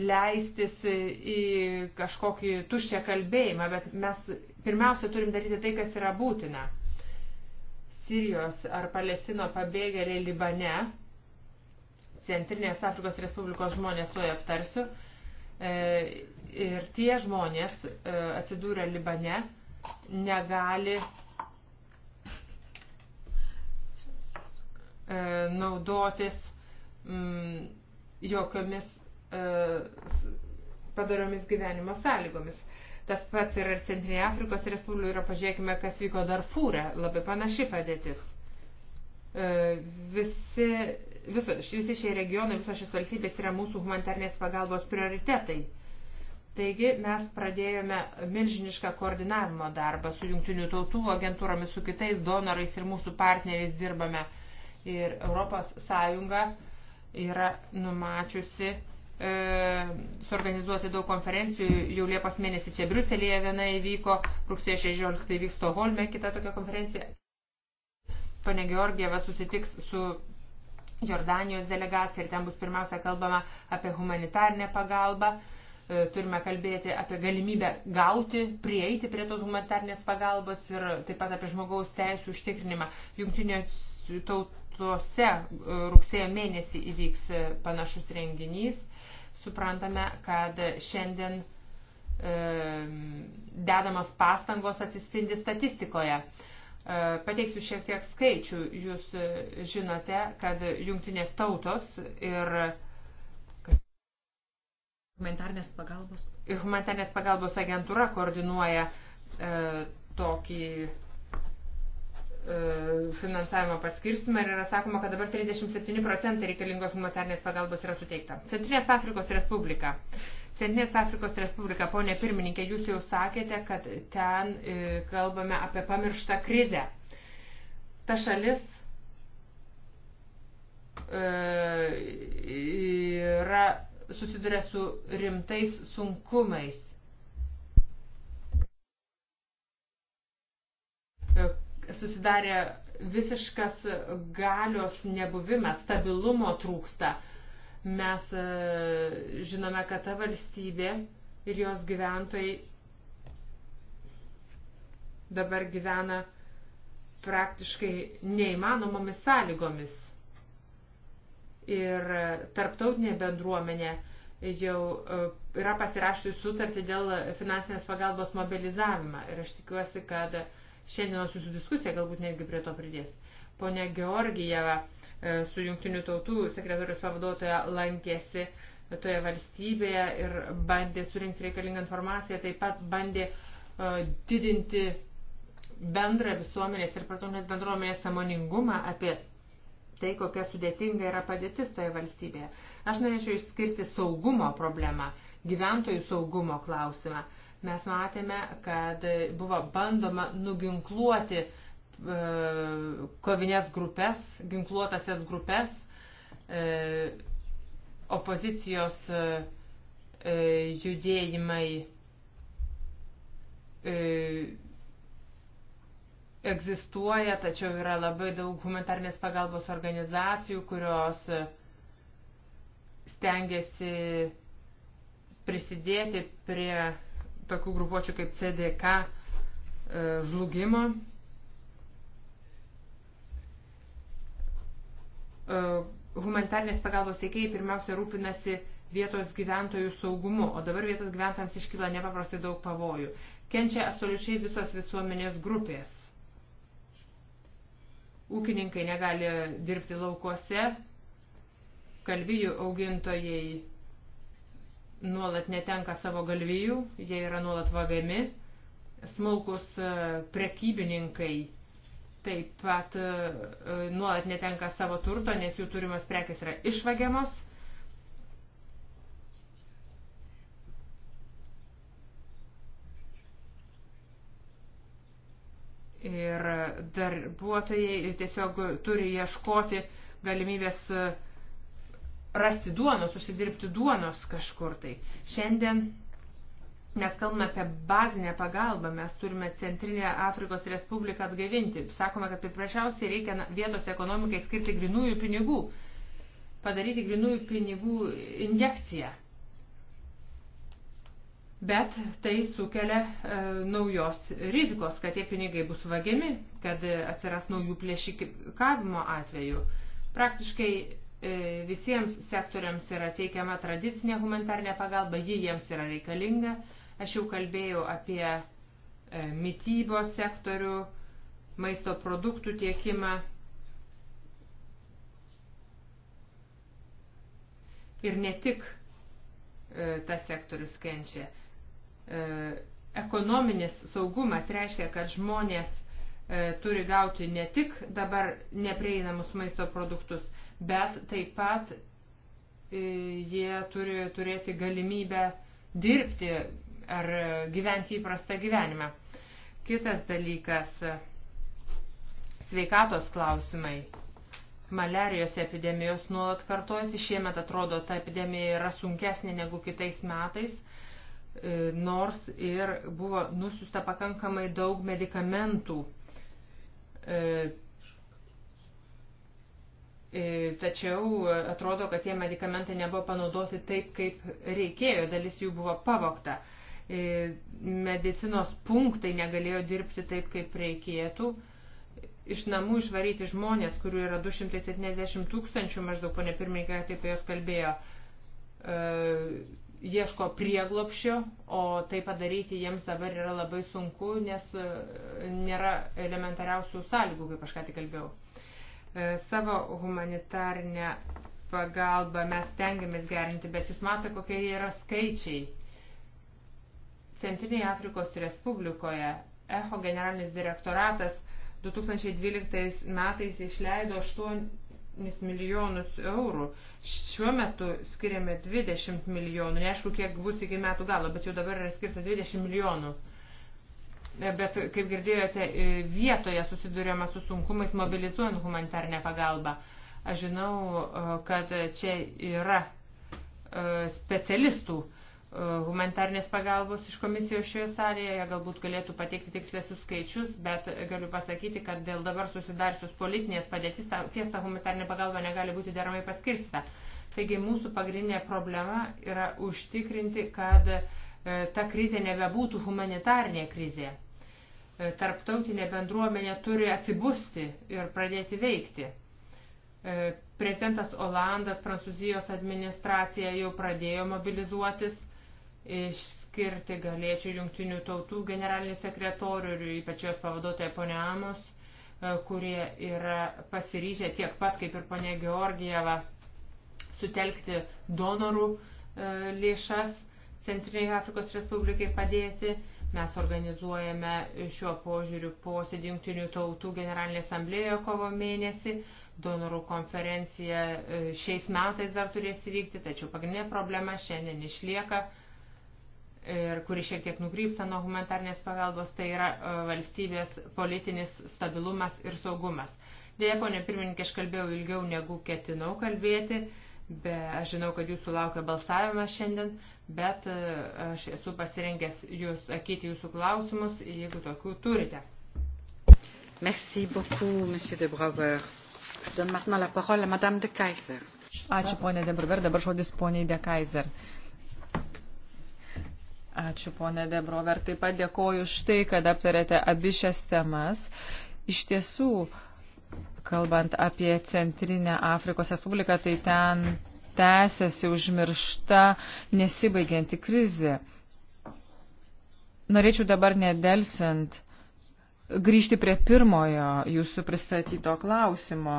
leistis į kažkokį tuščią kalbėjimą, bet mes pirmiausia turim daryti tai, kas yra būtina. Sirijos ar Palestino pabėgėliai Libane, Centrinės Afrikos Respublikos žmonės, tuoj aptarsiu. E, ir tie žmonės e, atsidūrę Libane negali e, naudotis mm, jokiomis padariomis gyvenimo sąlygomis. Tas pats yra ir Centrinė Afrikos Respublika, pažiūrėkime, kas vyko Darfūre, labai panaši padėtis. E, visi, viso, visi šie regionai, visos šios valstybės yra mūsų humanitarnės pagalbos prioritetai. Taigi mes pradėjome milžinišką koordinavimo darbą su jungtinių tautų agentūromis, su kitais donorais ir mūsų partneriais dirbame. Ir Europos Sąjunga yra numačiusi E, suorganizuoti daug konferencijų, jau Liepos mėnesį čia Briuselėje viena įvyko, rugsėjo 16 įvyks Stoholme kita tokia konferencija. Pane Georgieva susitiks su Jordanijos delegacija ir ten bus pirmiausia kalbama apie humanitarnę pagalbą. E, turime kalbėti apie galimybę gauti, prieiti prie tos humanitarnės pagalbos ir taip pat apie žmogaus teisų užtikrinimą. Jungtinės tautose e, rugsėjo mėnesį įvyks panašus renginys suprantame, kad šiandien e, dedamos pastangos atsispindi statistikoje. E, pateiksiu šiek tiek skaičių. Jūs e, žinote, kad jungtinės tautos ir humanitarnės pagalbos, ir humanitarnės pagalbos agentūra koordinuoja e, tokį E, finansavimo paskirstimą ir yra sakoma, kad dabar 37 procentai reikalingos humanitarnės pagalbos yra suteikta. Centrinės Afrikos Respublika. Centrinės Afrikos Respublika, ponė pirmininkė, jūs jau sakėte, kad ten e, kalbame apie pamirštą krizę. Ta šalis e, yra susiduria su rimtais sunkumais susidarė visiškas galios nebuvimas, stabilumo trūksta. Mes e, žinome, kad ta valstybė ir jos gyventojai dabar gyvena praktiškai neįmanomomis sąlygomis. Ir e, tarptautinė bendruomenė jau e, yra pasirašusi sutartį dėl finansinės pagalbos mobilizavimą. Ir aš tikiuosi, kad uh, Šiandienos jūsų diskusija galbūt netgi prie to pridės. Pone Georgijeva e, su jungtinių tautų sekretorius pavaduotoja lankėsi toje valstybėje ir bandė surinkti reikalingą informaciją, taip pat bandė e, didinti bendrą visuomenės ir pratomės bendruomenės samoningumą apie tai, kokia sudėtinga yra padėtis toje valstybėje. Aš norėčiau išskirti saugumo problemą, gyventojų saugumo klausimą. Mes matėme, kad buvo bandoma nuginkluoti e, kovinės grupės, ginkluotasias grupės, e, opozicijos e, judėjimai egzistuoja, tačiau yra labai daug humanitarnės pagalbos organizacijų, kurios stengiasi prisidėti prie tokių grupuočių kaip CDK e, žlugimo. E, humanitarnės pagalbos teikėjai pirmiausia rūpinasi vietos gyventojų saugumu, o dabar vietos gyventojams iškyla nepaprastai daug pavojų. Kenčia absoliučiai visos visuomenės grupės. Ūkininkai negali dirbti laukose, kalvijų augintojai nuolat netenka savo galvijų, jie yra nuolat vagiami, smulkus e, prekybininkai taip pat e, e, nuolat netenka savo turto, nes jų turimas prekes yra išvagiamos. Ir darbuotojai tiesiog turi ieškoti galimybės uh, rasti duonos, užsidirbti duonos kažkur tai. Šiandien mes kalbame apie bazinę pagalbą, mes turime Centrinę Afrikos Respubliką atgaivinti. Sakome, kad paprasčiausiai reikia vietos ekonomikai skirti grinųjų pinigų, padaryti grinųjų pinigų injekciją. Bet tai sukelia e, naujos rizikos, kad tie pinigai bus vagiami, kad e, atsiras naujų plėšikavimo atvejų. Praktiškai E, visiems sektoriams yra teikiama tradicinė humanitarnė pagalba, ji jiems yra reikalinga. Aš jau kalbėjau apie e, mytybos sektorių, maisto produktų tiekimą. Ir ne tik e, tas sektorius kenčia. Ekonominis saugumas reiškia, kad žmonės turi gauti ne tik dabar neprieinamus maisto produktus, bet taip pat e, jie turi turėti galimybę dirbti ar gyventi įprastą gyvenimą. Kitas dalykas - sveikatos klausimai. Malerijos epidemijos nuolat kartojasi, šiemet atrodo ta epidemija yra sunkesnė negu kitais metais, e, nors ir buvo nusiusta pakankamai daug medikamentų e, E, tačiau atrodo, kad tie medikamentai nebuvo panaudoti taip, kaip reikėjo, dalis jų buvo pavokta. E, medicinos punktai negalėjo dirbti taip, kaip reikėtų. Iš namų išvaryti žmonės, kurių yra 270 tūkstančių, maždaug ponė pirmininkė taip jos kalbėjo, e, ieško prieglopšio, o tai padaryti jiems dabar yra labai sunku, nes nėra elementariausių sąlygų, kaip aš ką tik kalbėjau. E, savo humanitarnę pagalbą mes tengiamės gerinti, bet jūs matote, kokie yra skaičiai. Centrinėje Afrikos Respublikoje EHO generalinis direktoratas 2012 metais išleido 8 milijonus eurų. Šiuo metu skiriame 20 milijonų. Neaišku, kiek bus iki metų galo, bet jau dabar yra skirta 20 milijonų bet kaip girdėjote, e, vietoje susidurėme su sunkumais mobilizuojant humanitarnę pagalbą. Aš žinau, e, kad čia yra e, specialistų humanitarnės pagalbos iš komisijos šioje salėje, jie galbūt galėtų pateikti tikslesius skaičius, bet galiu pasakyti, kad dėl dabar susidarsius politinės padėtis ties ta humanitarnė pagalba negali būti deramai paskirsta. Taigi mūsų pagrindinė problema yra užtikrinti, kad uh, E, ta krizė nebebūtų humanitarnė krizė. E, tarptautinė bendruomenė turi atsibusti ir pradėti veikti. E, prezidentas Olandas, Prancūzijos administracija jau pradėjo mobilizuotis. Išskirti galėčiau jungtinių tautų generalinį sekretorių ir ypač jos pavaduotoją ponę Amos, kurie yra pasiryžę tiek pat kaip ir ponė Georgieva sutelkti donorų lėšas Centriniai Afrikos Respublikai padėti. Mes organizuojame šiuo požiūriu posėdį Junktinių tautų generalinė asamblėje kovo mėnesį. Donorų konferencija e, šiais metais dar turės įvykti, tačiau pagrindinė problema šiandien išlieka ir kuri šiek tiek nukrypsta nuo humanitarnės pagalbos, tai yra e, valstybės politinis stabilumas ir saugumas. Dėja, ponė pirmininkė, aš kalbėjau ilgiau negu ketinau kalbėti, bet aš žinau, kad jūsų laukia balsavimas šiandien, bet e, aš esu pasirengęs jūs akyti jūsų klausimus, jeigu tokių turite. Merci beaucoup, monsieur de Brouwer. Je donne maintenant la parole à madame de Kaiser. Ačiū, ponė de Brouwer. Dabar žodis poniai de Kaiser. Ačiū, ponė de Brouwer. Taip pat dėkoju už tai, kad aptarėte abi šias temas. Iš tiesų, kalbant apie Centrinę Afrikos Respubliką, tai ten tęsiasi užmiršta nesibaigianti krizė. Norėčiau dabar nedelsint grįžti prie pirmojo jūsų pristatyto klausimo.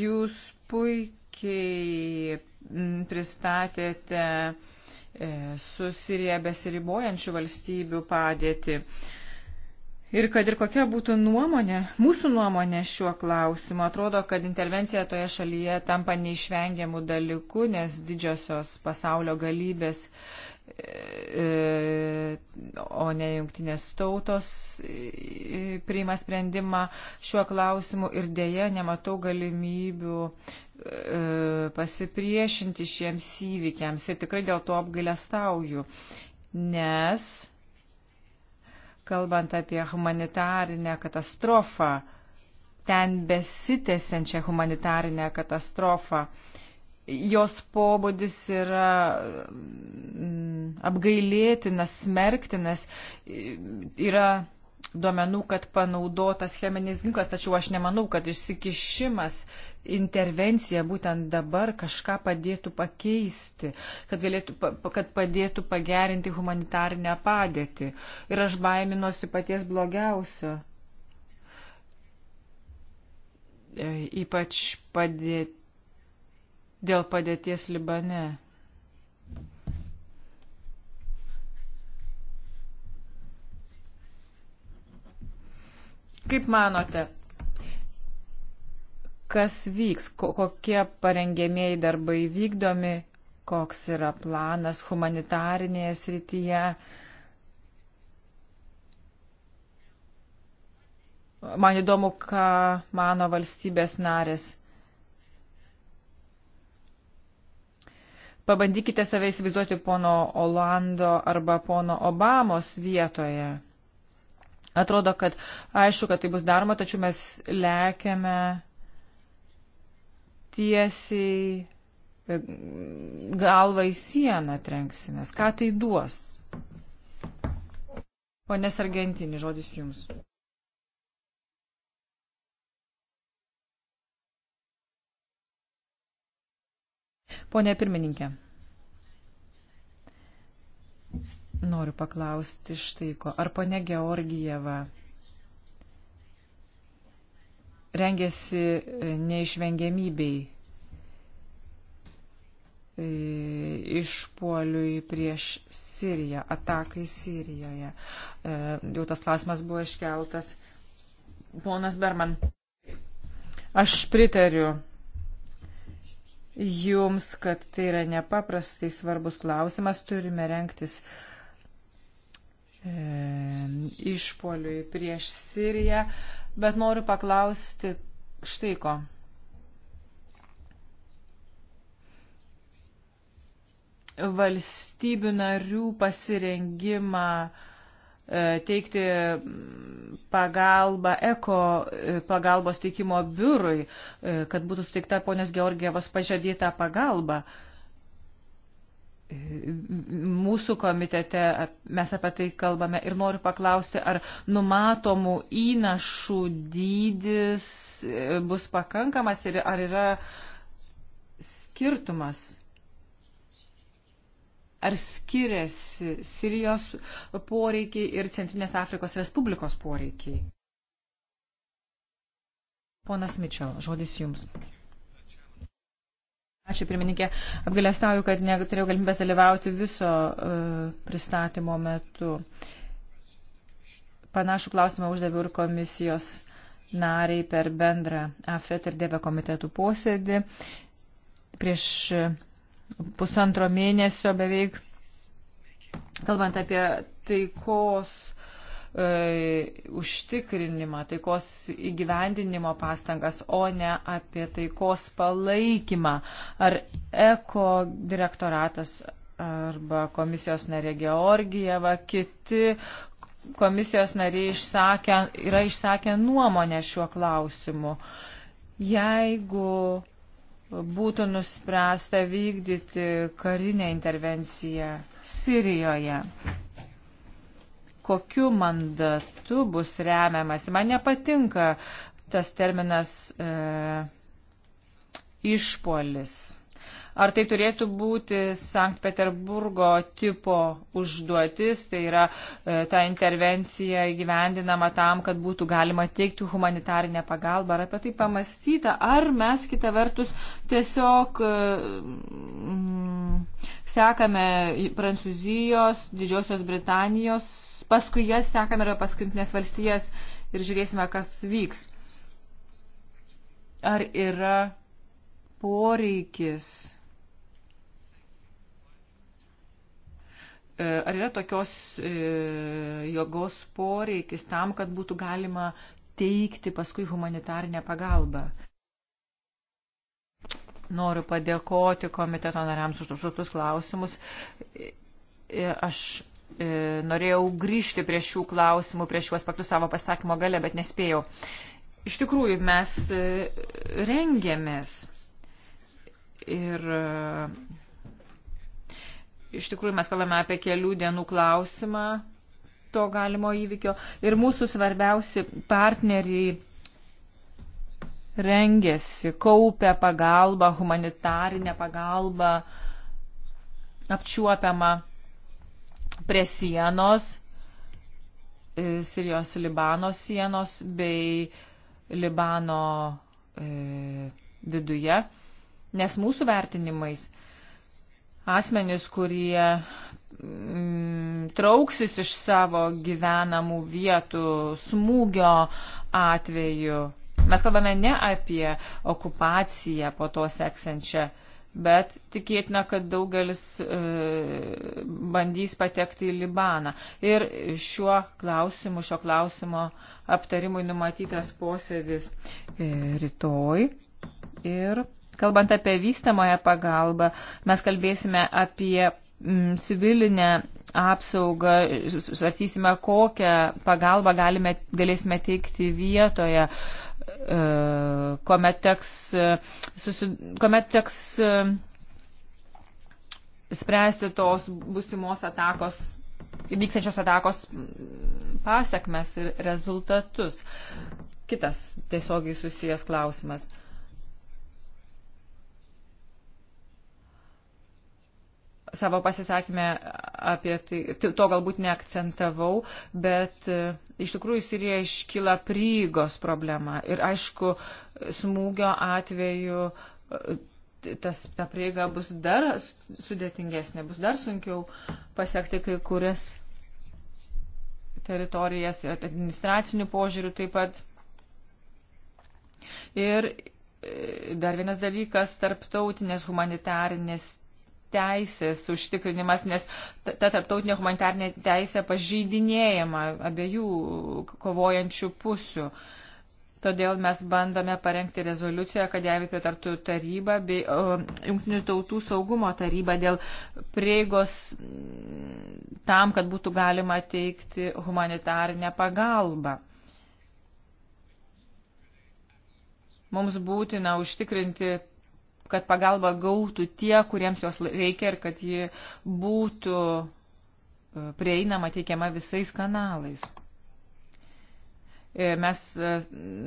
Jūs puikiai mm, pristatėte e, su Sirija besiribojančių valstybių padėtį. Ir kad ir kokia būtų nuomonė, mūsų nuomonė šiuo klausimu, atrodo, kad intervencija toje šalyje tampa neišvengiamų dalykų, nes didžiosios pasaulio galybės, e, e, o ne jungtinės tautos e, priima sprendimą šiuo klausimu ir dėja nematau galimybių pasipriešinti šiems įvykiams ir tikrai dėl to apgailestauju, nes kalbant apie humanitarinę katastrofą, ten besitėsiančią humanitarinę katastrofą. Jos pobūdis yra mm, apgailėtinas, smerktinas, yra duomenų, kad panaudotas cheminis ginklas, tačiau aš nemanau, kad išsikišimas intervencija būtent dabar kažką padėtų pakeisti, kad, galėtų, kad padėtų pagerinti humanitarinę padėtį. Ir aš baiminosi paties blogiausio. E, ypač padė... dėl padėties Libane. Kaip manote, kas vyks, kokie parengėmėjai darbai vykdomi, koks yra planas humanitarinėje srityje. Man įdomu, ką mano valstybės narės. Pabandykite save įsivaizduoti pono Olando arba pono Obamos vietoje. Atrodo, kad aišku, kad tai bus daroma, tačiau mes lekiame tiesiai e, galvą į sieną trenksimės. Ką tai duos? Pone Sargentini, žodis jums. Pone pirmininkė, noriu paklausti štai ko. Ar pone Georgijeva rengėsi e, neišvengiamybei e, išpuoliui prieš Siriją, atakai Sirijoje. E, jau tas klausimas buvo iškeltas. Ponas Berman, aš pritariu Jums, kad tai yra nepaprastai svarbus klausimas, turime renktis e, išpoliui prieš Siriją. E, bet noriu paklausti štai ko. Valstybių narių pasirengimą e, teikti mm, pagalbą eko e, pagalbos teikimo biurui, e, kad būtų suteikta ponios Georgievos pažadėta pagalba mūsų komitete mes apie tai kalbame ir noriu paklausti, ar numatomų įnašų dydis e, bus pakankamas ir ar yra skirtumas. Ar skiriasi Sirijos poreikiai ir Centrinės Afrikos Respublikos poreikiai? Ponas Mičel, žodis jums. Ačiū pirmininkė. Apgalėstauju, kad neturėjau galimybės dalyvauti viso uh, pristatymo metu. Panašų klausimą uždaviau ir komisijos nariai per bendrą AFET ir DEVE komitetų posėdį. Prieš pusantro mėnesio beveik, kalbant apie taikos e, užtikrinimą, taikos įgyvendinimo pastangas, o ne apie taikos palaikymą. Ar eko direktoratas arba komisijos narė Georgijeva, kiti komisijos nariai išsakė, yra išsakę nuomonę šiuo klausimu. Jeigu būtų nuspręsta vykdyti karinę intervenciją Sirijoje, kokiu mandatu bus remiamas. Man nepatinka tas terminas e, išpolis. Ar tai turėtų būti Sankt Peterburgo tipo užduotis, tai yra e, ta intervencija įgyvendinama tam, kad būtų galima teikti humanitarinę pagalbą, ar apie tai pamastyta, ar mes kitą vertus tiesiog e, mm, sekame Prancūzijos, Didžiosios Britanijos paskui jas sekame ir paskutinės valstijas ir žiūrėsime, kas vyks. Ar yra poreikis? E, ar yra tokios e, jėgos poreikis tam, kad būtų galima teikti paskui humanitarinę pagalbą? Noriu padėkoti komiteto nariams už užduotus klausimus. E, aš E, norėjau grįžti prie šių klausimų, prie šių aspektų savo pasakymo gale, bet nespėjau. Iš tikrųjų, mes e, rengiamės ir e, iš tikrųjų mes kalbame apie kelių dienų klausimą to galimo įvykio ir mūsų svarbiausi partneriai rengėsi, kaupė pagalbą, humanitarinę pagalbą, apčiuopiamą prie sienos, e, Sirijos Libano sienos bei Libano e, viduje, nes mūsų vertinimais asmenys, kurie mm, trauksis iš savo gyvenamų vietų smūgio atveju, mes kalbame ne apie okupaciją po to seksančią bet tikėtina, kad daugelis e, bandys patekti į Libaną. Ir šiuo klausimu, šio klausimo aptarimui numatytas posėdis e, rytoj. Ir kalbant apie vystamąją pagalbą, mes kalbėsime apie m, civilinę apsaugą, svarstysime, kokią pagalbą galime, galėsime teikti vietoje. E, E, kuomet teks, e, susi, kuomet teks e, spręsti tos būsimos atakos, vykstančios atakos pasiekmes ir rezultatus. Kitas tiesiogiai susijęs klausimas – savo pasisakymę apie tai, to galbūt neakcentavau, bet e, iš tikrųjų Sirija iškyla prygos problema. Ir aišku, smūgio atveju e, tas, ta prieiga bus dar sudėtingesnė, bus dar sunkiau pasiekti kai kurias teritorijas, administracinių požiūrių taip pat. Ir e, dar vienas dalykas, tarptautinės humanitarinės teisės užtikrinimas, nes ta tarptautinė humanitarnė teisė pažeidinėjama abiejų kovojančių pusių. Todėl mes bandome parengti rezoliuciją, kad jai pritartų taryba bei Junktinių tautų saugumo taryba dėl prieigos tam, kad būtų galima teikti humanitarinę pagalbą. Mums būtina užtikrinti kad pagalba gautų tie, kuriems jos reikia ir kad ji būtų e, prieinama teikiama visais kanalais. E, mes e,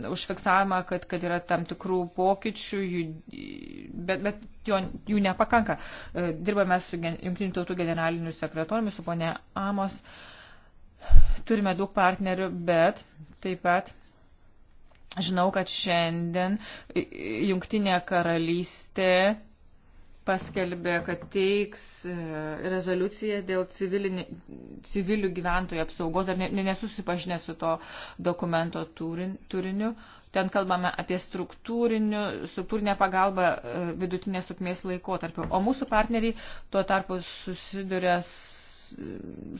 užfiksavome, kad, kad yra tam tikrų pokyčių, jų, bet, bet jo, jų nepakanka. Dirbame su Junktinių tautų generaliniu sekretoriumi, su ponė Amos. Turime daug partnerių, bet taip pat Žinau, kad šiandien Jungtinė karalystė paskelbė, kad teiks e, rezoliuciją dėl civilinį, civilių gyventojų apsaugos, dar nesusipažinę su to dokumento turin, turiniu. Ten kalbame apie struktūrinę pagalbą e, vidutinės sukmės laikotarpiu. O mūsų partneriai tuo tarpu susiduria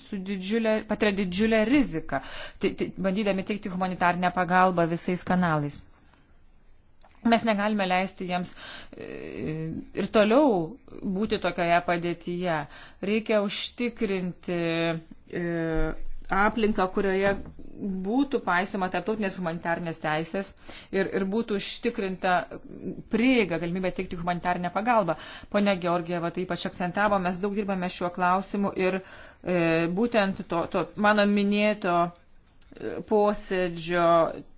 su didžiulė, patiria didžiulę riziką, tai, tai bandydami teikti humanitarnę pagalbą visais kanalais. Mes negalime leisti jiems e, ir toliau būti tokioje padėtyje. Reikia užtikrinti e, aplinką, kurioje būtų paisoma tarptautinės humanitarnės teisės ir, ir būtų užtikrinta prieiga galimybė teikti humanitarnę pagalbą. Pone Georgieva tai ypač akcentavo, mes daug dirbame šiuo klausimu ir e, būtent to, to mano minėto e, posėdžio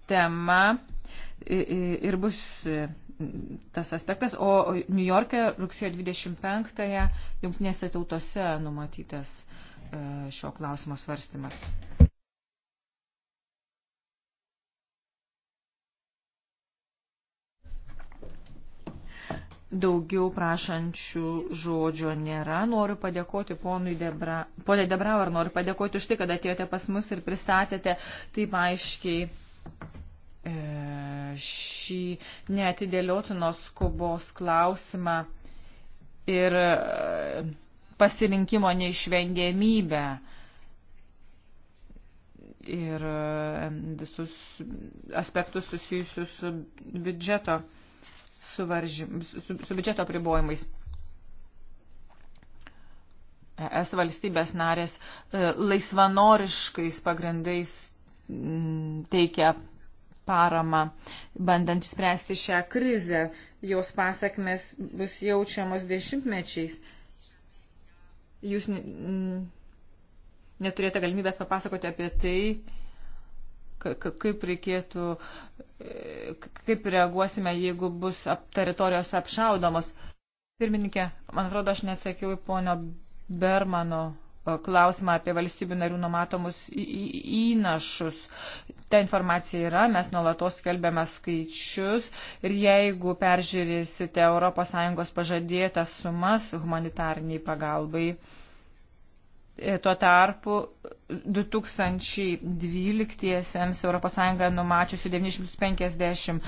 tema e, e, ir bus tas aspektas, o New York'e rugsėjo 25-ąją jungtinėse tautose numatytas. E, E, šio klausimo svarstymas. Daugiau prašančių žodžio nėra. Noriu padėkoti ponui Debra, ponė Debrauer, noriu padėkoti už tai, kad atėjote pas mus ir pristatėte taip aiškiai e, šį neatidėliotinos skubos klausimą ir e, pasirinkimo neišvengiamybę ir visus aspektus susijusius su biudžeto, suvaržym, su, su biudžeto pribojimais. Es valstybės narės e, laisvanoriškais pagrindais teikia paramą, bandant spręsti šią krizę. Jos pasakmes bus jaučiamos dešimtmečiais jūs neturėjote galimybės papasakoti apie tai, kaip reikėtų, e, kaip reaguosime, jeigu bus teritorijos apšaudomos. Pirmininkė, man atrodo, aš neatsakiau į pono Bermano klausimą apie valstybių narių numatomus įnašus. Ta informacija yra, mes nuolatos skelbiame skaičius ir jeigu peržiūrėsite ES pažadėtas sumas humanitarniai pagalbai, E, tuo tarpu 2012-iesiems ES numačiusi 950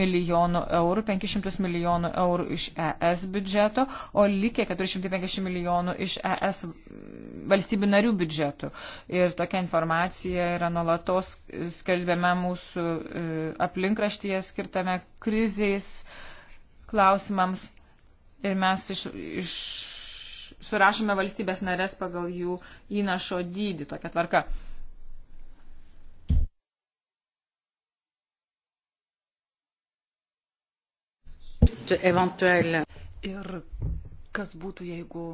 milijonų eurų, 500 milijonų eurų iš ES biudžeto, o likę 450 milijonų iš ES valstybių narių biudžetų. Ir tokia informacija yra nuolatos skelbiama mūsų e, aplinkraštyje skirtame krizės klausimams. Ir mes iš, iš surašome valstybės narės pagal jų įnašo dydį, tokia tvarka. Ir kas būtų, jeigu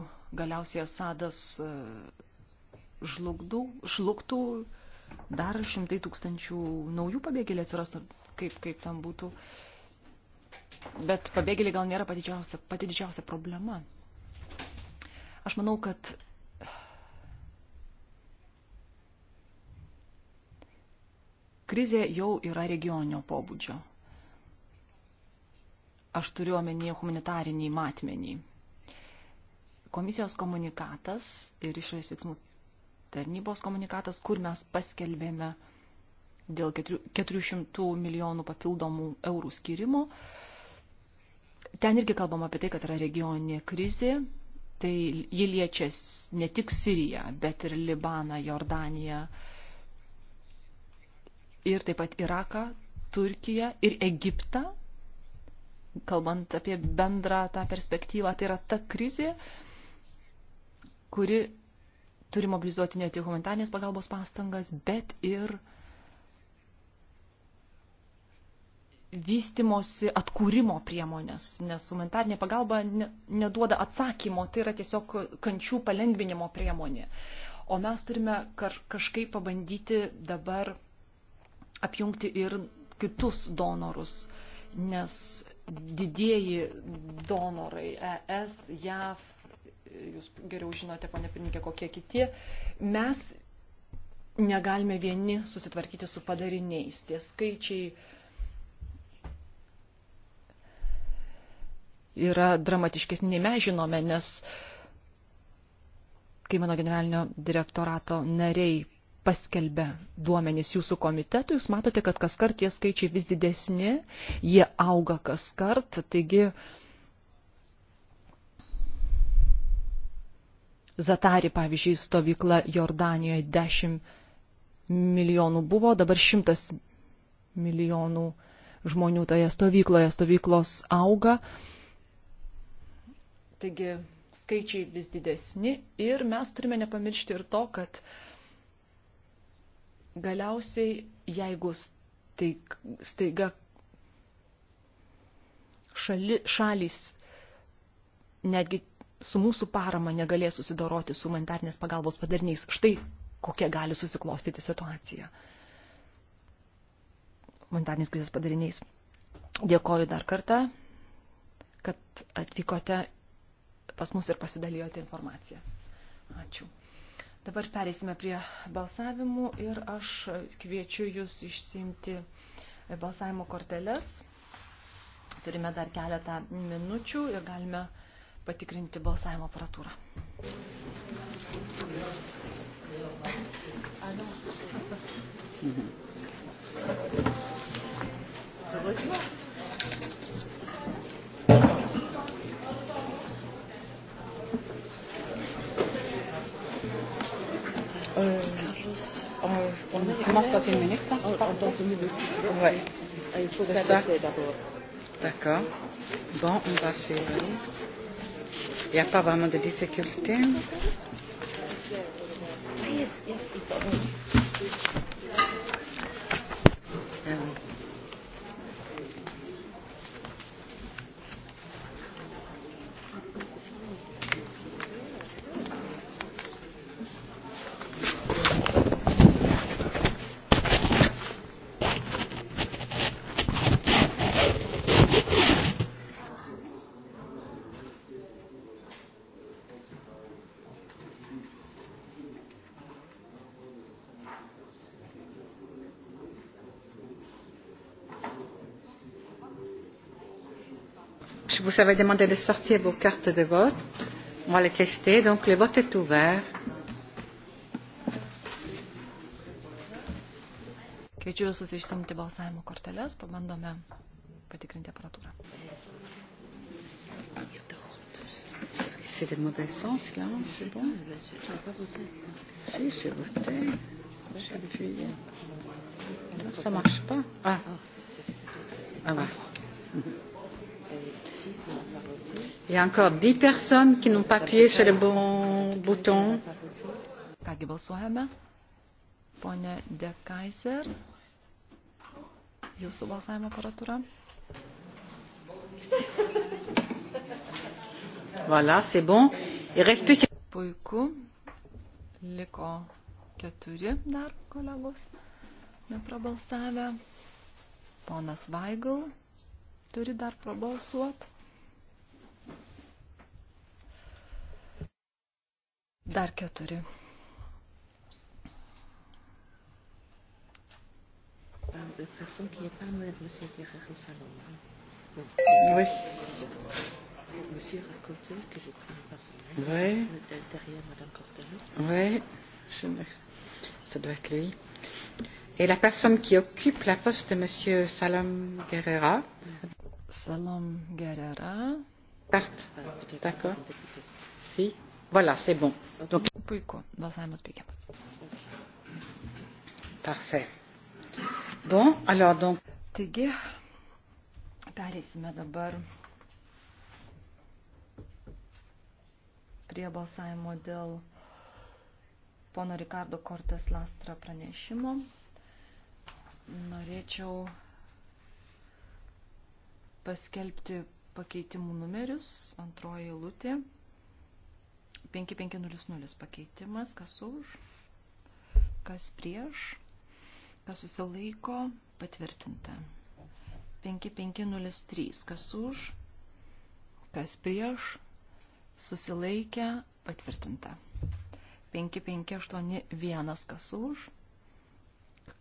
galiausiai Asadas e, žlugdų, žlugtų, dar šimtai tūkstančių naujų pabėgėlių atsirastų, kaip, kaip tam būtų. Bet pabėgėliai gal nėra pati didžiausia, pati didžiausia problema. Aš manau, kad krizė jau yra regioninio pobūdžio. Aš turiu omenyje humanitarinį matmenį. Komisijos komunikatas ir išorės veiksmų tarnybos komunikatas, kur mes paskelbėme dėl 400 milijonų papildomų eurų skirimų. Ten irgi kalbam apie tai, kad yra regioninė krizė, Tai ji liečia ne tik Siriją, bet ir Libaną, Jordaniją ir taip pat Iraką, Turkiją ir Egiptą, kalbant apie bendrą tą perspektyvą, tai yra ta krizė, kuri turi mobilizuoti ne tik humanitarnės pagalbos pastangas, bet ir uh, vystimosi atkūrimo priemonės, nes humanitarnė pagalba ne, neduoda atsakymo, tai yra tiesiog kančių palengvinimo priemonė. O mes turime kar, kažkaip pabandyti dabar apjungti ir kitus donorus, nes didieji donorai ES, JAV, jūs geriau žinote, ponė pirmininkė, kokie kiti, mes negalime vieni susitvarkyti su padariniais. Tie skaičiai yra dramatiškesni, nei mes žinome, nes kai mano generalinio direktorato nariai paskelbia duomenys jūsų komitetų, jūs matote, kad kas kart tie skaičiai vis didesni, jie auga kas kart, taigi Zatari, pavyzdžiui, stovykla Jordanijoje 10 milijonų buvo, dabar 100 milijonų žmonių toje stovykloje, stovyklos auga. Taigi skaičiai vis didesni ir mes turime nepamiršti ir to, kad galiausiai jeigu staiga šali, šalys netgi su mūsų parama negalės susidoroti su humanitarnės pagalbos padarniais, štai kokia gali susiklostyti situacija humanitarnės krizės padariniais. Dėkoju dar kartą, kad atvykote pas mus ir pasidalijote informaciją. Ačiū. Dabar pereisime prie balsavimų ir aš kviečiu jūs išsimti balsavimo korteles. Turime dar keletą minučių ir galime patikrinti balsavimo aparatūrą. Mhm. Il commence dans une minute. Hein, oh, dans une minute, si tu veux. Ouais. Ah, il faut s'adresser d'abord. D'accord. Bon, on va essayer. Il n'y a pas vraiment de difficultés. Ah, yes, yes, it's vous avez demandé de sortir vos cartes de vote. On va les tester. Donc le vote est ouvert. Kviečiu visus išsimti balsavimo korteles, pabandome patikrinti aparatūrą. C'est de mauvais sens là, c'est bon J'ai pas voté. Si, j'ai voté. J'avais vu hier. Ça marche pas Ah. Ah ouais. Il y a encore 10 personnes qui n'ont pas appuyé sur le bon bouton. Kągi balsuojame. Pone De Kaiser, jūsų balsavimo aparatūra. Voilà, c'est bon. Il reste plus Puiku. Liko keturi dar kolegos neprabalsavę. Ponas Vaigal turi dar prabalsuoti. Dar keturi. De toute façon, qu'il n'y ait pas Monsieur Guerrero Saloma. Oui. Monsieur Racotel, que je prends par son nom. Oui. Derrière Madame Costello. Oui. Je me... Ça doit être lui. Et la personne qui occupe la poste de Monsieur Salam Guerrera. Salam Guerrera. Parte. D'accord. Si. Voilà, c'est bon. Donc... Puiku, balsavimas baigiamas. Parfait. Bon, alors donc. Taigi, pereisime dabar prie balsavimo dėl pono Ricardo Cortes Lastra pranešimo. Norėčiau paskelbti pakeitimų numerius, antroji lūtė. 5500 pakeitimas, kas už, kas prieš, kas susilaiko, patvirtinta. 5503, kas už, kas prieš, susilaikę, patvirtinta. 5581, kas už,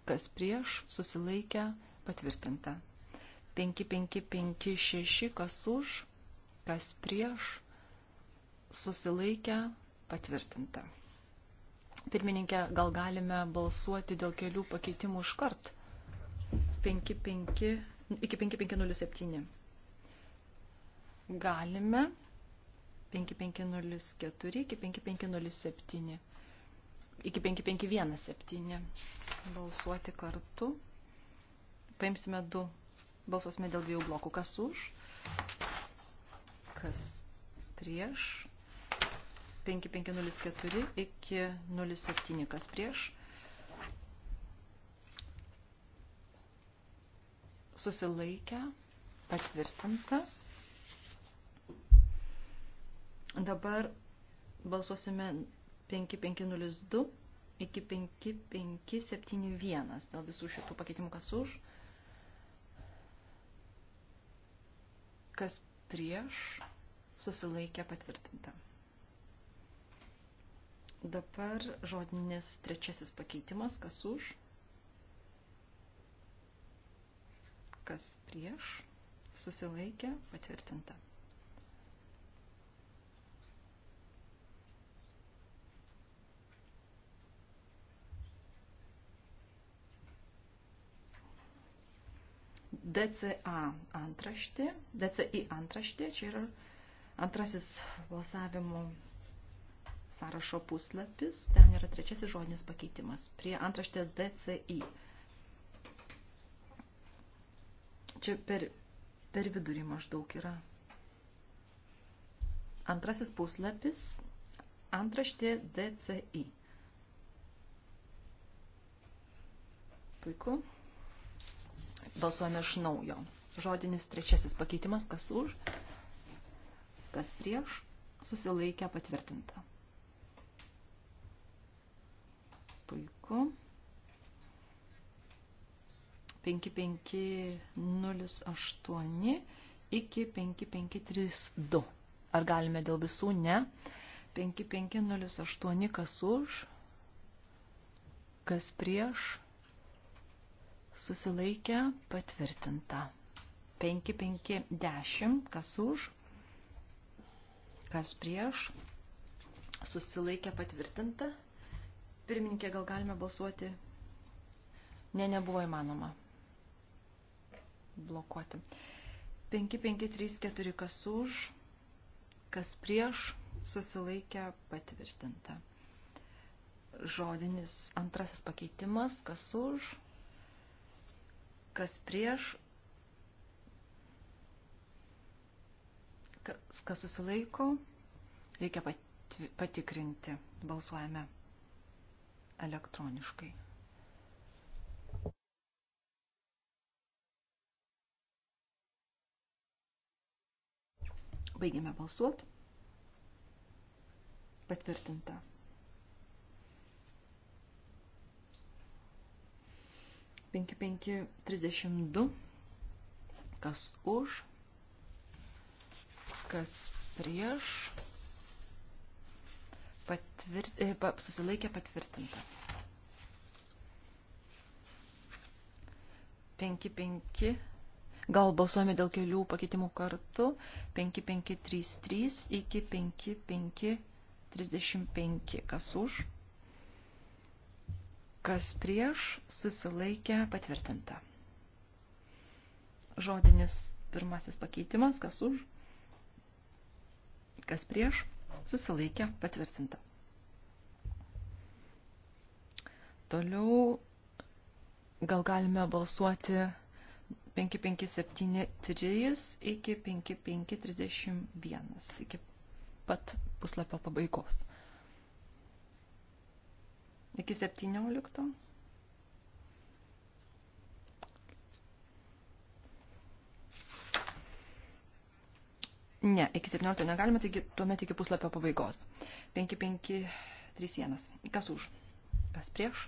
kas prieš, susilaikę, patvirtinta. 5556, kas už, kas prieš, susilaikę, patvirtinta. Pirmininkė, gal galime balsuoti dėl kelių pakeitimų iš kart? 55, iki 5507. Galime 5504 iki 5507 iki 5517 balsuoti kartu. Paimsime du, balsuosime dėl dviejų blokų. Kas už, kas prieš, 5504 iki 07, kas prieš. Susilaikę, patvirtinta. Dabar balsuosime 5502 iki 5571 dėl visų šitų pakeitimų, kas už, kas prieš, susilaikė patvirtinta. Dabar žodinis trečiasis pakeitimas, kas už, kas prieš, susilaikė, patvirtinta. DCA antraštė, DCI antraštė, čia yra antrasis balsavimo sąrašo puslapis, ten yra trečiasis žodinis pakeitimas prie antraštės DCI. Čia per, per vidurį maždaug yra antrasis puslapis, antraštė DCI. Puiku. Balsuojame iš naujo. Žodinis trečiasis pakeitimas, kas už, kas prieš, susilaikę patvirtinta. Puiku. 5508 iki 5532. Ar galime dėl visų? Ne. 5508 kas už, kas prieš, susilaikę patvirtinta. 5510 kas už, kas prieš, susilaikę patvirtinta. 5510. Pirmininkė, gal galime balsuoti? Ne, nebuvo įmanoma blokuoti. 5, 5, 3, 4, kas už, kas prieš, susilaikę patvirtinta. Žodinis antrasis pakeitimas, kas už, kas prieš, kas, kas susilaiko, reikia patikrinti. Balsuojame elektroniškai. Baigėme balsuoti. Patvirtinta. Penki penki trisdešimt du. Kas už, kas prieš patvirt, e, susilaikė patvirtinta. 5-5, gal balsuojame dėl kelių pakeitimų kartu, 5-5-3-3 iki 5-5-35, kas už, kas prieš, susilaikė patvirtinta. Žodinis pirmasis pakeitimas, kas už, kas prieš, susilaikė patvirtinta. Toliau gal galime balsuoti 5573 iki 5531, iki pat puslapio pabaigos. Iki 17. Ne, iki 17 negalime, taigi tuomet iki puslapio pabaigos. 5531. Kas už? Kas prieš?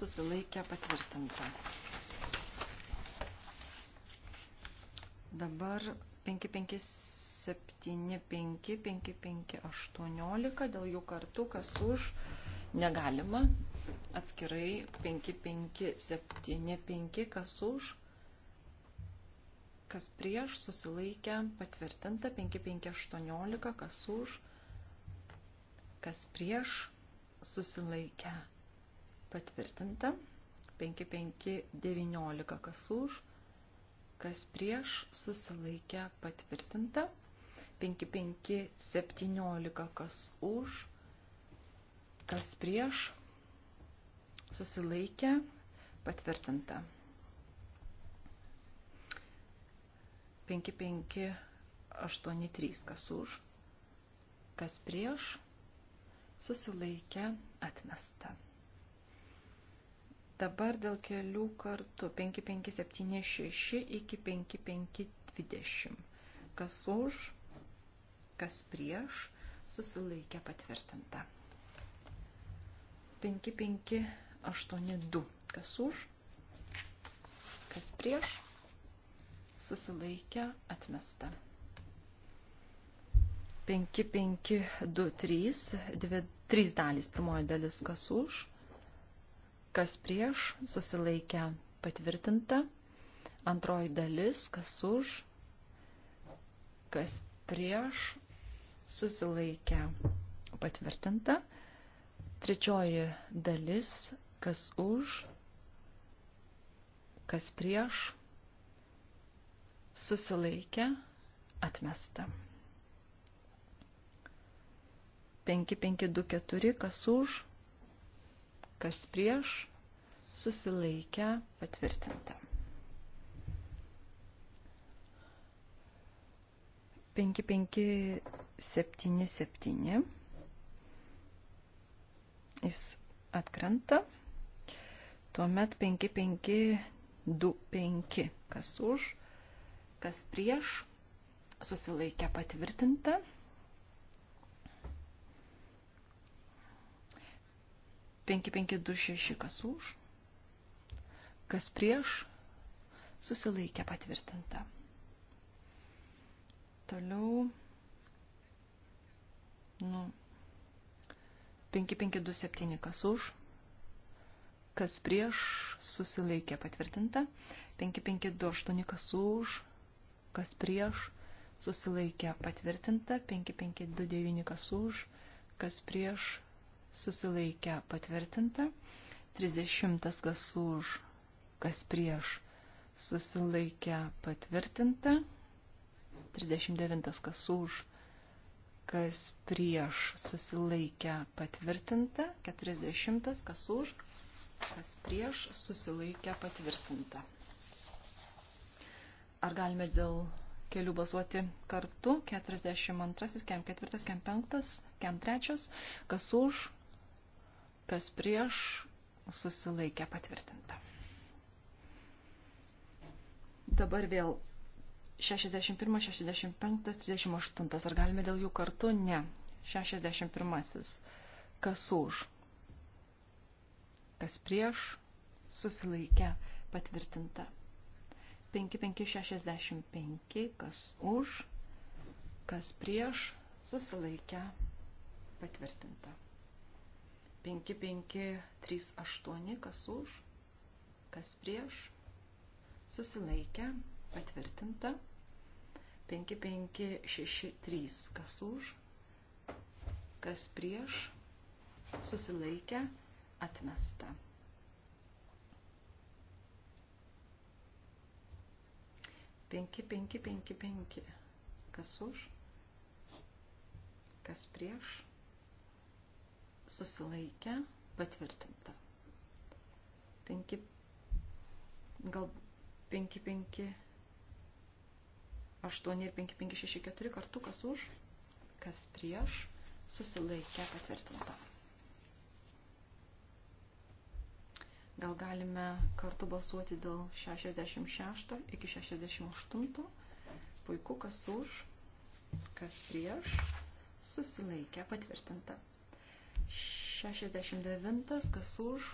Susilaikė patvirtinta. Dabar 5575, 5518, dėl jų kartų, kas už, negalima. Atskirai 5575, kas už, kas prieš, susilaikė, patvirtinta, 5518, kas už, kas prieš, susilaikė, patvirtinta, 5519, kas už, kas prieš, susilaikė, patvirtinta, 5517, kas už, kas prieš, susilaikė, patvirtinta. 5583, kas už, kas prieš, susilaikė atmesta. Dabar dėl kelių kartų 5576 iki 5520. Kas už, kas prieš, susilaikė patvirtinta. 5582. Kas už, kas prieš, susilaikę atmesta. 5, 5, 2, 3, 2, 3 dalys, pirmoji dalis kas už, kas prieš, susilaikę patvirtinta, antroji dalis kas už, kas prieš, susilaikę patvirtinta, trečioji dalis kas už, kas prieš, susilaikė, atmesta. 5524, kas už, kas prieš, susilaikė, patvirtinta. 5577, jis atkrenta, tuomet 5525, kas už, kas prieš, susilaikė patvirtinta. Penki, penki, du, šeši, kas už, kas prieš, susilaikė patvirtinta. Toliau, nu, 5527 kas už, kas prieš, susilaikė patvirtinta, 5528 kas už, kas prieš, susilaikė patvirtinta, 5529 kas už, kas prieš, susilaikė patvirtinta, 30 kas už, kas prieš, susilaikė patvirtinta, 39 kas už, kas prieš, susilaikė patvirtinta, 40 kas už, kas prieš, susilaikė patvirtinta. Ar galime dėl kelių balsuoti kartu? 42, kem 4, kem 5, kem 3. Kas už, kas prieš, susilaikė patvirtinta. Dabar vėl 61, 65, 38. Ar galime dėl jų kartu? Ne. 61. Kas už? Kas prieš? Susilaikę. Patvirtinta. 5565, kas už, kas prieš, susilaikę, patvirtinta. 5538, kas už, kas prieš, susilaikę, patvirtinta. 5563, kas už, kas prieš, susilaikę, atmesta. 5, 5, 5, 5. Kas už, kas prieš, susilaikę, patvirtinta. 5, gal 5, 5, 8 ir 5, 5, 6, 4 kartų, kas už, kas prieš, susilaikę, patvirtinta. Gal galime kartu balsuoti dėl 66 iki 68. Puiku, kas už, kas prieš, susilaikė patvirtinta. 69, kas už,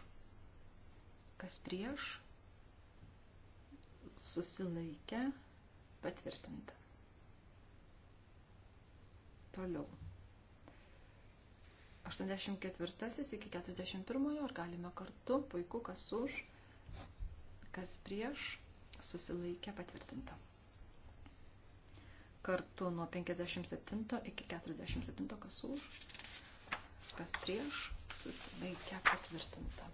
kas prieš, susilaikė patvirtinta. Toliau. 84 iki 41, ar galime kartu, puiku, kas už, kas prieš, susilaikė patvirtinta. Kartu nuo 57 iki 47, kas už, kas prieš, susilaikė patvirtinta.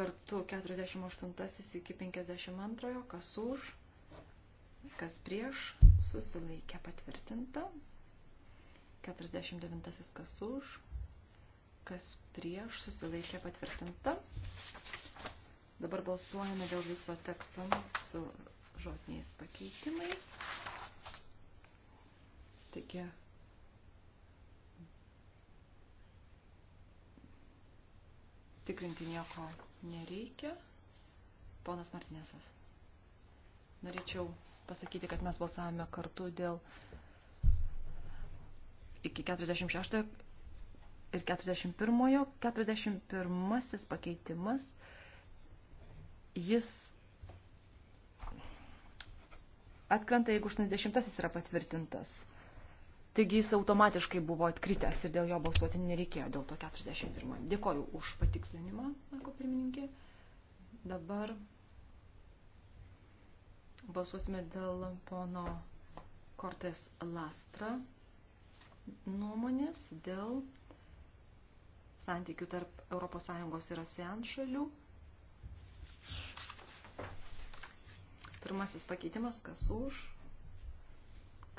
Kartu 48 iki 52, kas už, kas prieš, susilaikė patvirtinta. 49 kas už, kas prieš susilaikė patvirtinta. Dabar balsuojame dėl viso teksto su žodiniais pakeitimais. Taigi, tikrinti nieko nereikia. Ponas Martinėsas. Norėčiau pasakyti, kad mes balsavome kartu dėl iki 46 ir 41. 41 pakeitimas, jis atkrenta, jeigu 80 yra patvirtintas. Taigi jis automatiškai buvo atkritęs ir dėl jo balsuoti nereikėjo, dėl to 41. Dėkoju už patikslinimą, sako pirmininkė. Dabar balsuosime dėl pono Cortes Lastra nuomonės dėl santykių tarp ES ir ASEAN šalių. Pirmasis pakeitimas, kas už,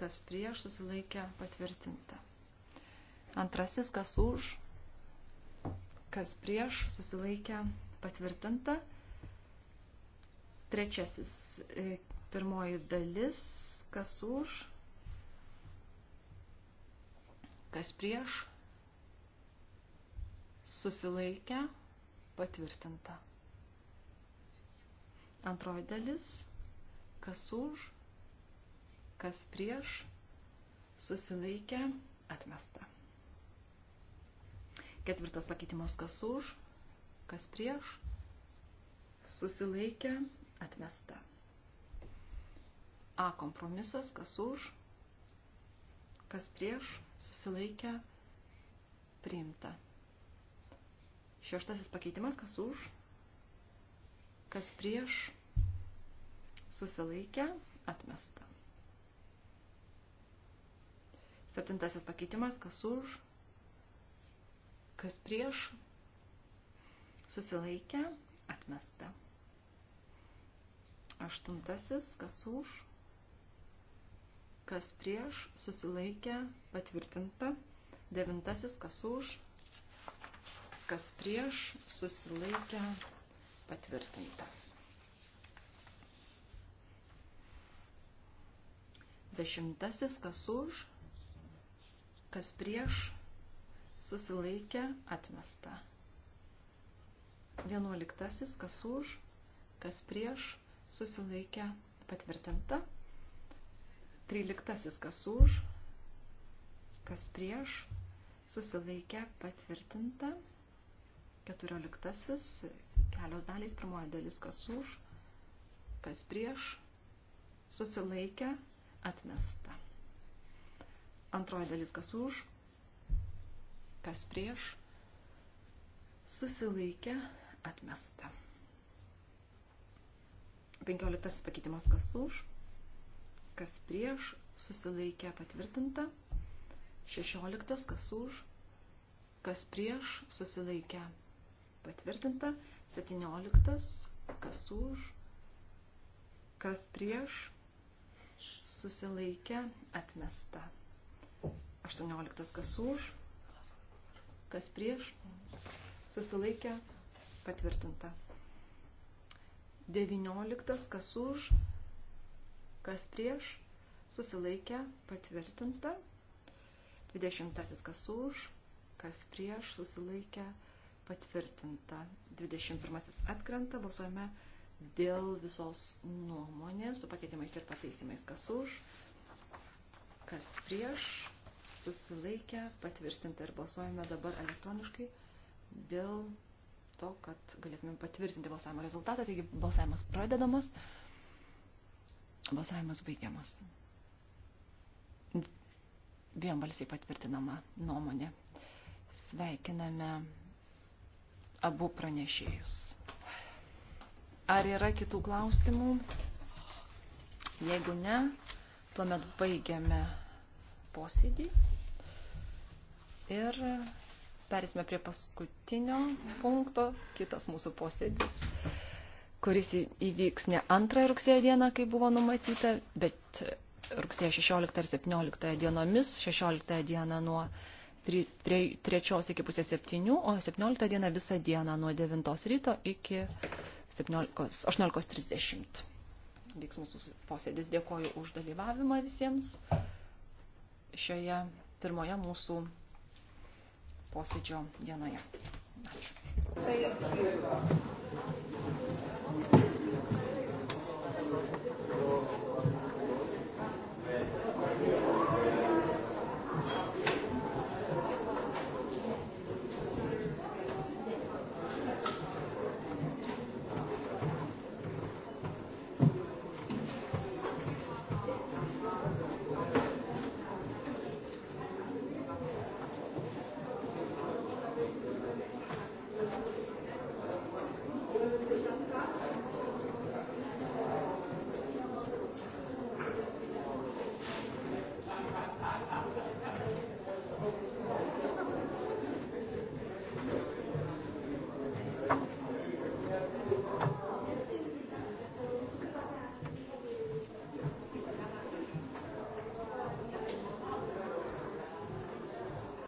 kas prieš susilaikė patvirtinta. Antrasis, kas už, kas prieš susilaikė patvirtinta. Trečiasis, e, pirmoji dalis, kas už, kas prieš, susilaikę, patvirtinta. Antroji dalis, kas už, kas prieš, susilaikę, atmesta. Ketvirtas pakeitimas, kas už, kas prieš, susilaikę, atmesta. A kompromisas, kas už, kas prieš, susilaikę, priimta. Šeštasis pakeitimas, kas už, kas prieš, susilaikę, atmesta. Septintasis pakeitimas, kas už, kas prieš, susilaikę, atmesta. Aštuntasis, kas už, kas prieš, susilaikė, patvirtinta. Devintasis, kas už, kas prieš, susilaikė, patvirtinta. Dešimtasis, kas už, kas prieš, susilaikė, atmesta. Vienuoliktasis, kas už, kas prieš, susilaikė, patvirtinta. 13 kas už, kas prieš, susilaikė patvirtinta. 14 kelios dalys, pirmoji dalis kas už, kas prieš, susilaikė atmesta. Antroji dalis kas už, kas prieš, susilaikė atmesta. 15 pakeitimas kas už, kas prieš, susilaikė patvirtinta. 16. Kas už, kas prieš, susilaikė patvirtinta. 17. Kas už, kas prieš, susilaikė atmesta. 18. Kas už, kas prieš, susilaikė patvirtinta. 19. Kas už, kas prieš, susilaikė, patvirtinta. 20 kas už, kas prieš, susilaikė, patvirtinta. 21 atkrenta, balsuojame dėl visos nuomonės su pakeitimais ir pataisimais, kas už, kas prieš, susilaikė, patvirtinta ir balsuojame dabar elektroniškai dėl to, kad galėtumėm patvirtinti balsavimo rezultatą. Taigi balsavimas pradedamas. Balsavimas baigiamas. Vienbalsiai patvirtinama nuomonė. Sveikiname abu pranešėjus. Ar yra kitų klausimų? Jeigu ne, tuomet baigiame posėdį ir perėsime prie paskutinio punkto, kitas mūsų posėdis kuris įvyks ne antrą rugsėjo dieną, kaip buvo numatyta, bet rugsėjo 16 ar 17 dienomis, 16 dieną nuo 3, 3 iki pusės 7, o 17 dieną visą dieną nuo 9 ryto iki 18.30. Vyks mūsų posėdis. Dėkoju už dalyvavimą visiems šioje pirmoje mūsų posėdžio dienoje. Ačiū.